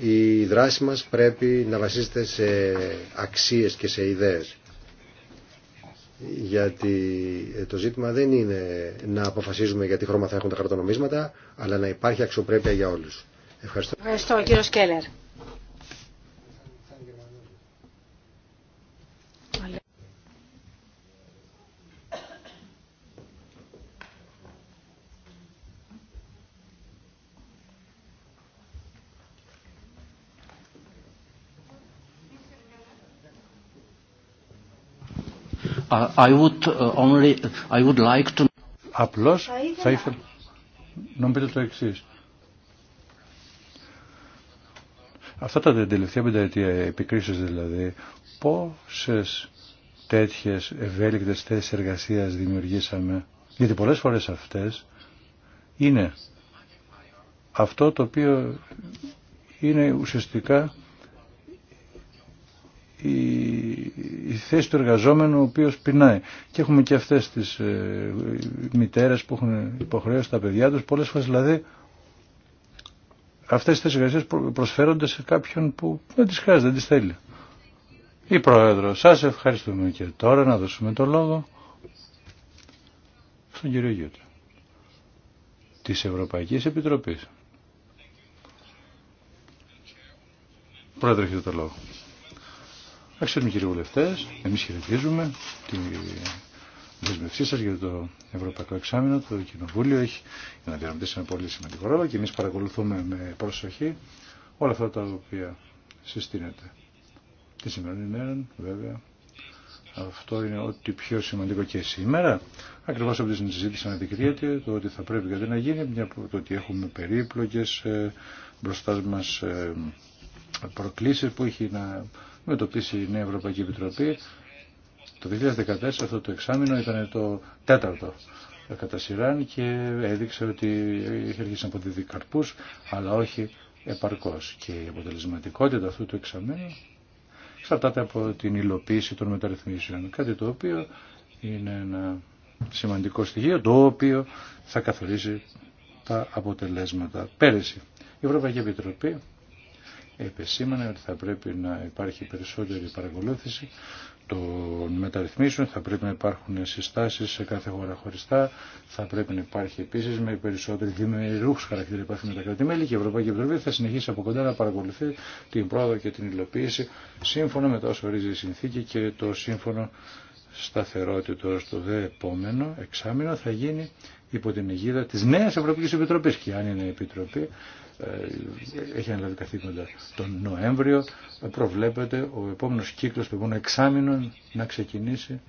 η δράση μας πρέπει να βασίζεται σε αξίες και σε ιδέες. Γιατί το ζήτημα δεν είναι να αποφασίζουμε γιατί χρώμα θα έχουν τα χαρτονομίσματα, αλλά να υπάρχει αξιοπρέπεια για όλους. Ευχαριστώ. Ευχαριστώ κύριο Σκέλερ. I Απλώς θα ήθελα να μου πείτε το εξή. Αυτά τα τελευταία πενταετία επικρίσεις δηλαδή, πόσες τέτοιες ευέλικτες θέσεις εργασίας δημιουργήσαμε, γιατί πολλές φορές αυτές είναι αυτό το οποίο είναι ουσιαστικά η η θέση του εργαζόμενου ο οποίος πεινάει. Και έχουμε και αυτές τις ε, μητέρες που έχουν υποχρέωση τα παιδιά τους, πολλές φορές δηλαδή αυτές τις θέσεις προσφέρονται σε κάποιον που δεν τις χρειάζεται, δεν τις θέλει. Η Πρόεδρο, σας ευχαριστούμε και τώρα να δώσουμε το λόγο στον κύριο Γιώτα της Ευρωπαϊκής Επιτροπής. Πρόεδρε, έχετε το λόγο. Αξιότιμοι κύριε βουλευτέ, εμείς χαιρετίζουμε τη δεσμευσή σας για το Ευρωπαϊκό Εξάμεινο. Το Κοινοβούλιο έχει να διαρροντήσει ένα πολύ σημαντικό ρόλο και εμείς παρακολουθούμε με προσοχή όλα αυτά τα οποία συστήνεται. Τη σημερινή μέρα, βέβαια, αυτό είναι ό,τι πιο σημαντικό και σήμερα. Ακριβώ από τη συζήτηση αναδεικνύεται το ότι θα πρέπει κάτι να γίνει, μια, το ότι έχουμε περίπλοκε ε, μπροστά μα ε, προκλήσει που έχει να με το η Νέα Ευρωπαϊκή Επιτροπή. Το 2014 αυτό το εξάμεινο ήταν το τέταρτο κατά σειράν και έδειξε ότι είχε αρχίσει να αποδίδει καρπούς, αλλά όχι επαρκώς. Και η αποτελεσματικότητα αυτού του εξαμένου εξαρτάται από την υλοποίηση των μεταρρυθμίσεων. Κάτι το οποίο είναι ένα σημαντικό στοιχείο, το οποίο θα καθορίσει τα αποτελέσματα. Πέρυσι η Ευρωπαϊκή Επιτροπή επεσήμανε ότι θα πρέπει να υπάρχει περισσότερη παρακολούθηση των μεταρρυθμίσεων, θα πρέπει να υπάρχουν συστάσεις σε κάθε χώρα χωριστά, θα πρέπει να υπάρχει επίσης με περισσότερη δημιουργούς χαρακτήρα υπάρχει με τα κρατημέλη και η Ευρωπαϊκή Επιτροπή θα συνεχίσει από κοντά να παρακολουθεί την πρόοδο και την υλοποίηση σύμφωνα με τα όσα ορίζει η συνθήκη και το σύμφωνο σταθερότητα στο δε επόμενο εξάμεινο θα γίνει υπό την αιγίδα της νέας Ευρωπαϊκής Επιτροπής και αν είναι Επιτροπή ε, έχει αναλάβει καθήκοντα τον Νοέμβριο. Προβλέπεται ο επόμενος κύκλος του επόμενου εξάμεινου να ξεκινήσει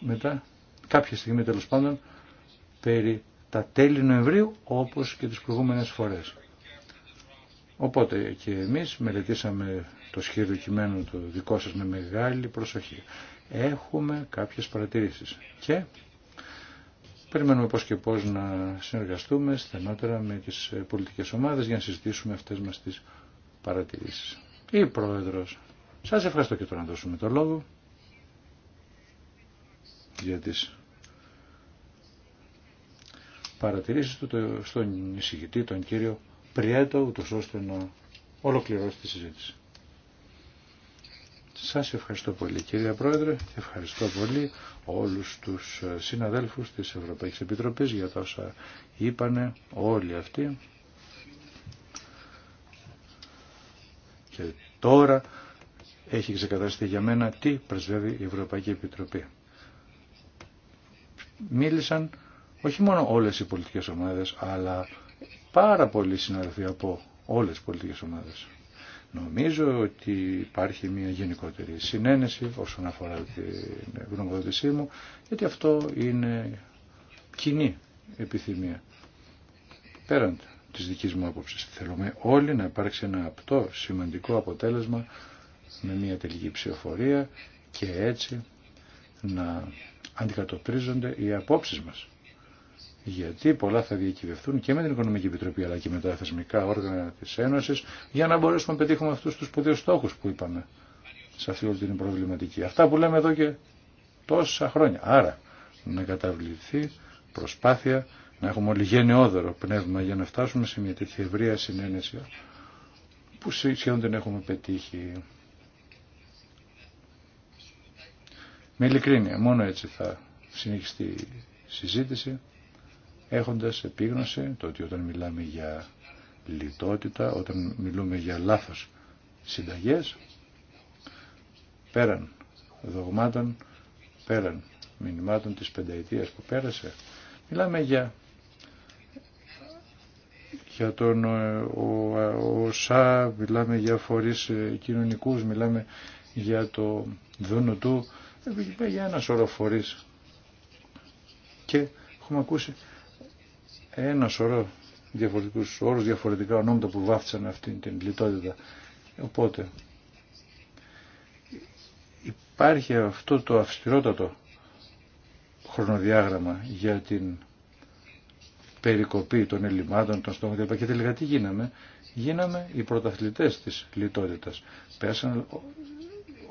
μετά κάποια στιγμή τέλο πάντων περί τα τέλη Νοεμβρίου όπως και τις προηγούμενες φορές. Οπότε και εμείς μελετήσαμε το σχέδιο κειμένου το δικό σας με μεγάλη προσοχή. Έχουμε κάποιες παρατηρήσεις και Περιμένουμε πώς και πώς να συνεργαστούμε στενότερα με τις πολιτικές ομάδες για να συζητήσουμε αυτές μας τις παρατηρήσεις. Ή Πρόεδρος, σας ευχαριστώ και τώρα να δώσουμε το λόγο για τις παρατηρήσεις του στον εισηγητή, τον κύριο Πριέτο, ούτως ώστε να ολοκληρώσει τη συζήτηση. Σας ευχαριστώ πολύ κύριε Πρόεδρε, ευχαριστώ πολύ όλους τους ε, συναδέλφους της Ευρωπαϊκής Επιτροπής για τα όσα είπανε όλοι αυτοί. Και τώρα έχει ξεκαταστεί για μένα τι πρεσβεύει η Ευρωπαϊκή Επιτροπή. Μίλησαν όχι μόνο όλες οι πολιτικές ομάδες, αλλά πάρα πολλοί συναδελφοί από όλες τις πολιτικές ομάδες. Νομίζω ότι υπάρχει μια γενικότερη συνένεση όσον αφορά την γνωμοδότησή μου, γιατί αυτό είναι κοινή επιθυμία. Πέραν της δικής μου άποψης, θέλουμε όλοι να υπάρξει ένα απτό σημαντικό αποτέλεσμα με μια τελική ψηφοφορία και έτσι να αντικατοπτρίζονται οι απόψεις μας γιατί πολλά θα διακυβευτούν και με την Οικονομική Επιτροπή αλλά και με τα θεσμικά όργανα της Ένωσης για να μπορέσουμε να πετύχουμε αυτούς τους σπουδαίους στόχους που είπαμε σε αυτή όλη την προβληματική. Αυτά που λέμε εδώ και τόσα χρόνια. Άρα να καταβληθεί προσπάθεια να έχουμε όλοι γενναιόδωρο πνεύμα για να φτάσουμε σε μια τέτοια ευρεία συνένεση που σχεδόν την έχουμε πετύχει. Με ειλικρίνεια, μόνο έτσι θα συνεχιστεί η συζήτηση έχοντας επίγνωση το ότι όταν μιλάμε για λιτότητα, όταν μιλούμε για λάθος συνταγές, πέραν δογμάτων, πέραν μηνυμάτων της πενταετίας που πέρασε, μιλάμε για για τον ε, σά, μιλάμε για φορείς ε, κοινωνικούς, μιλάμε για το δούνο του, ε, για ένα σώρο φορείς. Και έχουμε ακούσει ένα σωρό διαφορετικούς όρους, διαφορετικά ονόματα που βάφτισαν αυτή την λιτότητα. Οπότε υπάρχει αυτό το αυστηρότατο χρονοδιάγραμμα για την περικοπή των ελλημάτων, των στόχων Και τελικά τι γίναμε. Γίναμε οι πρωταθλητές της λιτότητας. Πέρασαν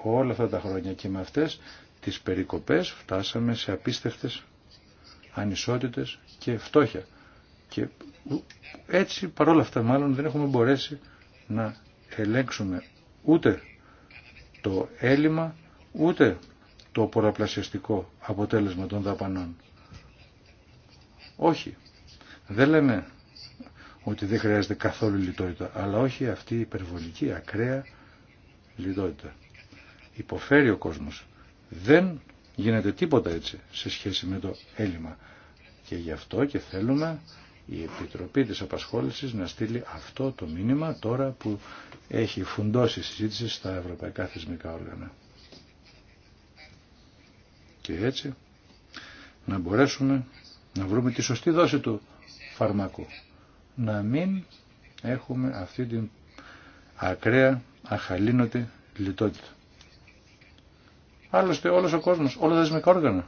όλα αυτά τα χρόνια και με αυτές τις περικοπές φτάσαμε σε απίστευτες ανισότητες και φτώχεια. Και έτσι παρόλα αυτά μάλλον δεν έχουμε μπορέσει να ελέγξουμε ούτε το έλλειμμα ούτε το ποραπλασιαστικό αποτέλεσμα των δαπανών. Όχι. Δεν λέμε ότι δεν χρειάζεται καθόλου λιτότητα, αλλά όχι αυτή η υπερβολική, ακραία λιτότητα. Υποφέρει ο κόσμος. Δεν γίνεται τίποτα έτσι σε σχέση με το έλλειμμα. Και γι' αυτό και θέλουμε η Επιτροπή της Απασχόλησης να στείλει αυτό το μήνυμα τώρα που έχει φουντώσει η συζήτηση στα ευρωπαϊκά θεσμικά όργανα. Και έτσι να μπορέσουμε να βρούμε τη σωστή δόση του φαρμακού. Να μην έχουμε αυτή την ακραία, αχαλήνωτη λιτότητα. Άλλωστε όλος ο κόσμος, όλα τα θεσμικά όργανα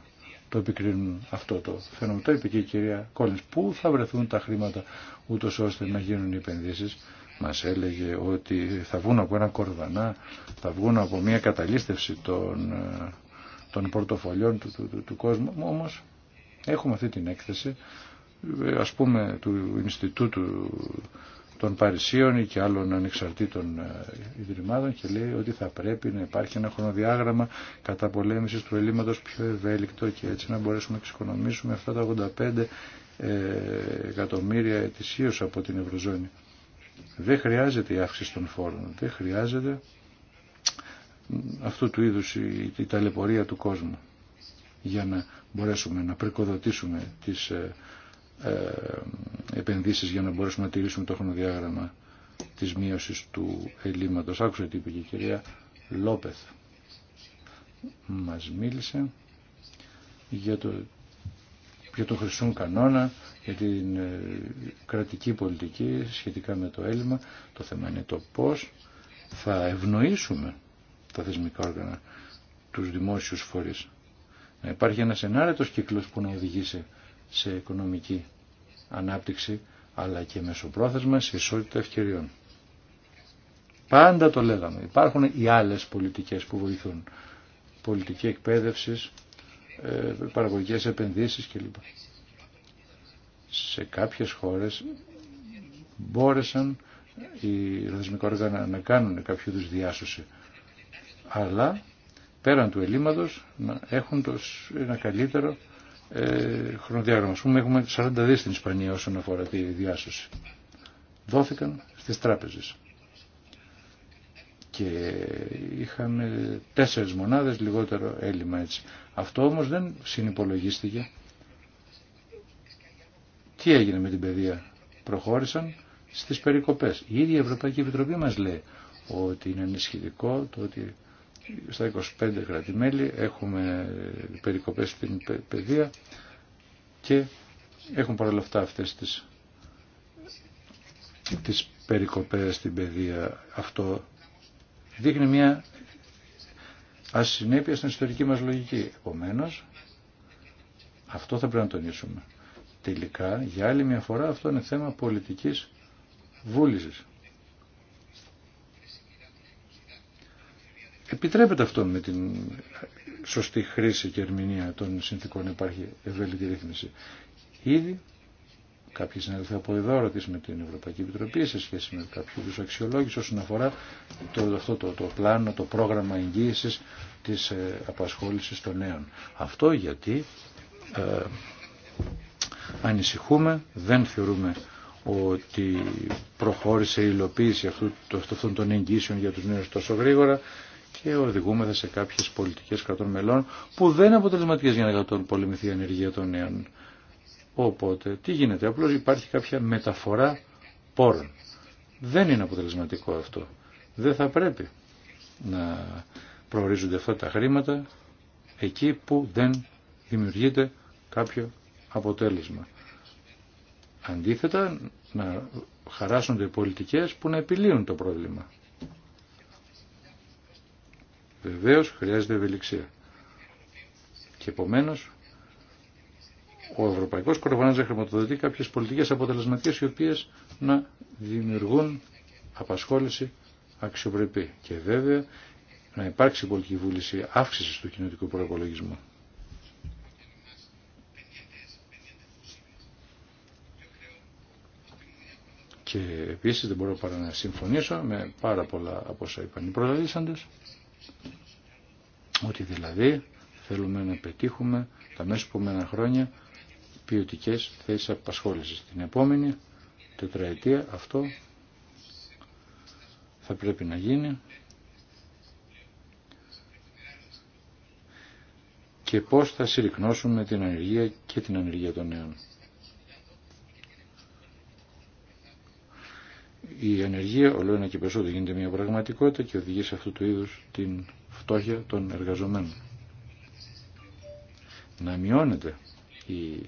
το επικρίνουν αυτό το φαινόμενο. Το είπε και η κυρία Κόλλιν. Πού θα βρεθούν τα χρήματα ούτω ώστε να γίνουν οι επενδύσεις. Μας έλεγε ότι θα βγουν από ένα κορδανά, θα βγουν από μια καταλήστευση των, ε, των πορτοφολιών του, του, του, του κόσμου. Όμως έχουμε αυτή την έκθεση ε, ας πούμε του Ινστιτούτου των Παρισίων και άλλων ανεξαρτήτων ε, ιδρυμάτων και λέει ότι θα πρέπει να υπάρχει ένα χρονοδιάγραμμα καταπολέμησης του ελλείμματος πιο ευέλικτο και έτσι να μπορέσουμε να εξοικονομήσουμε αυτά τα 85 ε, εκατομμύρια ετησίως από την Ευρωζώνη. Δεν χρειάζεται η αύξηση των φόρων, δεν χρειάζεται αυτού του είδους η, η ταλαιπωρία του κόσμου για να μπορέσουμε να πρικοδοτήσουμε τις ε, ε, επενδύσεις για να μπορέσουμε να τηρήσουμε το χρονοδιάγραμμα της μείωσης του ελλείμματος. Άκουσα τι είπε και η κυρία Λόπεθ. Μας μίλησε για το για τον χρυσούν κανόνα, για την ε, κρατική πολιτική σχετικά με το έλλειμμα. Το θέμα είναι το πώς θα ευνοήσουμε τα θεσμικά όργανα, τους δημόσιους φορείς. Να υπάρχει ένας ενάρετος κύκλος που να οδηγήσει σε οικονομική ανάπτυξη αλλά και μεσοπρόθεσμα σε ισότητα ευκαιριών. Πάντα το λέγαμε. Υπάρχουν οι άλλες πολιτικές που βοηθούν. Πολιτική εκπαίδευση, ε, παραγωγικές επενδύσεις κλπ. Σε κάποιες χώρες μπόρεσαν οι ρυθμικά όργανα να κάνουν κάποιο είδους διάσωση. Αλλά πέραν του ελλείμματος να έχουν το, ένα καλύτερο ε, χρονοδιάγραμμα. Α πούμε έχουμε 40 δι στην Ισπανία όσον αφορά τη διάσωση. Δόθηκαν στις τράπεζες. Και είχαμε τέσσερι μονάδες λιγότερο έλλειμμα έτσι. Αυτό όμως δεν συνυπολογίστηκε. Τι έγινε με την παιδεία. Προχώρησαν στις περικοπές. Η ίδια η Ευρωπαϊκή Επιτροπή μας λέει ότι είναι ανησυχητικό το ότι στα 25 κρατημέλη, έχουμε περικοπές στην παιδεία και έχουν παρόλα αυτά αυτές τις, τις περικοπές στην παιδεία. Αυτό δείχνει μια ασυνέπεια στην ιστορική μας λογική. Επομένως, αυτό θα πρέπει να τονίσουμε. Τελικά, για άλλη μια φορά, αυτό είναι θέμα πολιτικής βούλησης. επιτρέπεται αυτό με την σωστή χρήση και ερμηνεία των συνθήκων υπάρχει ευέλικτη ρύθμιση. Ήδη κάποιοι συνάδελφοι από εδώ με την Ευρωπαϊκή Επιτροπή σε σχέση με κάποιου είδου αξιολόγηση όσον αφορά το, αυτό το, το πλάνο, το πρόγραμμα εγγύηση τη ε, απασχόληση των νέων. Αυτό γιατί ε, ανησυχούμε, δεν θεωρούμε ότι προχώρησε η υλοποίηση αυτού, αυτών των εγγύσεων για τους νέους τόσο γρήγορα και οδηγούμεθα σε κάποιες πολιτικές κρατών μελών που δεν είναι αποτελεσματικέ για να πολεμηθεί η ανεργία των νέων. Οπότε, τι γίνεται, απλώς υπάρχει κάποια μεταφορά πόρων. Δεν είναι αποτελεσματικό αυτό. Δεν θα πρέπει να προορίζονται αυτά τα χρήματα εκεί που δεν δημιουργείται κάποιο αποτέλεσμα. Αντίθετα, να χαράσσονται πολιτικές που να επιλύουν το πρόβλημα. Βεβαίω χρειάζεται ευελιξία. Και επομένω, ο Ευρωπαϊκό Κοροφανά να χρηματοδοτεί κάποιε πολιτικέ αποτελεσματικέ οι οποίε να δημιουργούν απασχόληση αξιοπρεπή. Και βέβαια να υπάρξει πολιτική βούληση αύξηση του κοινωτικού προπολογισμού. Και επίσης δεν μπορώ παρά να συμφωνήσω με πάρα πολλά από όσα είπαν οι προλαλήσαντες. Ότι δηλαδή θέλουμε να πετύχουμε τα μέσα που μένα χρόνια ποιοτικέ θέσει απασχόληση. Την επόμενη τετραετία αυτό θα πρέπει να γίνει και πώς θα συρρυκνώσουμε την ανεργία και την ανεργία των νέων. η ανεργία όλο ένα και περισσότερο γίνεται μια πραγματικότητα και οδηγεί σε αυτού του είδους την φτώχεια των εργαζομένων. Να μειώνεται η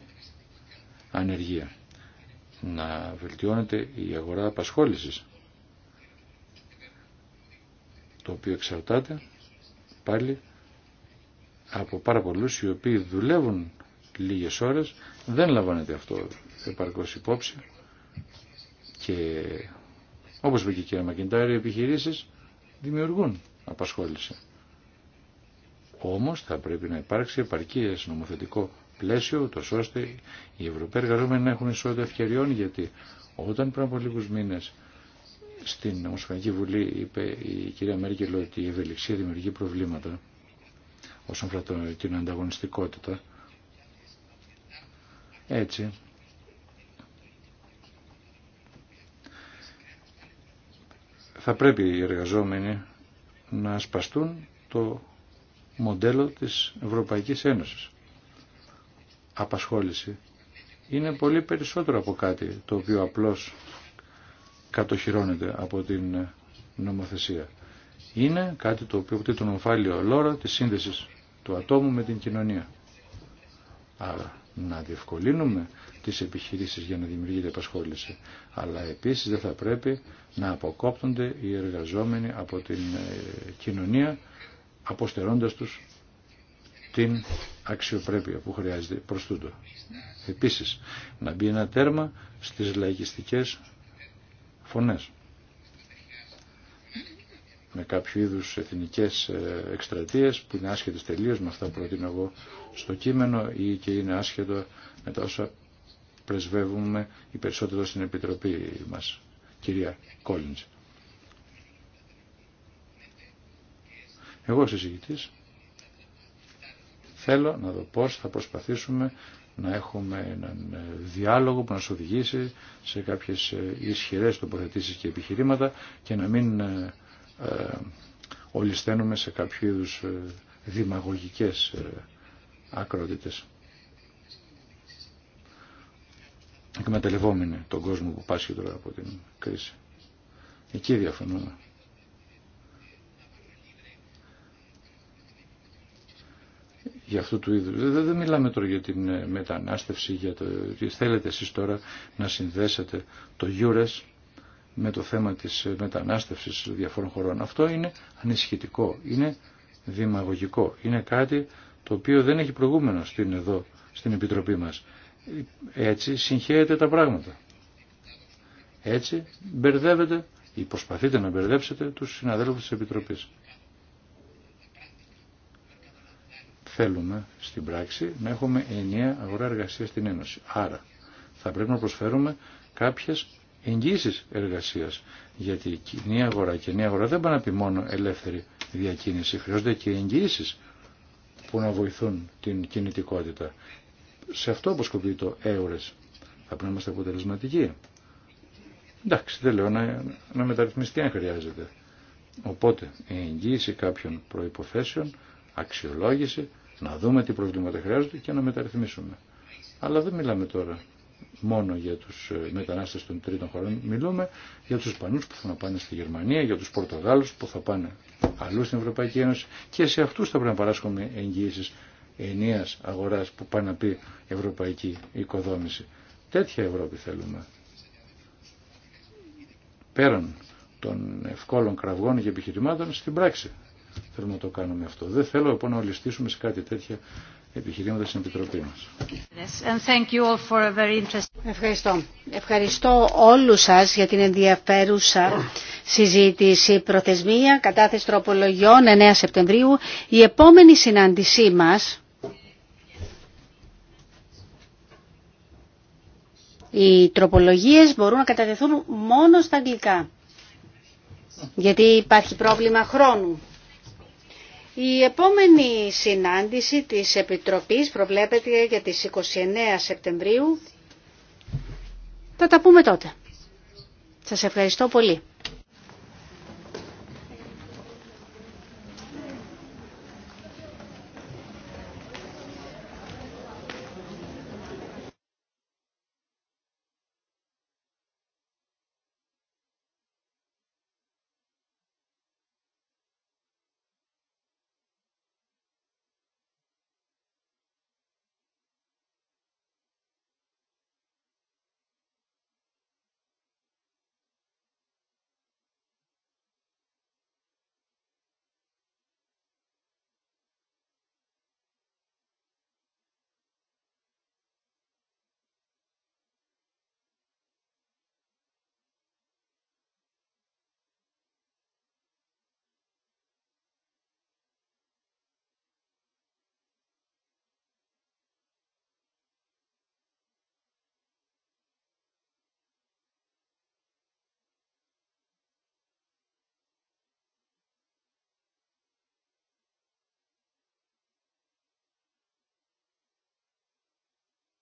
ανεργία, να βελτιώνεται η αγορά απασχόλησης, το οποίο εξαρτάται πάλι από πάρα πολλούς οι οποίοι δουλεύουν λίγες ώρες, δεν λαμβάνεται αυτό επαρκώς υπόψη και όπως είπε και η κυρία Μακεντάρη, οι επιχειρήσεις δημιουργούν απασχόληση. Όμως θα πρέπει να υπάρξει επαρκή νομοθετικό πλαίσιο, τόσο ώστε οι Ευρωπαίοι εργαζόμενοι να έχουν ισότητα ευκαιριών, γιατί όταν πριν από λίγους μήνες στην Ομοσπονδιακή Βουλή είπε η κυρία Μέρκελ ότι η ευελιξία δημιουργεί προβλήματα όσον αφορά την ανταγωνιστικότητα. Έτσι, θα πρέπει οι εργαζόμενοι να σπαστούν το μοντέλο της Ευρωπαϊκής Ένωσης. Απασχόληση είναι πολύ περισσότερο από κάτι το οποίο απλώς κατοχυρώνεται από την νομοθεσία. Είναι κάτι το οποίο αποτελεί τον ομφάλιο λόρο της σύνδεσης του ατόμου με την κοινωνία. Άρα να διευκολύνουμε τις επιχειρήσεις για να δημιουργείται επασχόληση. Αλλά επίσης δεν θα πρέπει να αποκόπτονται οι εργαζόμενοι από την ε, κοινωνία αποστερώντας τους την αξιοπρέπεια που χρειάζεται προς τούτο. Επίσης, να μπει ένα τέρμα στις λαϊκιστικές φωνές με κάποιο είδους εθνικές ε, εκστρατείες που είναι άσχετες τελείως με αυτά που προτείνω εγώ στο κείμενο ή και είναι άσχετο με τα όσα πρεσβεύουμε οι περισσότερο στην Επιτροπή μας, κυρία Κόλλιντζ. Εγώ ως εισηγητής θέλω να δω πώς θα προσπαθήσουμε να έχουμε έναν ε, διάλογο που να σου οδηγήσει σε κάποιες ε, ισχυρές τοποθετήσεις και επιχειρήματα και να μην ε, όλοι σε κάποιο είδους ε, δημαγωγικές ε, ακρότητες. Εκμεταλλευόμενοι τον κόσμο που πάσχει τώρα από την κρίση. Εκεί διαφωνούμε. για αυτού του είδους. Δεν, μιλάμε τώρα για την μετανάστευση, για το θέλετε εσείς τώρα να συνδέσετε το Ιούρες με το θέμα της μετανάστευσης διαφόρων χωρών. Αυτό είναι ανησυχητικό, είναι δημαγωγικό, είναι κάτι το οποίο δεν έχει προηγούμενο στην εδώ, στην Επιτροπή μας. Έτσι συγχαίρεται τα πράγματα. Έτσι μπερδεύετε ή προσπαθείτε να μπερδέψετε τους συναδέλφους της Επιτροπής. Θέλουμε στην πράξη να έχουμε ενιαία αγορά εργασία στην Ένωση. Άρα θα πρέπει να προσφέρουμε κάποιες εγγύησει εργασία. Γιατί η κοινή αγορά και η νέα αγορά δεν πάνε να πει μόνο ελεύθερη διακίνηση. Χρειάζονται και εγγύησει που να βοηθούν την κινητικότητα. Σε αυτό αποσκοπεί το έωρε. Θα πρέπει να είμαστε αποτελεσματικοί. Εντάξει, δεν λέω να, να μεταρρυθμιστεί αν χρειάζεται. Οπότε, η εγγύηση κάποιων προϋποθέσεων, αξιολόγηση, να δούμε τι προβλήματα χρειάζονται και να μεταρρυθμίσουμε. Αλλά δεν μιλάμε τώρα μόνο για τους ε, μετανάστες των τρίτων χωρών μιλούμε, για τους Ισπανούς που θα πάνε στη Γερμανία, για τους Πορτογάλους που θα πάνε αλλού στην Ευρωπαϊκή Ένωση και σε αυτούς θα πρέπει να παράσχουμε εγγύησεις ενίας αγοράς που πάει να πει ευρωπαϊκή οικοδόμηση. Τέτοια Ευρώπη θέλουμε. Πέραν των ευκόλων κραυγών και επιχειρημάτων στην πράξη θέλουμε να το κάνουμε αυτό. Δεν θέλω λοιπόν να ολιστήσουμε σε κάτι τέτοια επιχειρήματα στην Επιτροπή μα. Ευχαριστώ. Ευχαριστώ όλους σας για την ενδιαφέρουσα συζήτηση. Προθεσμία, κατάθεση τροπολογιών 9 Σεπτεμβρίου. Η επόμενη συνάντησή μας, οι τροπολογίες μπορούν να κατατεθούν μόνο στα αγγλικά. Γιατί υπάρχει πρόβλημα χρόνου. Η επόμενη συνάντηση της Επιτροπής προβλέπεται για τις 29 Σεπτεμβρίου θα τα πούμε τότε. Σας ευχαριστώ πολύ.